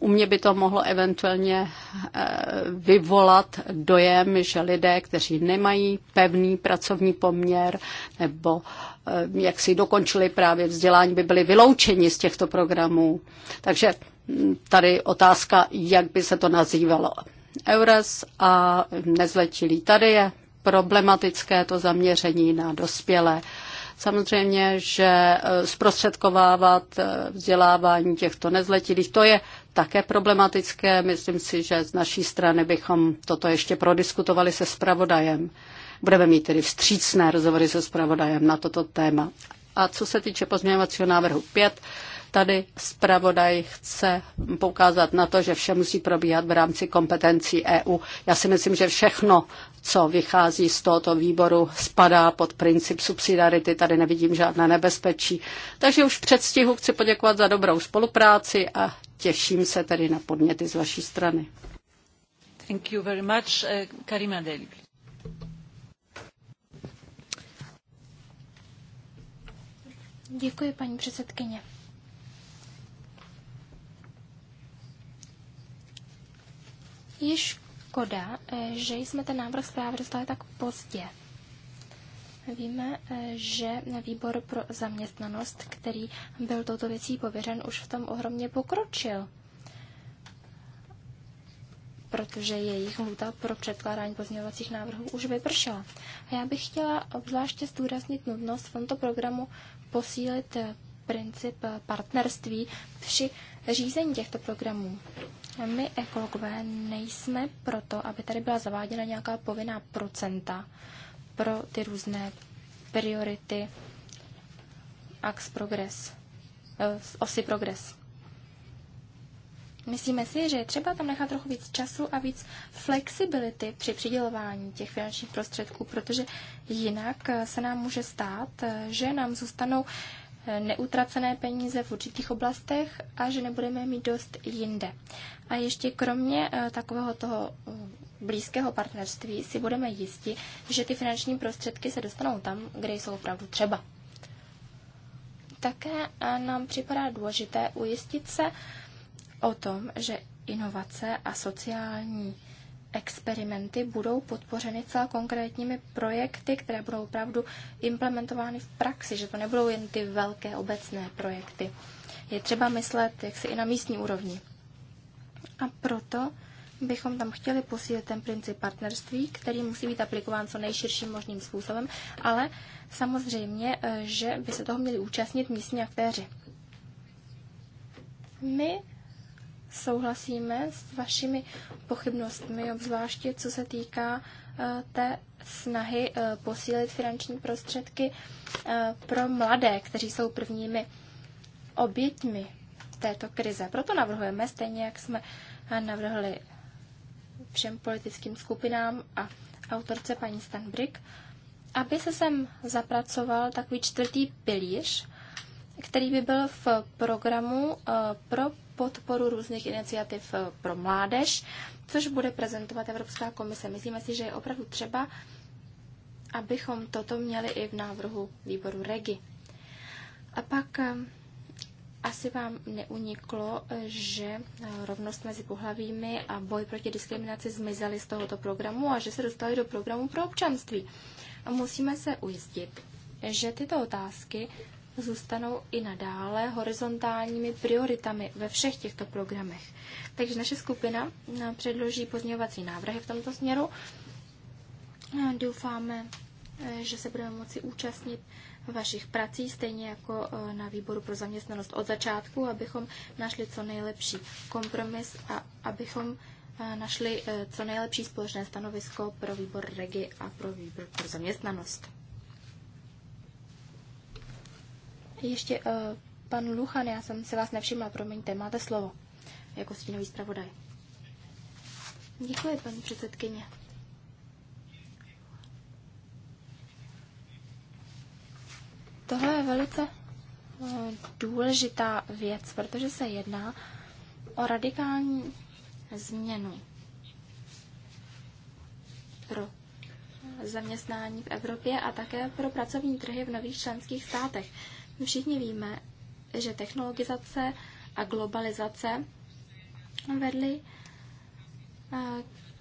U mě by to mohlo eventuálně eh, vyvolat dojem, že lidé, kteří nemají pevný pracovní poměr nebo eh, jak si dokončili právě vzdělání, by byli vyloučeni z těchto programů. Takže hm, tady otázka, jak by se to nazývalo. EURES a nezletilí. Tady je problematické to zaměření na dospělé. Samozřejmě, že eh, zprostředkovávat eh, vzdělávání těchto nezletilých, to je také problematické. Myslím si, že z naší strany bychom toto ještě prodiskutovali se spravodajem. Budeme mít tedy vstřícné rozhovory se spravodajem na toto téma. A co se týče pozměňovacího návrhu 5, tady zpravodaj chce poukázat na to, že vše musí probíhat v rámci kompetencí EU. Já si myslím, že všechno co vychází z tohoto výboru, spadá pod princip subsidiarity, tady nevidím žádné nebezpečí. Takže už v předstihu chci poděkovat za dobrou spolupráci a těším se tedy na podněty z vaší strany. Thank you very much, eh, Karima Deli. Děkuji, paní předsedkyně. Již škoda, eh, že jsme ten návrh zprávy dostali tak pozdě. Víme, eh, že výbor pro zaměstnanost, který byl touto věcí pověřen, už v tom ohromně pokročil protože jejich hluta pro předkládání pozměňovacích návrhů už vypršela. A já bych chtěla obzvláště zdůraznit nutnost v tomto programu posílit eh, princip partnerství při řízení těchto programů. My ekologové nejsme proto, aby tady byla zaváděna nějaká povinná procenta pro ty různé priority ax progress, eh, osy progress. Myslíme si, že je třeba tam nechat trochu víc času a víc flexibility při přidělování těch finančních prostředků, protože jinak eh, se nám může stát, eh, že nám zůstanou neutracené peníze v určitých oblastech a že nebudeme mít dost jinde. A ještě kromě eh, takového toho eh, blízkého partnerství si budeme jisti, že ty finanční prostředky se dostanou tam, kde jsou opravdu třeba. Také eh, nám připadá důležité ujistit se o tom, že inovace a sociální experimenty budou podpořeny celá konkrétními projekty, které budou opravdu implementovány v praxi, že to nebudou jen ty velké obecné projekty. Je třeba myslet jaksi i na místní úrovni. A proto bychom tam chtěli posílit ten princip partnerství, který musí být aplikován co nejširším možným způsobem, ale samozřejmě, eh, že by se toho měli účastnit místní aktéři. My souhlasíme s vašimi pochybnostmi, obzvláště co se týká eh, té snahy eh, posílit finanční prostředky eh, pro mladé, kteří jsou prvními oběťmi této krize. Proto navrhujeme, stejně jak jsme navrhli všem politickým skupinám a autorce paní Stanbrick, aby se sem zapracoval takový čtvrtý pilíř, který by byl v programu pro podporu různých iniciativ eh, pro mládež, což bude prezentovat Evropská komise. Myslíme si, že je opravdu třeba, abychom toto měli i v návrhu výboru REGI. A pak eh, asi vám neuniklo, eh, že rovnost mezi pohlavími a boj proti diskriminaci zmizely z tohoto programu a že se dostali do programu pro občanství. A musíme se ujistit, že tyto otázky zůstanou i nadále horizontálními prioritami ve všech těchto programech. Takže naše skupina eh, předloží pozměňovací návrhy v tomto směru. Eh, doufáme, eh, že se budeme moci účastnit vašich prací, stejně jako na výboru pro zaměstnanost od začátku, abychom našli co nejlepší kompromis a abychom našli co nejlepší společné stanovisko pro výbor REGI a pro výbor pro zaměstnanost. Ještě uh, pan Luchan, já jsem se vás nevšimla, promiňte, máte slovo jako stínový zpravodaj. Děkuji, paní předsedkyně. Tohle je velice eh, důležitá věc, protože se jedná o radikální změnu pro zaměstnání v Evropě a také pro pracovní trhy v nových členských státech. Všichni víme, že technologizace a globalizace vedly eh,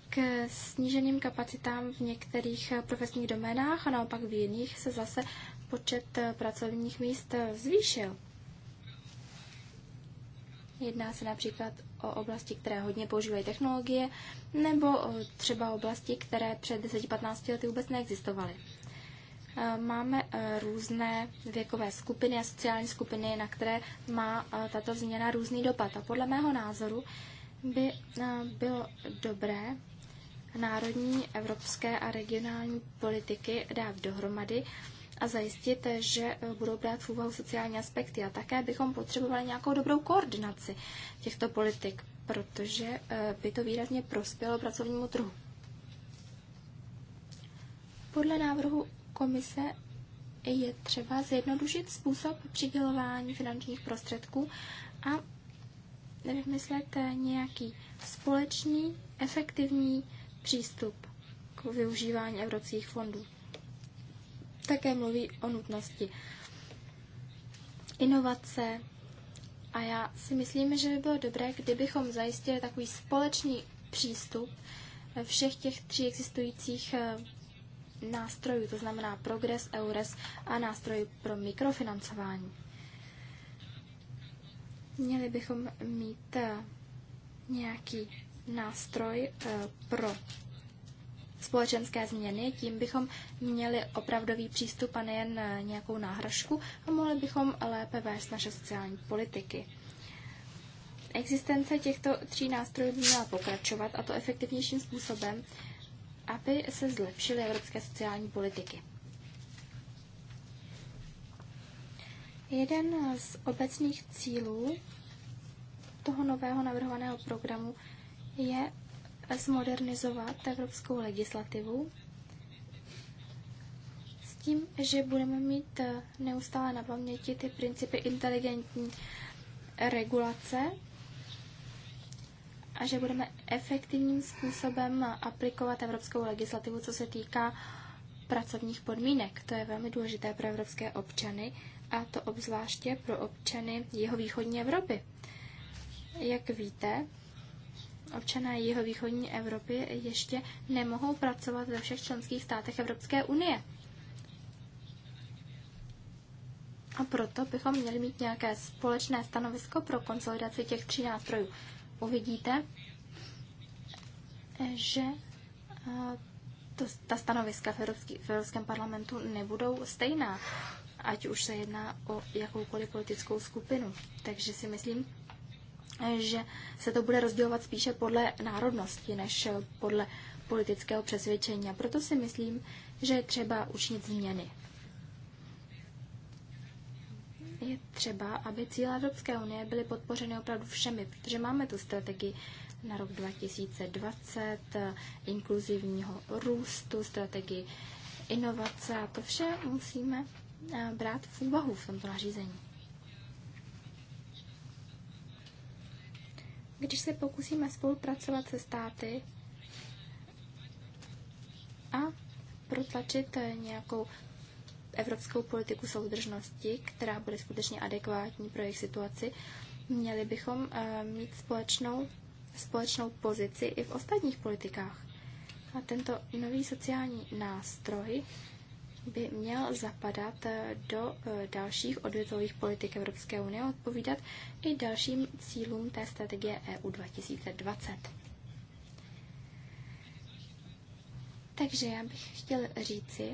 k sníženým kapacitám v některých profesních doménách a naopak v jiných se zase počet eh, pracovních míst eh, zvýšil. Jedná se například o oblasti, které hodně používají technologie, nebo třeba oblasti, které před 10-15 lety vůbec neexistovaly. Eh, máme eh, různé věkové skupiny a sociální skupiny, na které má eh, tato změna různý dopad. A podle mého názoru by bylo dobré národní, evropské a regionální politiky dát dohromady a zajistit, že budou brát v úvahu sociální aspekty. A také bychom potřebovali nějakou dobrou koordinaci těchto politik, protože by to výrazně prospělo pracovnímu trhu. Podle návrhu komise je třeba zjednodušit způsob přidělování finančních prostředků a vymyslet nějaký společný, efektivní přístup k využívání evropských fondů. Také mluví o nutnosti inovace a já si myslím, že by bylo dobré, kdybychom zajistili takový společný přístup všech těch tří existujících eh, nástrojů, to znamená Progress, EURES a nástroj pro mikrofinancování. Měli bychom mít eh, nějaký nástroj eh, pro společenské změny, tím bychom měli opravdový přístup a nejen eh, nějakou náhražku a mohli bychom lépe vést naše sociální politiky. Existence těchto tří nástrojů by měla pokračovat a to efektivnějším způsobem, aby se zlepšily evropské sociální politiky. Jeden z obecných cílů toho nového navrhovaného programu je zmodernizovat evropskou legislativu s tím, že budeme mít neustále na paměti ty principy inteligentní regulace a že budeme efektivním způsobem aplikovat evropskou legislativu, co se týká pracovních podmínek. To je velmi důležité pro evropské občany a to obzvláště pro občany jeho východní Evropy. Jak víte, občané jeho východní Evropy ještě nemohou pracovat ve všech členských státech Evropské unie. A proto bychom měli mít nějaké společné stanovisko pro konsolidaci těch tří nástrojů uvidíte, že eh, to, ta stanoviska v, Evropský, v Evropském parlamentu nebudou stejná, ať už se jedná o jakoukoliv politickou skupinu. Takže si myslím, že se to bude rozdělovat spíše podle národnosti než podle politického přesvědčení. A proto si myslím, že je třeba učinit změny je třeba, aby cíle Evropské unie byly podpořeny opravdu všemi, protože máme tu strategii na rok 2020, inkluzivního růstu, strategii inovace a to vše musíme eh, brát v úvahu v tomto nařízení. Když se pokusíme spolupracovat se státy a protlačit eh, nějakou evropskou politiku soudržnosti, která bude skutečně adekvátní pro jejich situaci, měli bychom eh, mít společnou, společnou pozici i v ostatních politikách. A tento nový sociální nástroj by měl zapadat eh, do eh, dalších odvětových politik Evropské unie, odpovídat i dalším cílům té strategie EU 2020. Takže já bych chtěl říci,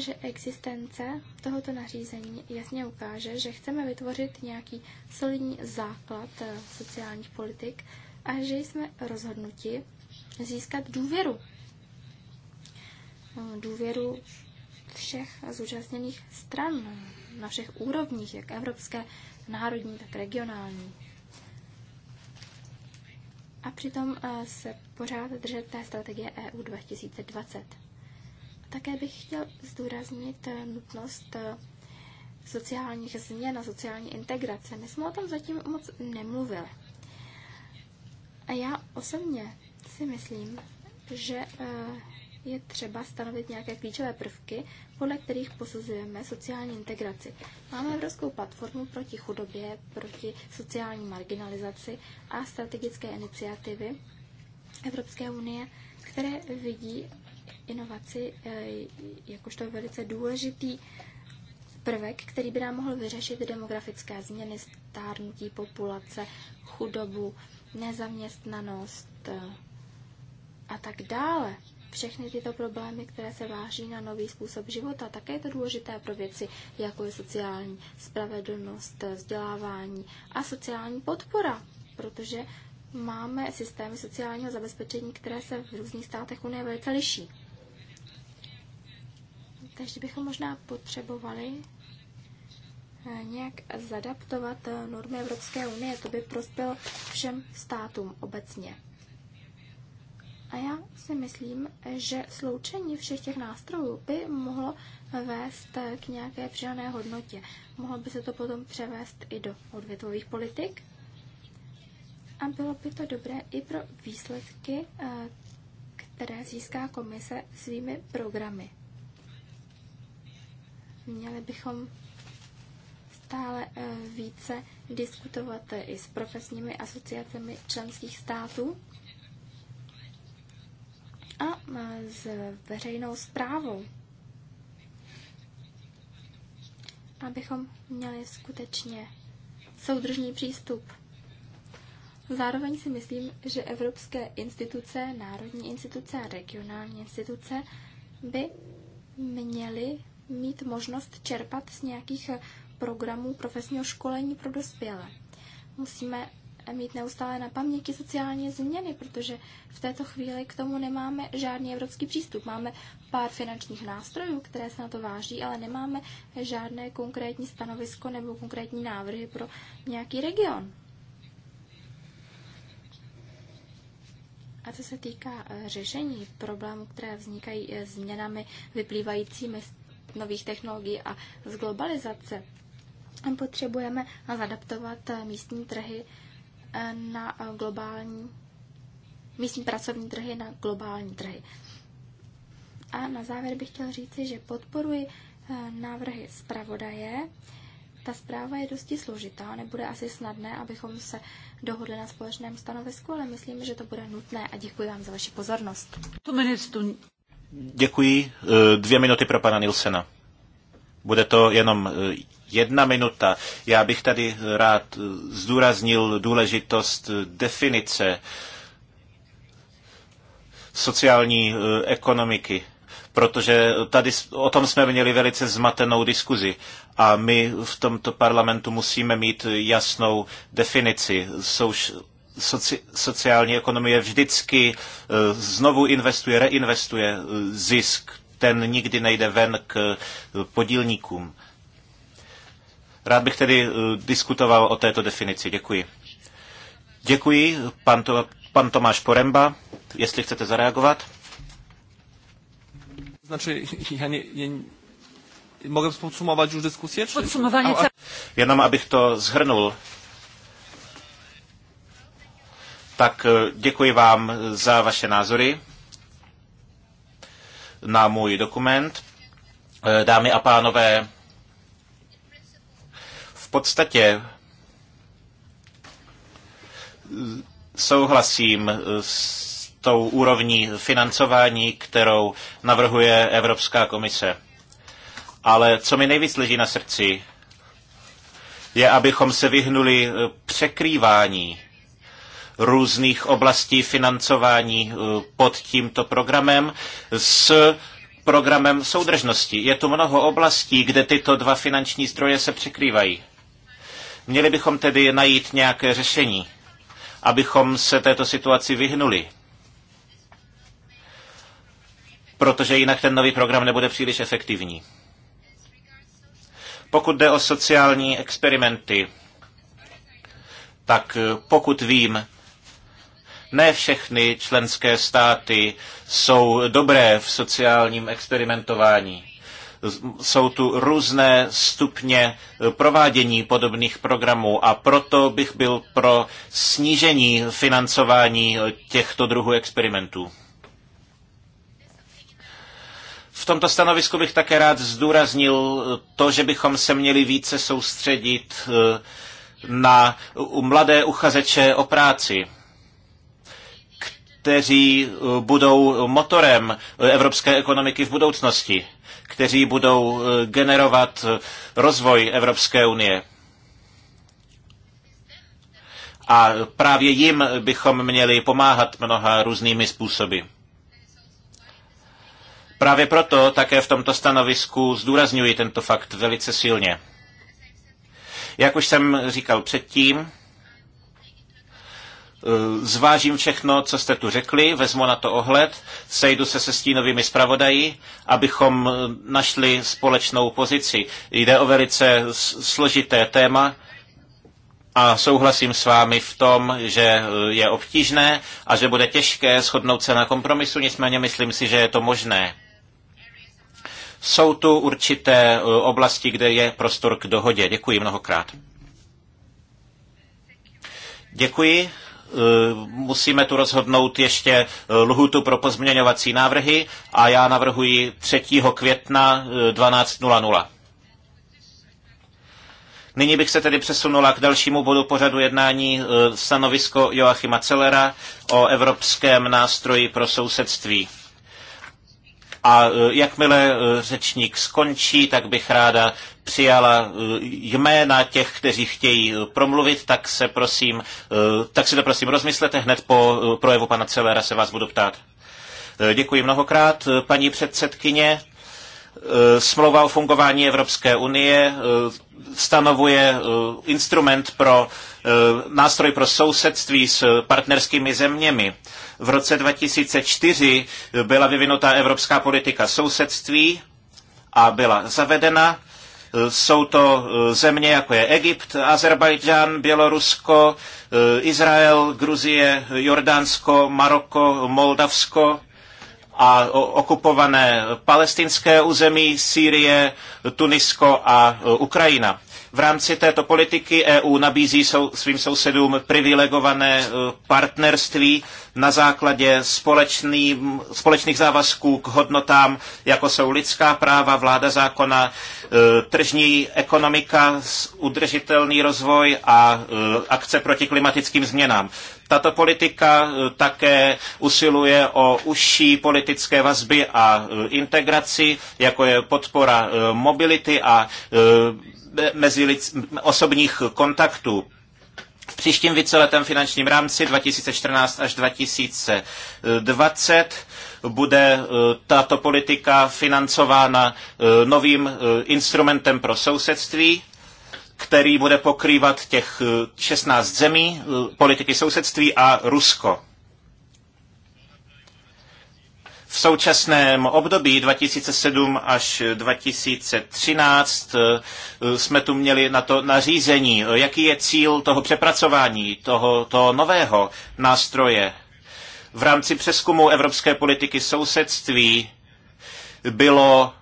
že existence tohoto nařízení jasně ukáže, že chceme vytvořit nějaký solidní základ eh, sociálních politik a že jsme rozhodnuti získat důvěru. Eh, důvěru všech zúčastněných stran na všech úrovních, jak evropské, národní, tak regionální. A přitom eh, se pořád držet té strategie EU 2020. Také bych chtěl zdůraznit eh, nutnost eh, sociálních změn a sociální integrace. My jsme o tom zatím moc nemluvili. A já osobně si myslím, že eh, je třeba stanovit nějaké klíčové prvky, podle kterých posuzujeme sociální integraci. Máme Evropskou platformu proti chudobě, proti sociální marginalizaci a strategické iniciativy Evropské unie, které vidí inovaci eh, jakožto velice důležitý prvek, který by nám mohl vyřešit demografické změny, stárnutí populace, chudobu, nezaměstnanost eh, a tak dále. Všechny tyto problémy, které se váží na nový způsob života, také je to důležité pro věci, jako je sociální spravedlnost, vzdělávání a sociální podpora, protože máme systémy sociálního zabezpečení, které se v různých státech Unie velice liší. Takže bychom možná potřebovali eh, nějak zadaptovat eh, normy Evropské unie. To by prospělo všem státům obecně. A já si myslím, že sloučení všech těch nástrojů by mohlo vést eh, k nějaké přidané hodnotě. Mohlo by se to potom převést i do odvětvových politik. A bylo by to dobré i pro výsledky, které získá komise svými programy. Měli bychom stále eh, více diskutovat eh, i s profesními asociacemi členských států a eh, s veřejnou zprávou, abychom měli skutečně soudržný přístup. Zároveň si myslím, že evropské instituce, národní instituce a regionální instituce by měly mít možnost čerpat z nějakých eh, programů profesního školení pro dospělé. Musíme eh, mít neustále na paměti sociální změny, protože v této chvíli k tomu nemáme žádný evropský přístup. Máme pár finančních nástrojů, které se na to váží, ale nemáme žádné konkrétní stanovisko nebo konkrétní návrhy pro nějaký region. A co se týká eh, řešení problémů, které vznikají změnami vyplývajícími z nových technologií a z globalizace potřebujeme zadaptovat místní trhy eh, na eh, globální, místní pracovní trhy na globální trhy. A na závěr bych chtěl říci, že podporuji eh, návrhy zpravodaje. Ta zpráva je dosti složitá, nebude asi snadné, abychom se dohodli na společném stanovisku, ale myslím, že to bude nutné a děkuji vám za vaši pozornost. Děkuji. Eh, dvě minuty pro pana Nilsena. Bude to jenom eh, jedna minuta. Já bych tady rád eh, zdůraznil důležitost definice sociální ekonomiky, protože tady o tom jsme měli velice zmatenou diskuzi a my v tomto parlamentu musíme mít jasnou definici. Jsou soci, sociální ekonomie vždycky e, znovu investuje, reinvestuje e, zisk. Ten nikdy nejde ven k e, podílníkům. Rád bych tedy diskutoval o této definici. Děkuji. Děkuji, pan, to, pan Tomáš Poremba, jestli chcete zareagovat. Znaczy, ja já nie, mogę podsumovat už diskusi? Podsumování. Jenom abych to zhrnul. Tak eh, děkuji vám za vaše názory na můj dokument. Eh, dámy a pánové, v podstatě eh, souhlasím s tou úrovní financování, kterou navrhuje Evropská komise. Ale co mi nejvíc leží na srdci, je, abychom se vyhnuli překrývání různých oblastí financování eh, pod tímto programem s programem soudržnosti. Je tu mnoho oblastí, kde tyto dva finanční zdroje se překrývají. Měli bychom tedy najít nějaké řešení, abychom se této situaci vyhnuli. Protože jinak ten nový program nebude příliš efektivní. Pokud jde o sociální experimenty, tak eh, pokud vím, ne všechny členské státy jsou dobré v sociálním experimentování. Jsou tu různé stupně provádění podobných programů a proto bych byl pro snížení financování těchto druhů experimentů. V tomto stanovisku bych také rád zdůraznil to, že bychom se měli více soustředit eh, na mladé uchazeče o práci kteří eh, budou motorem eh, evropské ekonomiky v budoucnosti, kteří budou eh, generovat rozvoj Evropské unie. A právě jim bychom měli pomáhat mnoha různými způsoby. Právě proto také v tomto stanovisku zdůrazňuji tento fakt velice silně. Jak už jsem říkal předtím, Eh, zvážím všechno, co jste tu řekli, vezmu na to ohled, sejdu se se stínovými zpravodají, abychom eh, našli společnou pozici. Jde o velice složité téma a souhlasím s vámi v tom, že eh, je obtížné a že bude těžké shodnout se na kompromisu, nicméně myslím si, že je to možné. Jsou tu určité oblasti, kde je prostor k dohodě. Děkuji mnohokrát. Děkuji. Eh, musíme tu rozhodnout ještě eh, lhutu pro pozměňovací návrhy a já navrhuji 3. května 12.00. Eh, Nyní bych se tedy přesunula k dalšímu bodu pořadu jednání stanovisko Joachima Celera o evropském nástroji pro sousedství. A e, jakmile e, řečník skončí, tak bych ráda přijala e, jména těch, kteří chtějí promluvit, tak se prosím, tak si to prosím rozmyslete hned po projevu pana Celera se vás budu ptát. Děkuji mnohokrát, paní předsedkyně. Smlouva o fungování Evropské unie stanovuje instrument pro Eh, nástroj pro sousedství s partnerskými zeměmi. V roce 2004 byla vyvinuta evropská politika sousedství a byla zavedena. Eh, jsou to eh, země jako je Egypt, Azerbajdžán, Bělorusko, Izrael, Gruzie, Jordánsko, Maroko, Moldavsko a okupované palestinské území, Sýrie, Tunisko a Ukrajina. V rámci této politiky EU nabízí svým sousedům privilegované eh, partnerství na základě společný, společných závazků k hodnotám, jako jsou lidská práva, vláda zákona, eh, tržní ekonomika, udržitelný rozvoj a eh, akce proti klimatickým změnám. Tato politika také usiluje o užší politické vazby a integraci, jako je podpora mobility a mezi osobních kontaktů. V příštím víceletém finančním rámci 2014 až 2020 bude e, tato politika financována e, novým e, instrumentem pro sousedství, který bude pokrývat těch 16 zemí politiky sousedství a Rusko. V současném období 2007 až 2013 eh, eh, jsme tu měli na to nařízení. Jaký je cíl toho přepracování, toho, toho nového nástroje? V rámci přeskumu evropské politiky sousedství bylo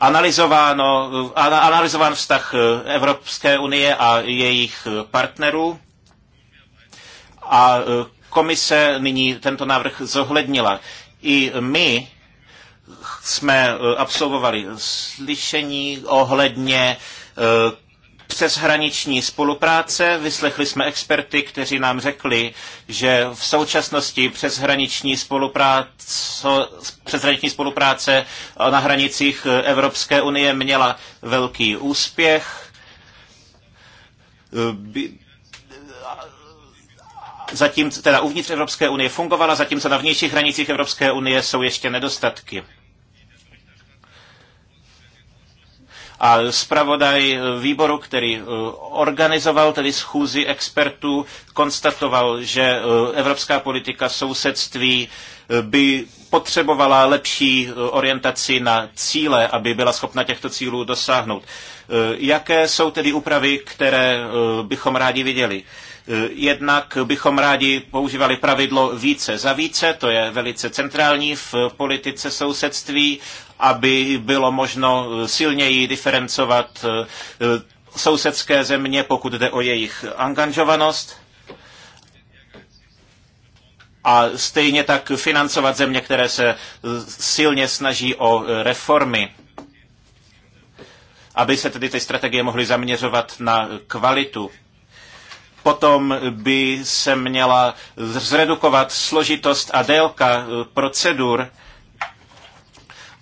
analyzováno, eh, analyzován vztah Evropské unie a jejich partnerů a komise nyní tento návrh zohlednila. I my jsme eh, absolvovali slyšení ohledně eh, přeshraniční spolupráce. Vyslechli jsme experty, kteří nám řekli, že v současnosti přeshraniční spolupráce, přeshraniční spolupráce na hranicích eh, Evropské unie měla velký úspěch zatím teda uvnitř Evropské unie fungovala, zatímco na vnějších hranicích Evropské unie jsou ještě nedostatky. A zpravodaj výboru, který eh, organizoval tedy schůzi expertů, konstatoval, že eh, evropská politika sousedství eh, by potřebovala lepší orientaci na cíle, aby byla schopna těchto cílů dosáhnout. Jaké jsou tedy úpravy, které bychom rádi viděli? Eh, jednak bychom rádi používali pravidlo více za více, to je velice centrální v eh, politice sousedství, aby bylo možno eh, silněji diferencovat sousedské země, pokud jde o jejich angažovanost a stejně tak financovat země, které se silně snaží o reformy, aby se tedy ty strategie mohly zaměřovat na kvalitu potom by se měla zredukovat složitost a délka eh, procedur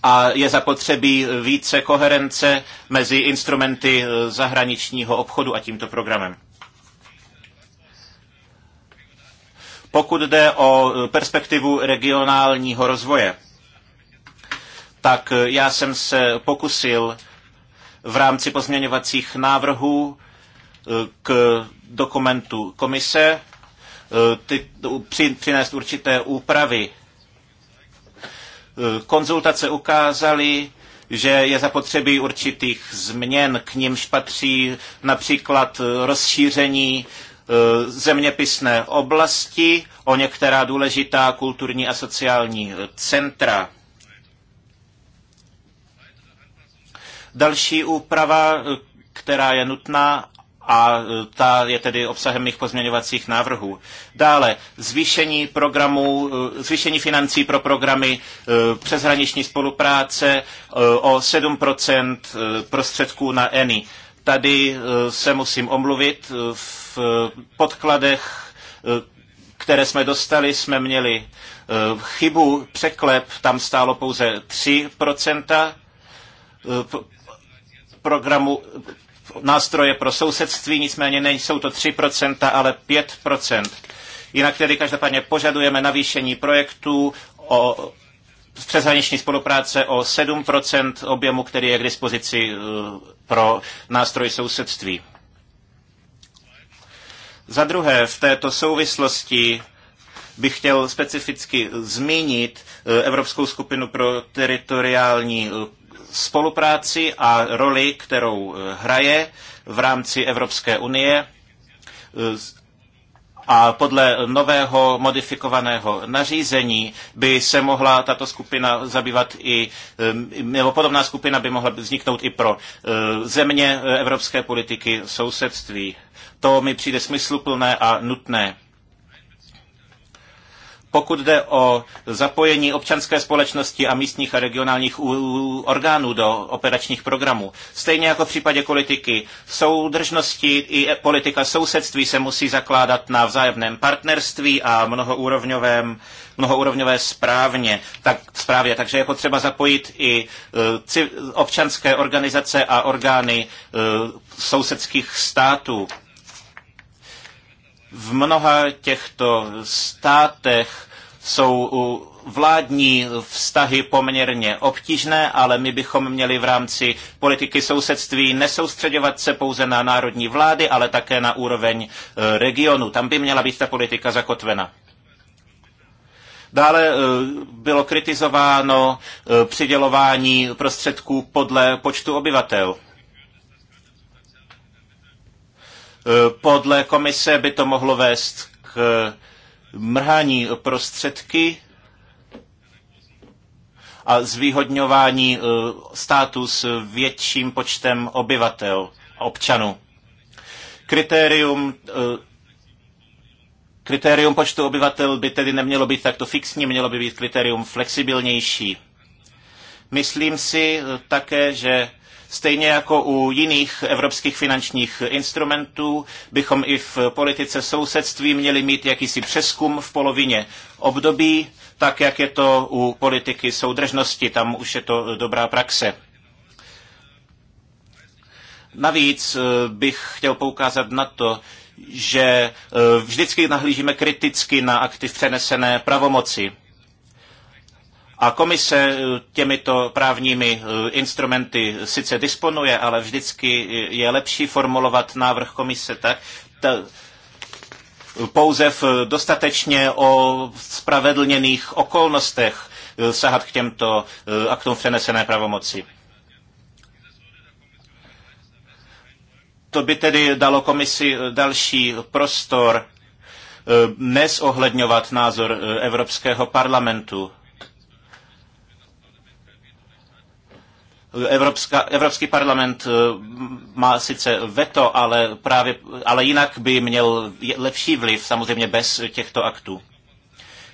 a je zapotřebí více koherence mezi instrumenty eh, zahraničního obchodu a tímto programem. Pokud jde o eh, perspektivu regionálního rozvoje, tak já jsem se pokusil v rámci pozměňovacích návrhů k dokumentu komise, e, ty, při, přinést určité úpravy. E, konzultace ukázaly, že je zapotřebí určitých změn, k nímž patří například e, rozšíření zeměpisné oblasti o některá důležitá kulturní a sociální centra. Další úprava, která je nutná a e, ta je tedy obsahem mých pozměňovacích návrhů. Dále zvýšení programů, e, zvýšení financí pro programy e, přeshraniční spolupráce o 7% prostředků na ENI. Tady se musím omluvit. V podkladech, které jsme dostali, jsme měli chybu, překlep, tam stálo pouze 3%, programu nástroje pro sousedství, nicméně nejsou to 3%, ale 5%. Jinak tedy každopádně požadujeme navýšení projektů o přeshraniční spolupráce o 7% objemu, který je k dispozici eh, pro nástroj sousedství. Za druhé, v této souvislosti bych chtěl specificky zmínit eh, Evropskou skupinu pro teritoriální eh, spolupráci a roli, kterou eh, hraje v rámci Evropské unie a podle nového modifikovaného nařízení by se mohla tato skupina zabývat i, nebo podobná skupina by mohla vzniknout i pro země evropské politiky sousedství. To mi přijde smysluplné a nutné. Pokud jde o zapojení občanské společnosti a místních a regionálních orgánů do operačních programů, stejně jako v případě politiky soudržnosti i politika sousedství se musí zakládat na vzájemném partnerství a mnohoúrovňovém mnohoúrovňové správně, tak, správě. Takže je potřeba zapojit i e, občanské organizace a orgány e, sousedských států. V mnoha těchto státech jsou vládní vztahy poměrně obtížné, ale my bychom měli v rámci politiky sousedství nesoustředovat se pouze na národní vlády, ale také na úroveň e, regionu. Tam by měla být ta politika zakotvena. Dále e, bylo kritizováno e, přidělování prostředků podle počtu obyvatel. Eh, podle komise by to mohlo vést k mrhání prostředky a zvýhodňování eh, státu s větším počtem obyvatel, občanů. Kritérium, eh, kritérium počtu obyvatel by tedy nemělo být takto fixní, mělo by být kritérium flexibilnější. Myslím si také, že Stejně jako u jiných evropských finančních instrumentů bychom i v politice sousedství měli mít jakýsi přeskum v polovině období, tak jak je to u politiky soudržnosti, tam už je to dobrá praxe. Navíc eh, bych chtěl poukázat na to, že eh, vždycky nahlížíme kriticky na aktiv přenesené pravomoci. A komise eh, těmito právními eh, instrumenty sice disponuje, ale vždycky eh, je lepší formulovat návrh komise tak, t- pouze v dostatečně o spravedlněných okolnostech sahat k těmto aktům přenesené pravomoci. To by tedy dalo komisi další prostor nezohledňovat názor Evropského parlamentu Evropská, Evropský parlament eh, má sice veto, ale, právě, ale jinak by měl lepší vliv, samozřejmě bez těchto aktů.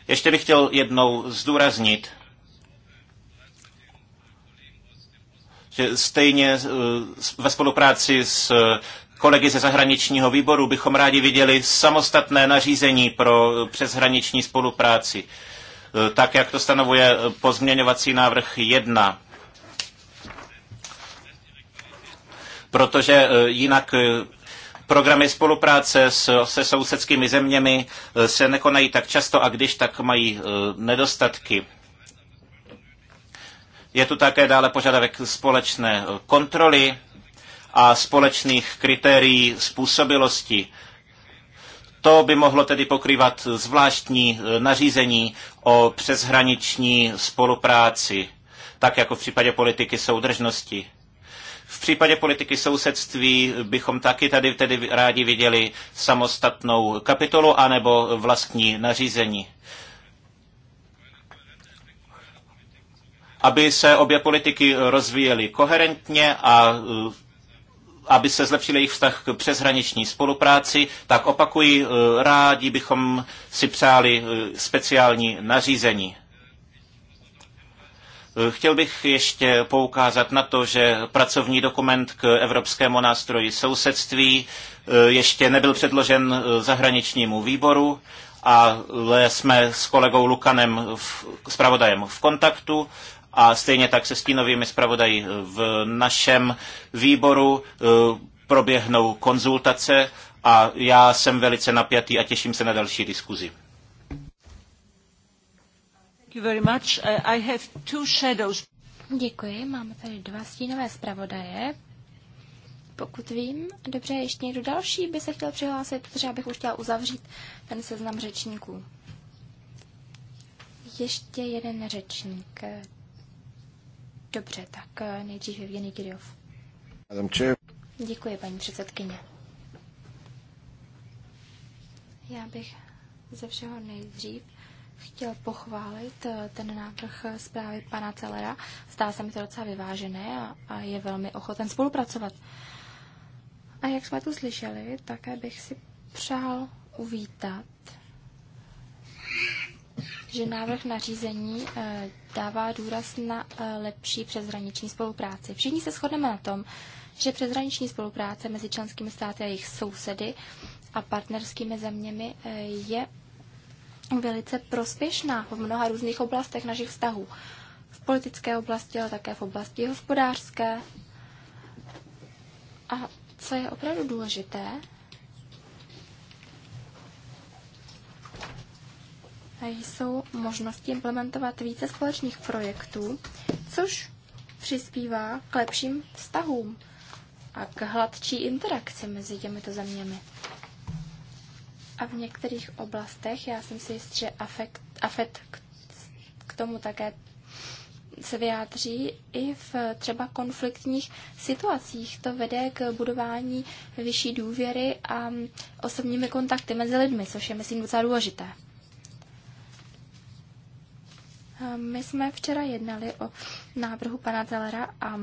Ještě bych chtěl jednou zdůraznit, že stejně eh, ve spolupráci s eh, kolegy ze zahraničního výboru bychom rádi viděli samostatné nařízení pro přeshraniční spolupráci, tak jak to stanovuje pozměňovací návrh 1 protože e, jinak e, programy spolupráce se sousedskými zeměmi e, se nekonají tak často a když tak mají nedostatky. Je tu také dále požadavek společné kontroly a společných kritérií způsobilosti. To by mohlo tedy pokrývat zvláštní nařízení o přeshraniční spolupráci, tak jako v případě politiky soudržnosti. V případě politiky sousedství bychom taky tady tedy rádi viděli samostatnou kapitolu anebo vlastní nařízení. Aby se obě politiky rozvíjely koherentně a eh, aby se zlepšil jejich vztah k přeshraniční spolupráci, tak opakuji, eh, rádi bychom si přáli eh, speciální nařízení. Chtěl bych ještě poukázat na to, že pracovní dokument k evropskému nástroji sousedství e, ještě nebyl předložen e, zahraničnímu výboru, ale jsme s kolegou Lukanem, zpravodajem, v kontaktu a stejně tak se stínovými zpravodaji v našem výboru e, proběhnou konzultace a já jsem velice napjatý a těším se na další diskuzi. Uh, Děkuji, máme tady dva stínové zpravodaje. Pokud vím, dobře, ještě někdo další by se chtěl přihlásit, protože já bych už chtěla uzavřít ten seznam řečníků. Ještě jeden řečník. Dobře, tak eh, nejdřív Evgeny Kirjov. Děkuji, paní předsedkyně. Já bych ze všeho nejdřív chtěl pochválit eh, ten návrh zprávy pana Celera. Zdá se mi to docela vyvážené a, a je velmi ochoten spolupracovat. A jak jsme tu slyšeli, také bych si přál uvítat, že návrh nařízení eh, dává důraz na eh, lepší přeshraniční spolupráci. Všichni se shodneme na tom, že přeshraniční spolupráce mezi členskými státy a jejich sousedy a partnerskými zeměmi je velice prospěšná v mnoha různých oblastech našich vztahů. V politické oblasti, ale také v oblasti hospodářské. A co je opravdu důležité, jsou možnosti implementovat více společných projektů, což přispívá k lepším vztahům a k hladčí interakci mezi těmito zeměmi. A v některých oblastech, já jsem si jist, že afekt, AFET k, k tomu také se vyjádří i v třeba konfliktních situacích. To vede k budování vyšší důvěry a osobními kontakty mezi lidmi, což je, myslím, docela důležité. My jsme včera jednali o návrhu pana Zellera a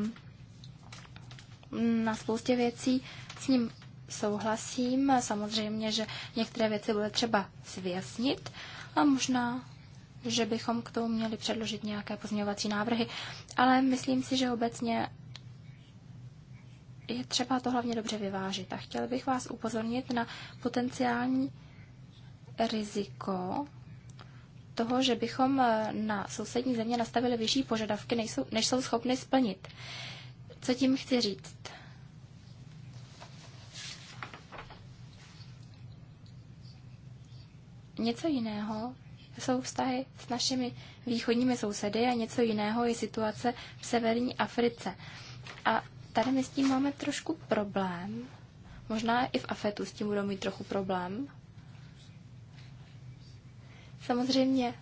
na spoustě věcí s ním souhlasím. Samozřejmě, že některé věci bude třeba zvěsnit a možná, že bychom k tomu měli předložit nějaké pozměňovací návrhy. Ale myslím si, že obecně je třeba to hlavně dobře vyvážit. A chtěl bych vás upozornit na potenciální riziko toho, že bychom eh, na sousední země nastavili vyšší požadavky, než jsou, než jsou schopny splnit. Co tím chci říct? Něco jiného jsou vztahy s našimi východními sousedy a něco jiného je situace v severní Africe. A tady my s tím máme trošku problém. Možná i v Afetu s tím budou mít trochu problém. Samozřejmě,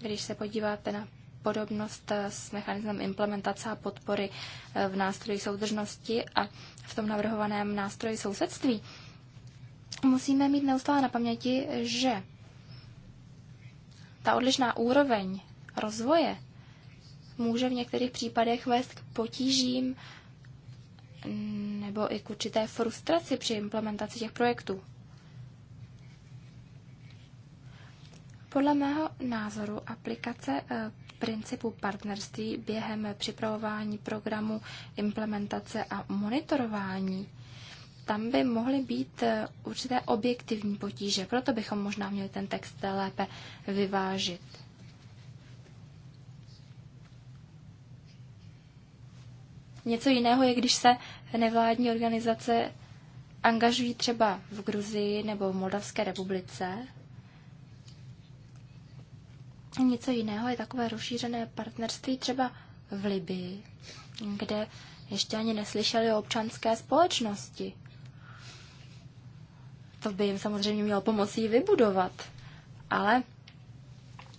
když se podíváte na podobnost eh, s mechanismem implementace a podpory eh, v nástroji soudržnosti a v tom navrhovaném nástroji sousedství, musíme mít neustále na paměti, že ta odlišná úroveň rozvoje může v některých případech vést k potížím nebo i k určité frustraci při implementaci těch projektů. Podle mého názoru aplikace eh, principu partnerství během připravování programu, implementace a monitorování tam by mohly být eh, určité objektivní potíže. Proto bychom možná měli ten text lépe vyvážit. Něco jiného je, když se nevládní organizace angažují třeba v Gruzii nebo v Moldavské republice. Něco jiného je takové rozšířené partnerství třeba v Libii, kde ještě ani neslyšeli o občanské společnosti. To by jim samozřejmě mělo pomoci vybudovat, ale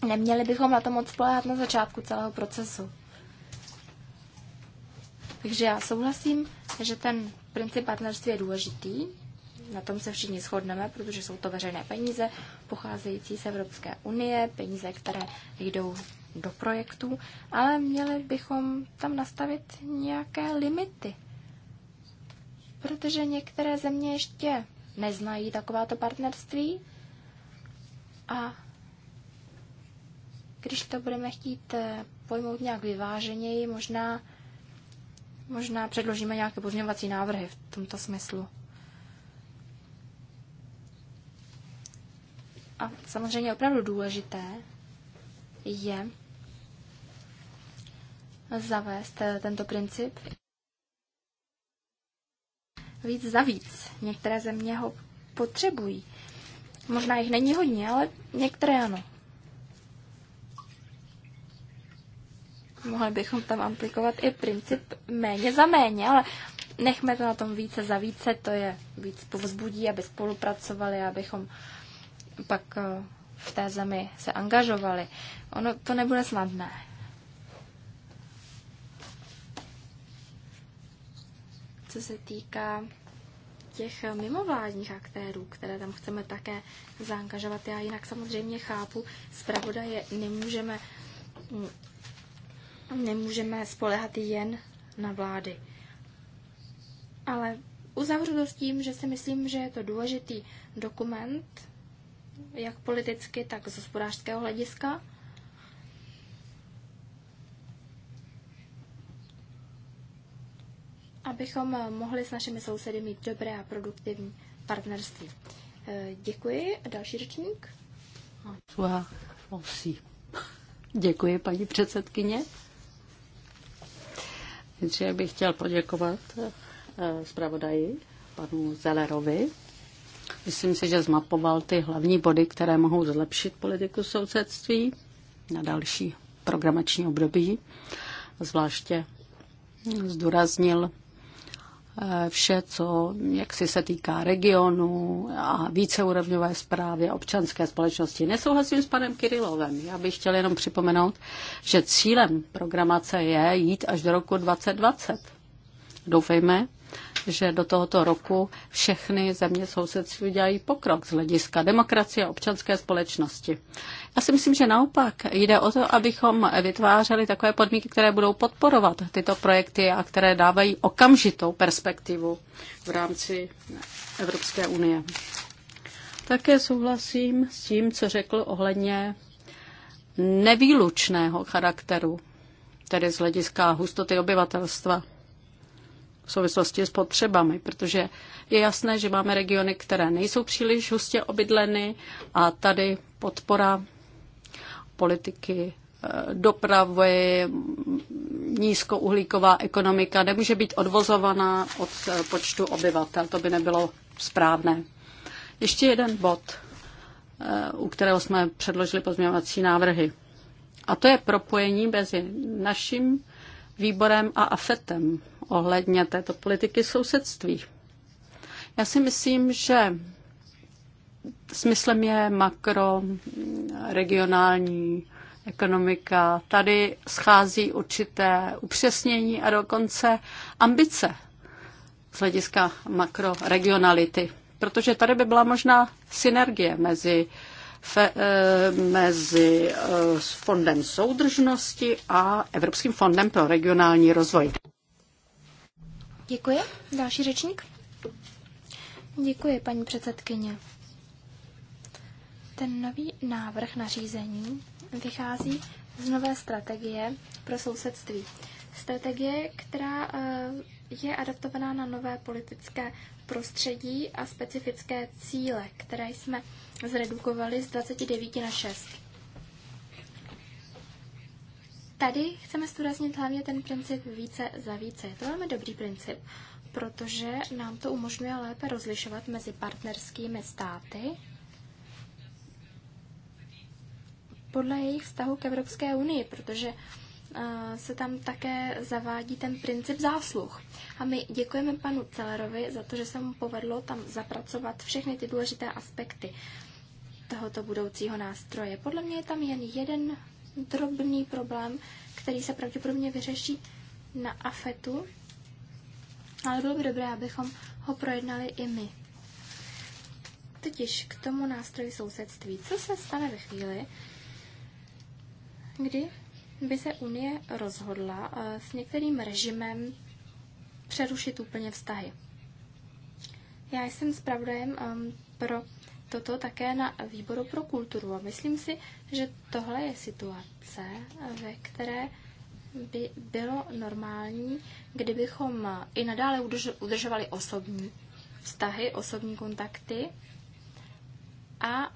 neměli bychom na to moc spolehat na začátku celého procesu. Takže já souhlasím, že ten princip partnerství je důležitý, na tom se všichni shodneme, protože jsou to veřejné peníze pocházející z Evropské unie, peníze, které jdou do projektů, ale měli bychom tam nastavit nějaké limity. Protože některé země ještě neznají takováto partnerství. A když to budeme chtít eh, pojmout nějak vyváženěji, možná, možná předložíme nějaké pozměňovací návrhy v tomto smyslu. A samozřejmě opravdu důležité je zavést eh, tento princip víc za víc. Některé země ho potřebují. Možná jich není hodně, ale některé ano. Mohli bychom tam aplikovat i princip méně za méně, ale nechme to na tom více za více, to je víc povzbudí, aby spolupracovali, abychom pak eh, v té zemi se angažovali. Ono to nebude snadné. co se týká těch mimovládních aktérů, které tam chceme také zaangažovat. Já jinak samozřejmě chápu, zpravodaje nemůžeme, mm, nemůžeme spolehat jen na vlády. Ale uzavřu to s tím, že si myslím, že je to důležitý dokument, jak politicky, tak z hospodářského hlediska. abychom eh, mohli s našimi sousedy mít dobré a produktivní partnerství. Eh, děkuji. Další řečník. Děkuji, paní předsedkyně. Nejdříve bych chtěl poděkovat eh, zpravodaji, panu Zelerovi. Myslím si, že zmapoval ty hlavní body, které mohou zlepšit politiku sousedství na další programační období. Zvláště zdůraznil Eh, vše, co jak si se týká regionu a víceúrovňové zprávy občanské společnosti. Nesouhlasím s panem Kirilovem. Já bych chtěl jenom připomenout, že cílem programace je jít až do roku 2020. Doufejme, že do tohoto roku všechny země sousedství dělají pokrok z hlediska demokracie a občanské společnosti. Já si myslím, že naopak jde o to, abychom vytvářeli takové podmínky, které budou podporovat tyto projekty a které dávají okamžitou perspektivu v rámci Evropské unie. Také souhlasím s tím, co řekl ohledně nevýlučného charakteru, tedy z hlediska hustoty obyvatelstva v souvislosti s potřebami, protože je jasné, že máme regiony, které nejsou příliš hustě obydleny a tady podpora politiky eh, dopravy, nízkouhlíková ekonomika nemůže být odvozovaná od eh, počtu obyvatel. To by nebylo správné. Ještě jeden bod, eh, u kterého jsme předložili pozměňovací návrhy. A to je propojení mezi naším výborem a AFETem ohledně této politiky sousedství. Já si myslím, že smyslem je makroregionální ekonomika. Tady schází určité upřesnění a dokonce ambice z hlediska makroregionality, protože tady by byla možná synergie mezi fe, eh, mezi eh, Fondem soudržnosti a Evropským fondem pro regionální rozvoj. Děkuji. Další řečník. Děkuji, paní předsedkyně. Ten nový návrh nařízení vychází z nové strategie pro sousedství. Strategie, která eh, je adaptovaná na nové politické prostředí a specifické cíle, které jsme zredukovali z 29 na 6. Tady chceme zdůraznit hlavně ten princip více za více. Je to velmi dobrý princip, protože nám to umožňuje lépe rozlišovat mezi partnerskými státy podle jejich vztahu k Evropské unii, protože eh, se tam také zavádí ten princip zásluh. A my děkujeme panu Celerovi za to, že se mu povedlo tam zapracovat všechny ty důležité aspekty tohoto budoucího nástroje. Podle mě je tam jen jeden drobný problém, který se pravděpodobně vyřeší na AFETu, ale bylo by dobré, abychom ho projednali i my. Totiž k tomu nástroji sousedství. Co se stane ve chvíli, kdy by se Unie rozhodla eh, s některým režimem přerušit úplně vztahy? Já jsem zpravodajem ehm, pro toto také na výboru pro kulturu. A myslím si, že tohle je situace, ve které by bylo normální, kdybychom i nadále udržovali osobní vztahy, osobní kontakty a e,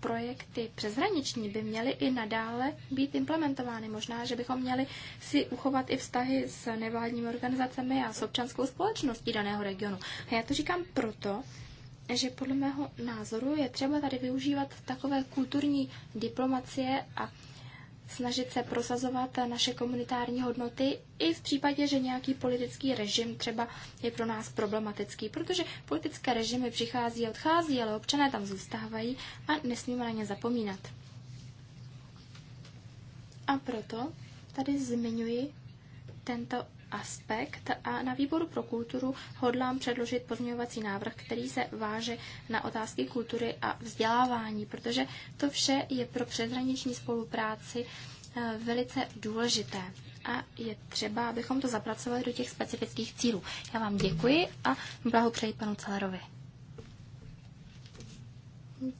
projekty přeshraniční by měly i nadále být implementovány. Možná, že bychom měli si uchovat i vztahy s nevládními organizacemi a s občanskou společností daného regionu. A já to říkám proto, že podle mého názoru je třeba tady využívat takové kulturní diplomacie a snažit se prosazovat naše komunitární hodnoty i v případě, že nějaký politický režim třeba je pro nás problematický, protože politické režimy přichází a odchází, ale občané tam zůstávají a nesmíme na ně zapomínat. A proto tady zmiňuji tento aspekt a na výboru pro kulturu hodlám předložit pozměňovací návrh, který se váže na otázky kultury a vzdělávání, protože to vše je pro přeshraniční spolupráci eh, velice důležité a je třeba, abychom to zapracovali do těch specifických cílů. Já vám děkuji a blahopřeji panu Celerovi.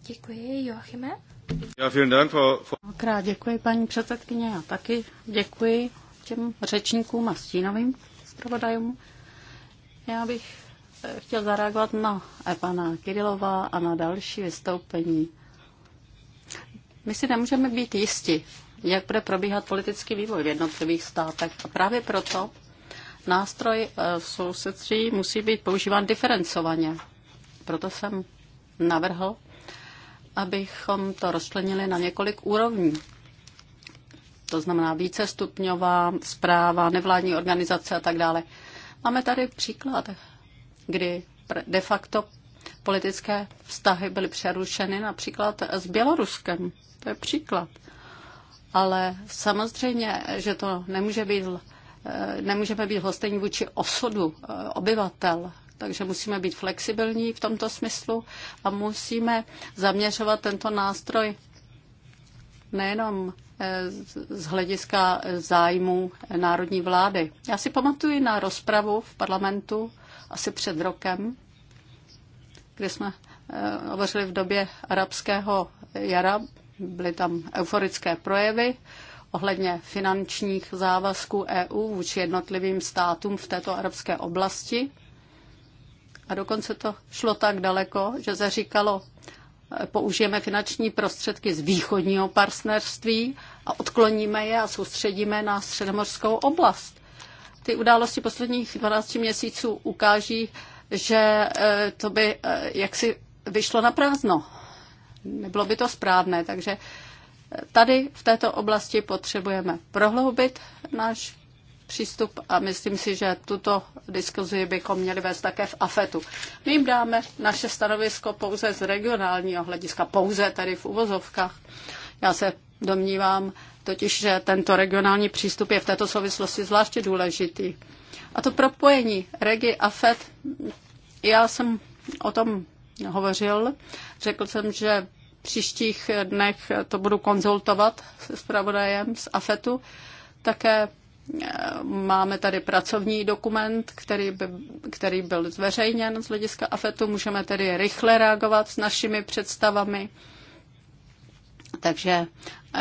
Děkuji, Joachime. Já vielen Dank, Frau... Krát děkuji, paní předsedkyně, já taky děkuji těm řečníkům a stínovým zpravodajům. Já bych eh, chtěl zareagovat na eh, pana Kirilova a na další vystoupení. My si nemůžeme být jisti, jak bude probíhat politický vývoj v jednotlivých státech. A právě proto nástroj v eh, sousedství musí být používán diferencovaně. Proto jsem navrhl, abychom to rozčlenili na několik úrovní to znamená vícestupňová zpráva, nevládní organizace a tak dále. Máme tady příklad, kdy de facto politické vztahy byly přerušeny například s Běloruskem. To je příklad. Ale samozřejmě, že to nemůže být, eh, nemůžeme být hostení vůči osudu eh, obyvatel, takže musíme být flexibilní v tomto smyslu a musíme zaměřovat tento nástroj nejenom z hlediska zájmu národní vlády. Já si pamatuji na rozpravu v parlamentu asi před rokem, kde jsme eh, hovořili v době arabského jara, byly tam euforické projevy ohledně finančních závazků EU vůči jednotlivým státům v této arabské oblasti. A dokonce to šlo tak daleko, že zaříkalo, použijeme finanční prostředky z východního partnerství a odkloníme je a soustředíme na středomorskou oblast. Ty události posledních 12 měsíců ukáží, že e, to by e, jaksi vyšlo na prázdno. Nebylo by to správné, takže e, tady v této oblasti potřebujeme prohloubit náš přístup a myslím si, že tuto diskuzi bychom měli vést také v AFETu. My jim dáme naše stanovisko pouze z regionálního hlediska, pouze tady v uvozovkách. Já se domnívám totiž, že tento regionální přístup je v této souvislosti zvláště důležitý. A to propojení Regi a FED, já jsem o tom hovořil, řekl jsem, že v příštích dnech to budu konzultovat se zpravodajem z AFETu, také Máme tady pracovní dokument, který, by, který byl zveřejněn z hlediska AFETu. Můžeme tedy rychle reagovat s našimi představami. Takže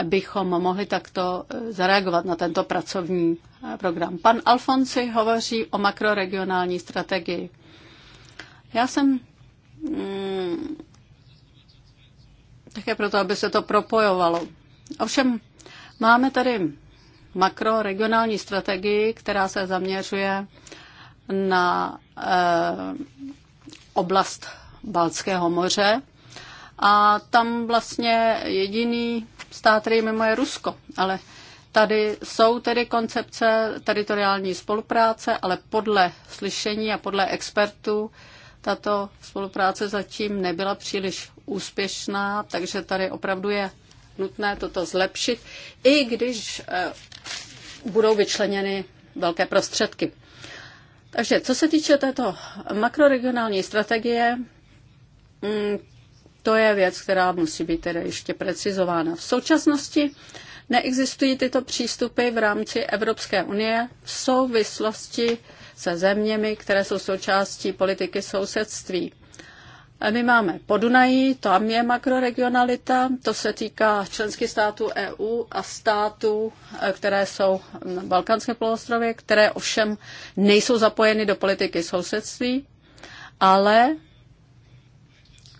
bychom mohli takto eh, zareagovat na tento pracovní eh, program. Pan Alfonsi hovoří o makroregionální strategii. Já jsem mm, také proto, aby se to propojovalo. Ovšem, máme tady makroregionální strategii, která se zaměřuje na eh, oblast Balckého moře. A tam vlastně jediný stát, který je mimo je Rusko. Ale tady jsou tedy koncepce teritoriální spolupráce, ale podle slyšení a podle expertů tato spolupráce zatím nebyla příliš úspěšná, takže tady opravdu je nutné toto zlepšit, i když eh, budou vyčleněny velké prostředky. Takže co se týče této makroregionální strategie, mm, to je věc, která musí být tedy ještě precizována. V současnosti neexistují tyto přístupy v rámci Evropské unie v souvislosti se zeměmi, které jsou součástí politiky sousedství. My máme Podunají, tam je makroregionalita, to se týká členských států EU a států, e, které jsou na Balkánské poloostrově, které ovšem nejsou zapojeny do politiky sousedství, ale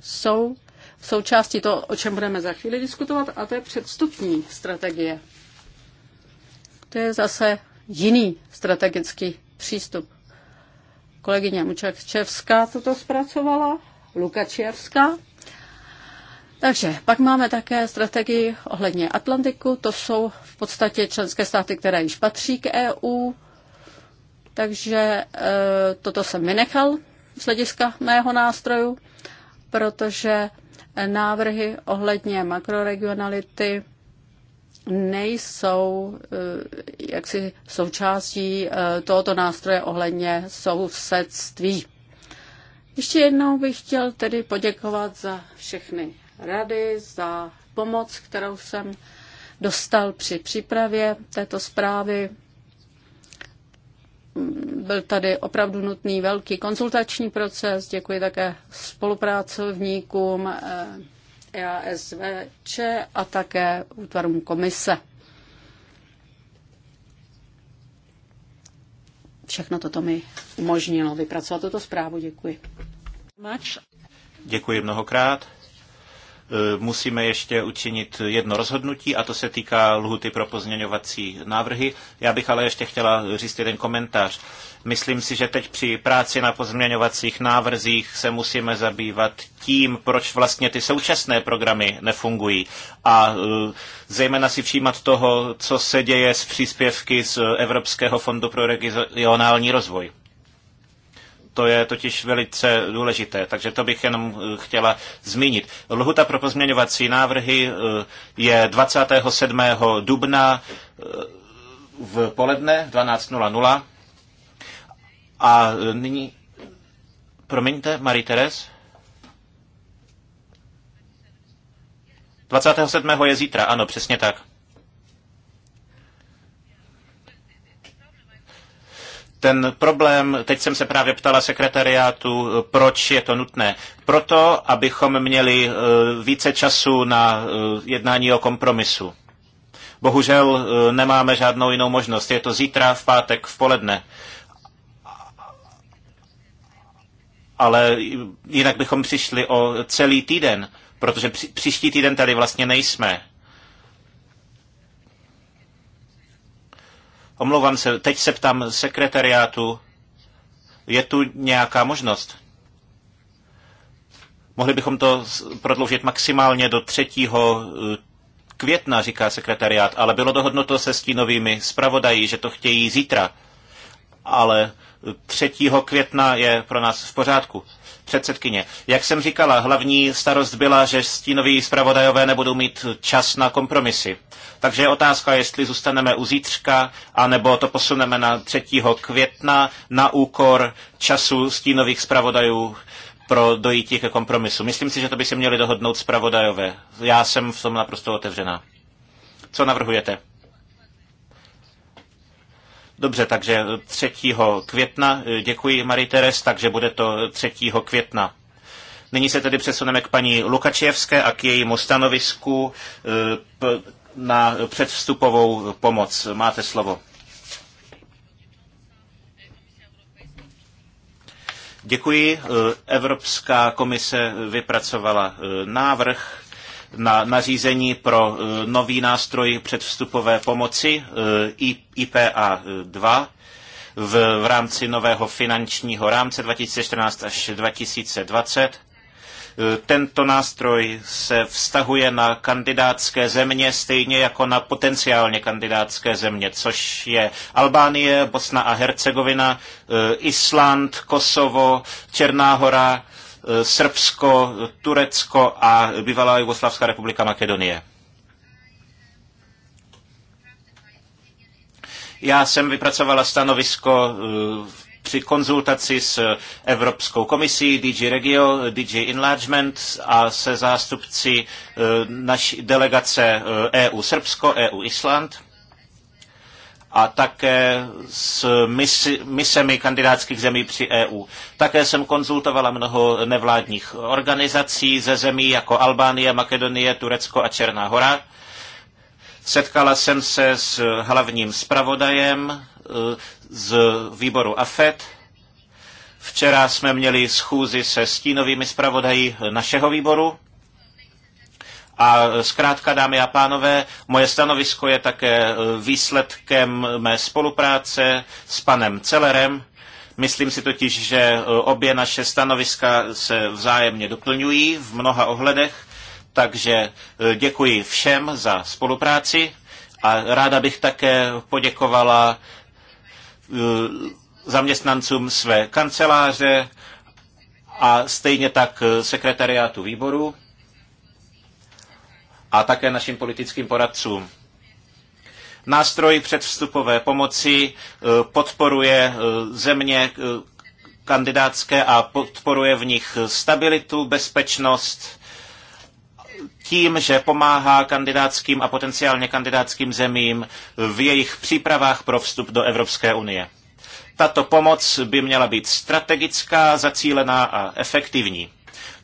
jsou součástí toho, o čem budeme za chvíli diskutovat, a to je předstupní strategie. To je zase jiný strategický přístup. Kolegyně Mučakčevská toto zpracovala Lukačevska. Takže pak máme také strategii ohledně Atlantiku. To jsou v podstatě členské státy, které již patří k EU. Takže e, toto jsem vynechal z hlediska mého nástroju, protože návrhy ohledně makroregionality nejsou e, jaksi součástí e, tohoto nástroje ohledně sousedství. Ještě jednou bych chtěl tedy poděkovat za všechny rady, za pomoc, kterou jsem dostal při přípravě této zprávy. Byl tady opravdu nutný velký konzultační proces. Děkuji také spolupracovníkům EASVČ eh, e a také útvarům komise. všechno toto mi umožnilo vypracovat tuto zprávu. Děkuji. Děkuji mnohokrát. Eh, musíme ještě učinit jedno rozhodnutí a to se týká lhuty pro pozměňovací návrhy. Já bych ale ještě chtěla říct jeden komentář. Myslím si, že teď při práci na pozměňovacích návrzích se musíme zabývat tím, proč vlastně ty současné programy nefungují. A eh, zejména si všímat toho, co se děje s příspěvky z Evropského fondu pro regionální rozvoj. To je totiž velice důležité, takže to bych jenom eh, chtěla zmínit. Lhuta pro pozměňovací návrhy eh, je 27. dubna eh, v poledne 12.00. A nyní, promiňte, Marie Teres. 27. je zítra, ano, přesně tak. Ten problém, teď jsem se právě ptala sekretariátu, eh, proč je to nutné. Proto, abychom měli eh, více času na eh, jednání o kompromisu. Bohužel nemáme žádnou jinou možnost. Je to zítra v pátek v poledne. Ale jinak bychom přišli o celý týden, protože příští týden tady vlastně nejsme. Omlouvám se, teď se ptám sekretariátu, je tu nějaká možnost? Mohli bychom to prodloužit maximálně do 3. Eh, května, říká sekretariát, ale bylo dohodnuto se stínovými zpravodají, že to chtějí zítra. Ale 3. května je pro nás v pořádku předsedkyně. Jak jsem říkala, hlavní starost byla, že stínoví zpravodajové nebudou mít čas na kompromisy. Takže je otázka, jestli zůstaneme u zítřka, anebo to posuneme na 3. května na úkor času stínových zpravodajů pro dojítí ke kompromisu. Myslím si, že to by si měli dohodnout zpravodajové. Já jsem v tom naprosto otevřená. Co navrhujete? Dobře, takže 3. května. Děkuji, Marie Teres, takže bude to 3. května. Nyní se tedy přesuneme k paní Lukačevské a k jejímu stanovisku eh, na předvstupovou pomoc. Máte slovo. Děkuji. Eh, Evropská komise vypracovala eh, návrh na nařízení pro eh, nový nástroj předvstupové pomoci eh, IPA 2 v, v rámci nového finančního rámce 2014 až 2020. Eh, tento nástroj se vztahuje na kandidátské země stejně jako na potenciálně kandidátské země, což je Albánie, Bosna a Hercegovina, Island, Kosovo, Černá hora, Eh, Srbsko, Turecko a bývalá Jugoslavská republika Makedonie. Já jsem vypracovala stanovisko eh, při konzultaci s Evropskou komisí, DG Regio, DG Enlargement a se zástupci eh, naší delegace EU e Srbsko, EU Island a také s misi, misemi kandidátských zemí při EU. Také jsem konzultovala mnoho nevládních organizací ze zemí jako Albánie, Makedonie, Turecko a Černá hora. Setkala jsem se s hlavním zpravodajem e, z výboru AFET. Včera jsme měli schůzi se stínovými zpravodají našeho výboru a zkrátka, dámy a pánové, moje stanovisko je také eh, výsledkem mé spolupráce s panem Celerem. Myslím si totiž, že eh, obě naše stanoviska se vzájemně doplňují v mnoha ohledech, takže eh, děkuji všem za spolupráci a ráda bych také poděkovala zaměstnancům své kanceláře a stejně tak sekretariátu výboru a také našim politickým poradcům. Nástroj předvstupové pomoci e, podporuje e, země e, kandidátské a podporuje v nich stabilitu, bezpečnost, tím, že pomáhá kandidátským a potenciálně kandidátským zemím v jejich přípravách pro vstup do Evropské unie. Tato pomoc by měla být strategická, zacílená a efektivní.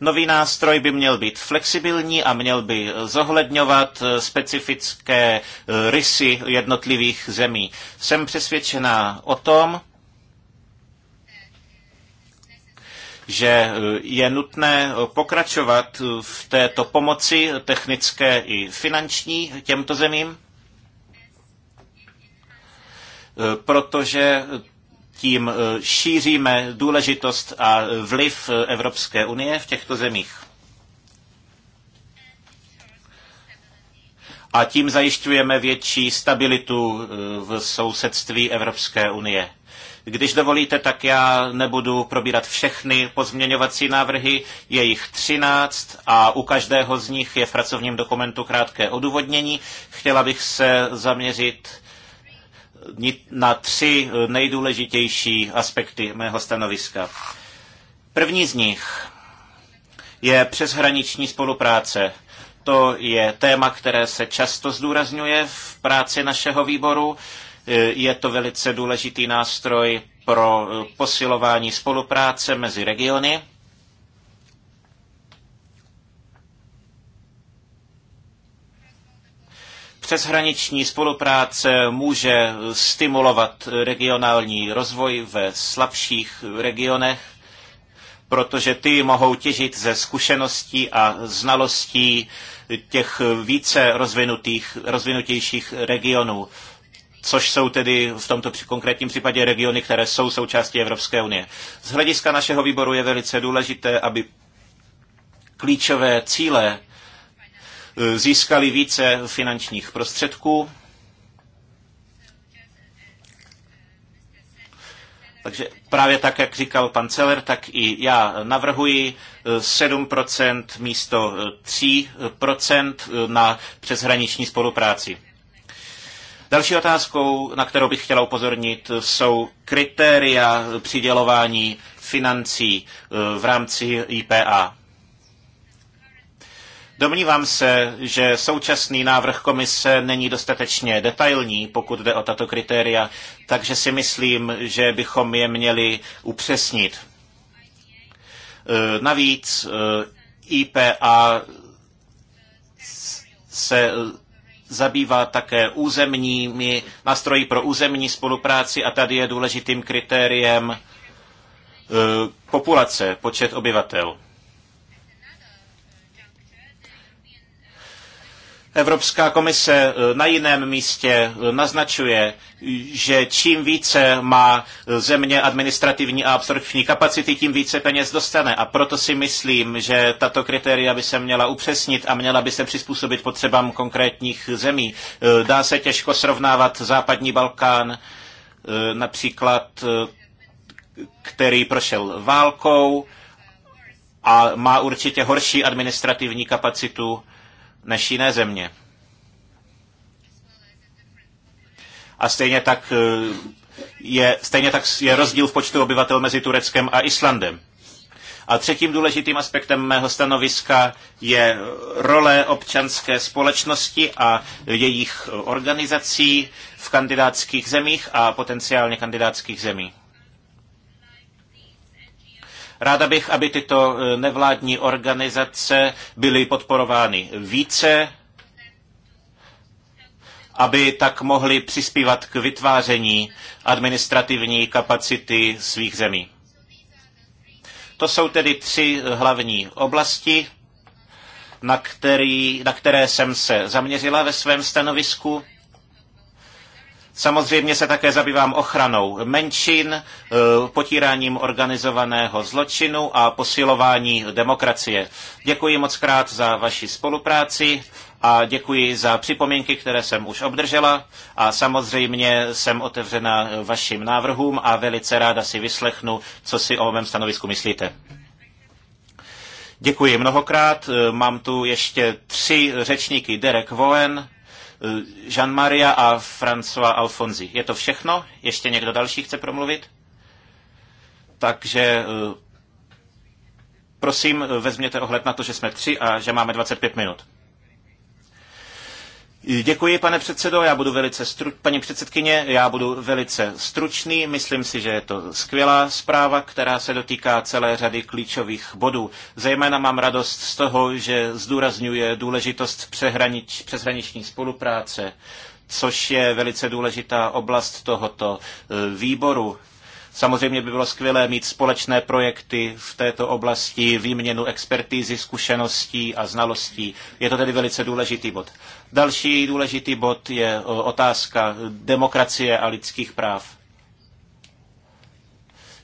Nový nástroj by měl být flexibilní a měl by zohledňovat eh, specifické eh, rysy jednotlivých zemí. Jsem přesvědčená o tom, že eh, je nutné pokračovat v této pomoci technické i finanční těmto zemím, protože tím eh, šíříme důležitost a vliv eh, Evropské unie v těchto zemích. A tím zajišťujeme větší stabilitu eh, v sousedství Evropské unie. Když dovolíte, tak já nebudu probírat všechny pozměňovací návrhy, je jich 13 a u každého z nich je v pracovním dokumentu krátké odůvodnění. Chtěla bych se zaměřit na tři eh, nejdůležitější aspekty mého stanoviska. První z nich je přeshraniční spolupráce. To je téma, které se často zdůrazňuje v práci našeho výboru. Eh, je to velice důležitý nástroj pro eh, posilování spolupráce mezi regiony přeshraniční spolupráce může stimulovat regionální rozvoj ve slabších regionech, protože ty mohou těžit ze zkušeností a znalostí těch více rozvinutých, rozvinutějších regionů, což jsou tedy v tomto konkrétním případě regiony, které jsou součástí Evropské unie. Z hlediska našeho výboru je velice důležité, aby klíčové cíle Eh, získali více finančních prostředků. Takže právě tak, jak říkal pan Celer, tak i já navrhuji 7% eh, místo 3% eh, na přeshraniční spolupráci. Další otázkou, na kterou bych chtěla upozornit, jsou kritéria přidělování financí v rámci IPA. Domnívám se, že současný návrh komise není dostatečně detailní, pokud jde o tato kritéria, takže si myslím, že bychom je měli upřesnit. E, navíc e, IPA se zabývá také územními, nástroji pro územní spolupráci a tady je důležitým kritériem e, populace, počet obyvatel. Evropská komise eh, na jiném místě eh, naznačuje, že čím více má eh, země administrativní a absorpční kapacity, tím více peněz dostane. A proto si myslím, že tato kritéria by se měla upřesnit a měla by se přizpůsobit potřebám konkrétních zemí. Dá se těžko srovnávat západní Balkán například, který prošel válkou a má určitě horší administrativní kapacitu než jiné země. A stejně tak eh, je, stejně tak je rozdíl v počtu obyvatel mezi Tureckem a Islandem. A třetím důležitým aspektem mého stanoviska je role občanské společnosti a jejich organizací v kandidátských zemích a potenciálně kandidátských zemí. Ráda bych, aby tyto e, nevládní organizace byly podporovány více, aby tak mohly přispívat k vytváření administrativní kapacity svých zemí. To jsou tedy tři hlavní oblasti, na, který, na které jsem se zaměřila ve svém stanovisku. Samozřejmě se také zabývám ochranou menšin, eh, potíráním organizovaného zločinu a posilování demokracie. Děkuji moc krát za vaši spolupráci a děkuji za připomínky, které jsem už obdržela a samozřejmě jsem otevřena vašim návrhům a velice ráda si vyslechnu, co si o mém stanovisku myslíte. Děkuji mnohokrát. Eh, mám tu ještě tři řečníky. Derek Voen, Eh, Jean Maria a François Alfonzi. Je to všechno? Ještě někdo další chce promluvit? Takže eh, prosím, eh, vezměte ohled na to, že jsme tři a že máme 25 minut. Děkuji, pane předsedo, já budu velice stru... paní předsedkyně, já budu velice stručný. Myslím si, že je to skvělá zpráva, která se dotýká celé řady klíčových bodů. Zejména mám radost z toho, že zdůrazňuje důležitost přehranič... přeshraniční spolupráce, což je velice důležitá oblast tohoto eh, výboru Samozřejmě by bylo skvělé mít společné projekty v této oblasti, výměnu expertízy, zkušeností a znalostí. Je to tedy velice důležitý bod. Další důležitý bod je otázka demokracie a lidských práv.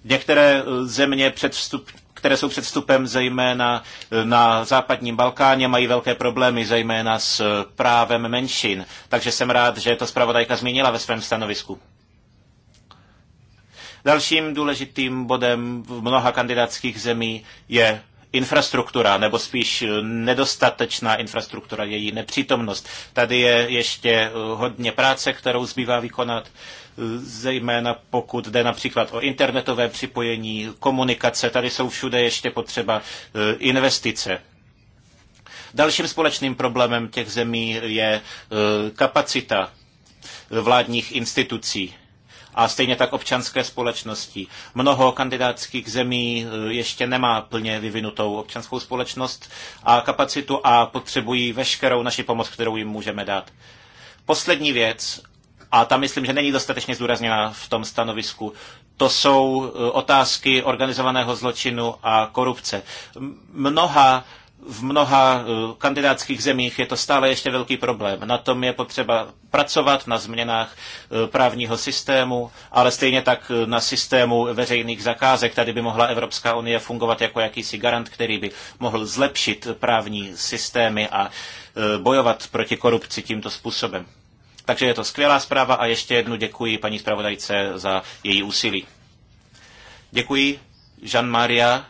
Některé e, země před vstup, které jsou před vstupem zejména e, na západním Balkáně, mají velké problémy zejména s e, právem menšin. Takže jsem rád, že to zpravodajka zmínila ve svém stanovisku. Dalším důležitým bodem v mnoha kandidátských zemí je infrastruktura, nebo spíš nedostatečná infrastruktura, její nepřítomnost. Tady je ještě eh, hodně práce, kterou zbývá vykonat, eh, zejména pokud jde například o internetové připojení, komunikace, tady jsou všude ještě potřeba eh, investice. Dalším společným problémem těch zemí je kapacita vládních institucí a stejně tak občanské společnosti. Mnoho kandidátských zemí eh, ještě nemá plně vyvinutou občanskou společnost a kapacitu a potřebují veškerou naši pomoc, kterou jim můžeme dát. Poslední věc, a ta myslím, že není dostatečně zdůrazněna v tom stanovisku, to jsou eh, otázky organizovaného zločinu a korupce. Mnoha v mnoha eh, kandidátských zemích je to stále ještě velký problém. Na tom je potřeba pracovat na změnách eh, právního systému, ale stejně tak eh, na systému veřejných zakázek. Tady by mohla Evropská unie fungovat jako jakýsi garant, který by mohl zlepšit právní systémy a bojovat proti korupci tímto způsobem. Takže je to skvělá zpráva a ještě jednu děkuji paní zpravodajce za její úsilí. Děkuji, Jean Maria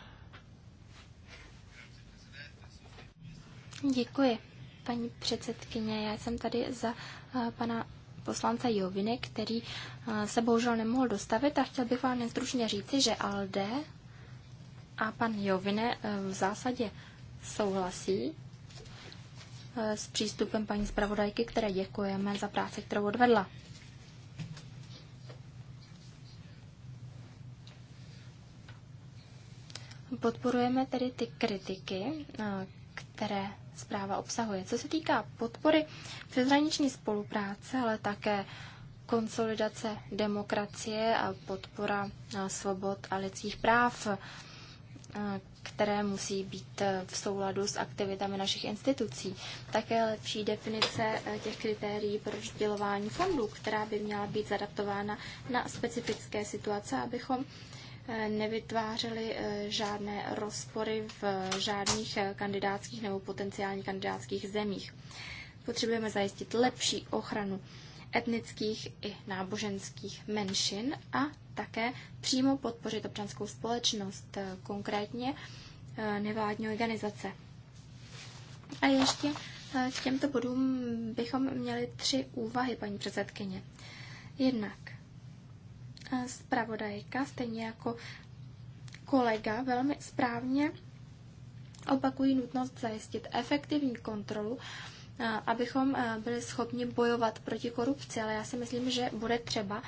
Děkuji, paní předsedkyně. Já jsem tady za eh, pana poslance Joviny, který eh, se bohužel nemohl dostavit a chtěl bych vám nezdružně říci, že Alde a pan Jovine eh, v zásadě souhlasí s přístupem paní zpravodajky, které děkujeme za práci, kterou odvedla. Podporujeme tedy ty kritiky, které zpráva obsahuje. Co se týká podpory přeshraniční spolupráce, ale také konsolidace demokracie a podpora svobod a lidských práv, které musí být v souladu s aktivitami našich institucí. Také lepší definice těch kritérií pro rozdělování fondů, která by měla být zadaptována na specifické situace, abychom nevytvářely eh, žádné rozpory v žádných eh, kandidátských nebo potenciálně kandidátských zemích. Potřebujeme zajistit lepší ochranu etnických i náboženských menšin a také přímo podpořit občanskou společnost, eh, konkrétně nevládní organizace. A ještě k těmto bodům bychom měli tři úvahy, paní předsedkyně. Jednak zpravodajka, stejně jako kolega, velmi správně opakují nutnost zajistit efektivní kontrolu, abychom byli schopni bojovat proti korupci, ale já si myslím, že bude třeba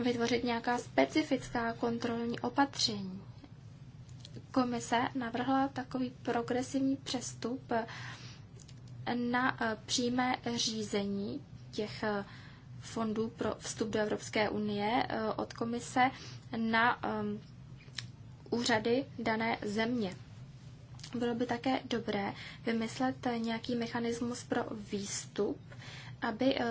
vytvořit nějaká specifická kontrolní opatření. Komise navrhla takový progresivní přestup na přímé řízení těch fondů pro vstup do Evropské unie eh, od komise na ehm, úřady dané země. Bylo by také dobré vymyslet nějaký mechanismus pro výstup, aby eh,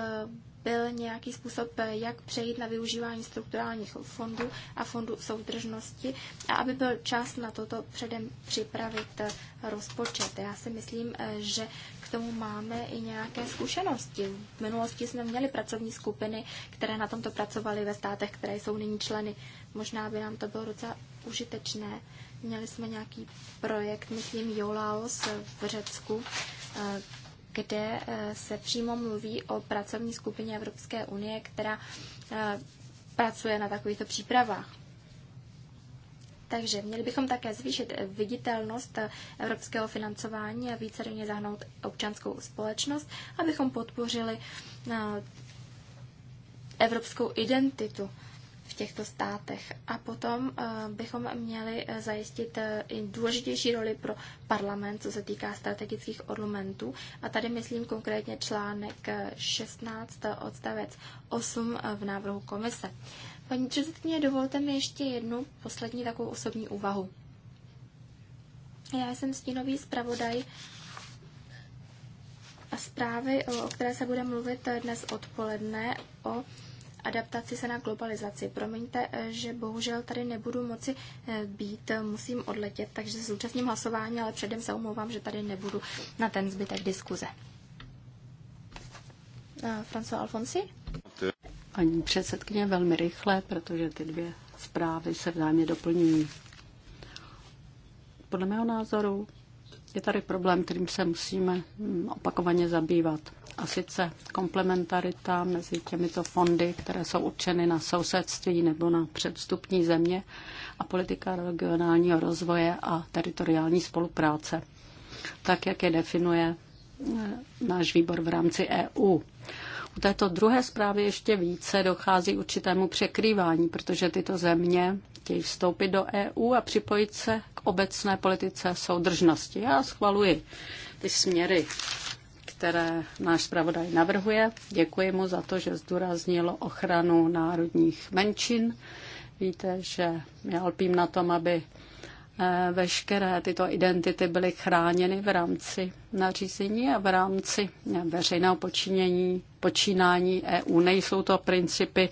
byl nějaký způsob, eh, jak přejít na využívání strukturálních fondů a fondů soudržnosti a aby byl čas na toto předem připravit rozpočet. Já si myslím, že tomu máme i nějaké zkušenosti. V minulosti jsme měli pracovní skupiny, které na tomto pracovaly ve státech, které jsou nyní členy. Možná by nám to bylo docela užitečné. Měli jsme nějaký projekt, myslím, Jolaos v Řecku, eh, kde eh, se přímo mluví o pracovní skupině Evropské unie, která eh, pracuje na takovýchto přípravách. Takže měli bychom také zvýšit viditelnost evropského financování a více do něj zahnout občanskou společnost, abychom podpořili eh, evropskou identitu v těchto státech. A potom eh, bychom měli eh, zajistit i důležitější roli pro parlament, co se týká strategických ornamentů. A tady myslím konkrétně článek 16 odstavec 8 v návrhu komise. Paní předsedkyně, dovolte mi ještě jednu poslední takovou osobní úvahu. Já jsem stínový zpravodaj a zprávy, o které se bude mluvit dnes odpoledne, o adaptaci se na globalizaci. Promiňte, e, že bohužel tady nebudu moci e, být, musím odletět, takže se zúčastním hlasování, ale předem se omlouvám, že tady nebudu na ten zbytek diskuze. E, François Alfonsi? Paní předsedkyně, velmi rychle, protože ty dvě zprávy se vzájemně doplňují. Podle mého názoru je tady problém, kterým se musíme hm, opakovaně zabývat. A sice komplementarita mezi těmito fondy, které jsou určeny na sousedství nebo na předstupní země a politika regionálního rozvoje a teritoriální spolupráce, tak jak je definuje hm, náš výbor v rámci EU. U této druhé zprávy ještě více dochází určitému překrývání, protože tyto země chtějí vstoupit do EU a připojit se k obecné politice soudržnosti. Já schvaluji ty směry, které náš zpravodaj navrhuje. Děkuji mu za to, že zdůraznil ochranu národních menšin. Víte, že já lpím na tom, aby Eh, veškeré tyto identity byly chráněny v rámci nařízení a v rámci eh, veřejného počínění, počínání EU. Nejsou to principy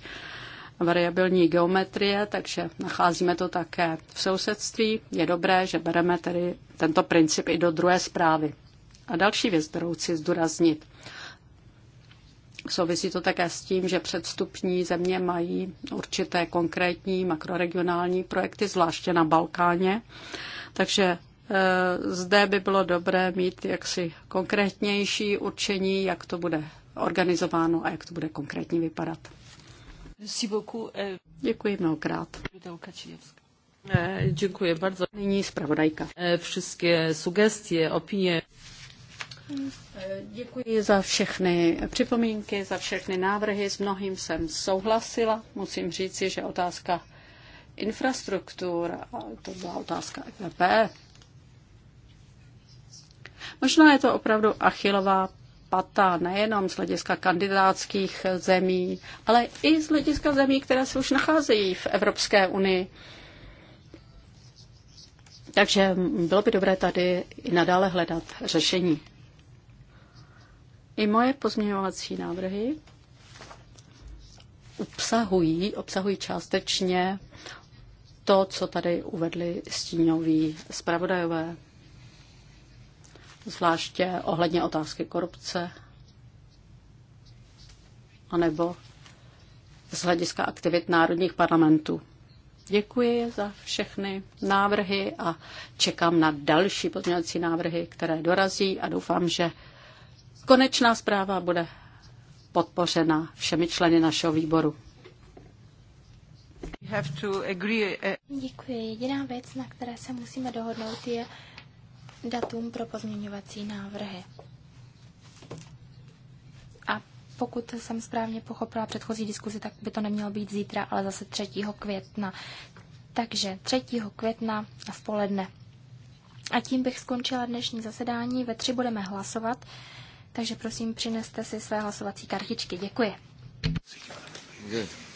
variabilní geometrie, takže nacházíme to také v sousedství. Je dobré, že bereme tedy tento princip i do druhé zprávy. A další věc, kterou chci zdůraznit. Souvisí to také s tím, že předstupní země mají určité konkrétní makroregionální projekty, zvláště na Balkáně. Takže e, zde by bylo dobré mít jaksi konkrétnější určení, jak to bude organizováno a jak to bude konkrétně vypadat. E, děkuji mnohokrát. E, děkuji bardzo. Nyní zpravodajka. Wszystkie sugestie, opinie. Děkuji za všechny připomínky, za všechny návrhy. S mnohým jsem souhlasila. Musím říci, že otázka infrastruktur, to byla otázka EPP. Možná je to opravdu achilová pata nejenom z hlediska kandidátských zemí, ale i z hlediska zemí, které se už nacházejí v Evropské unii. Takže bylo by dobré tady i nadále hledat řešení. I moje pozměňovací návrhy obsahují, obsahují částečně to, co tady uvedli stínoví zpravodajové, zvláště ohledně otázky korupce, anebo z hlediska aktivit národních parlamentů. Děkuji za všechny návrhy a čekám na další pozměňovací návrhy, které dorazí a doufám, že Konečná zpráva bude podpořena všemi členy našeho výboru. Eh, Děkuji. Jediná věc, na které se musíme dohodnout, je datum pro pozměňovací návrhy. A pokud jsem správně pochopila předchozí diskuzi, tak by to nemělo být zítra, ale zase 3. května. Takže 3. května v poledne. A tím bych skončila dnešní zasedání. Ve tři budeme hlasovat takže prosím přineste si své hlasovací kartičky. Děkuji. Good.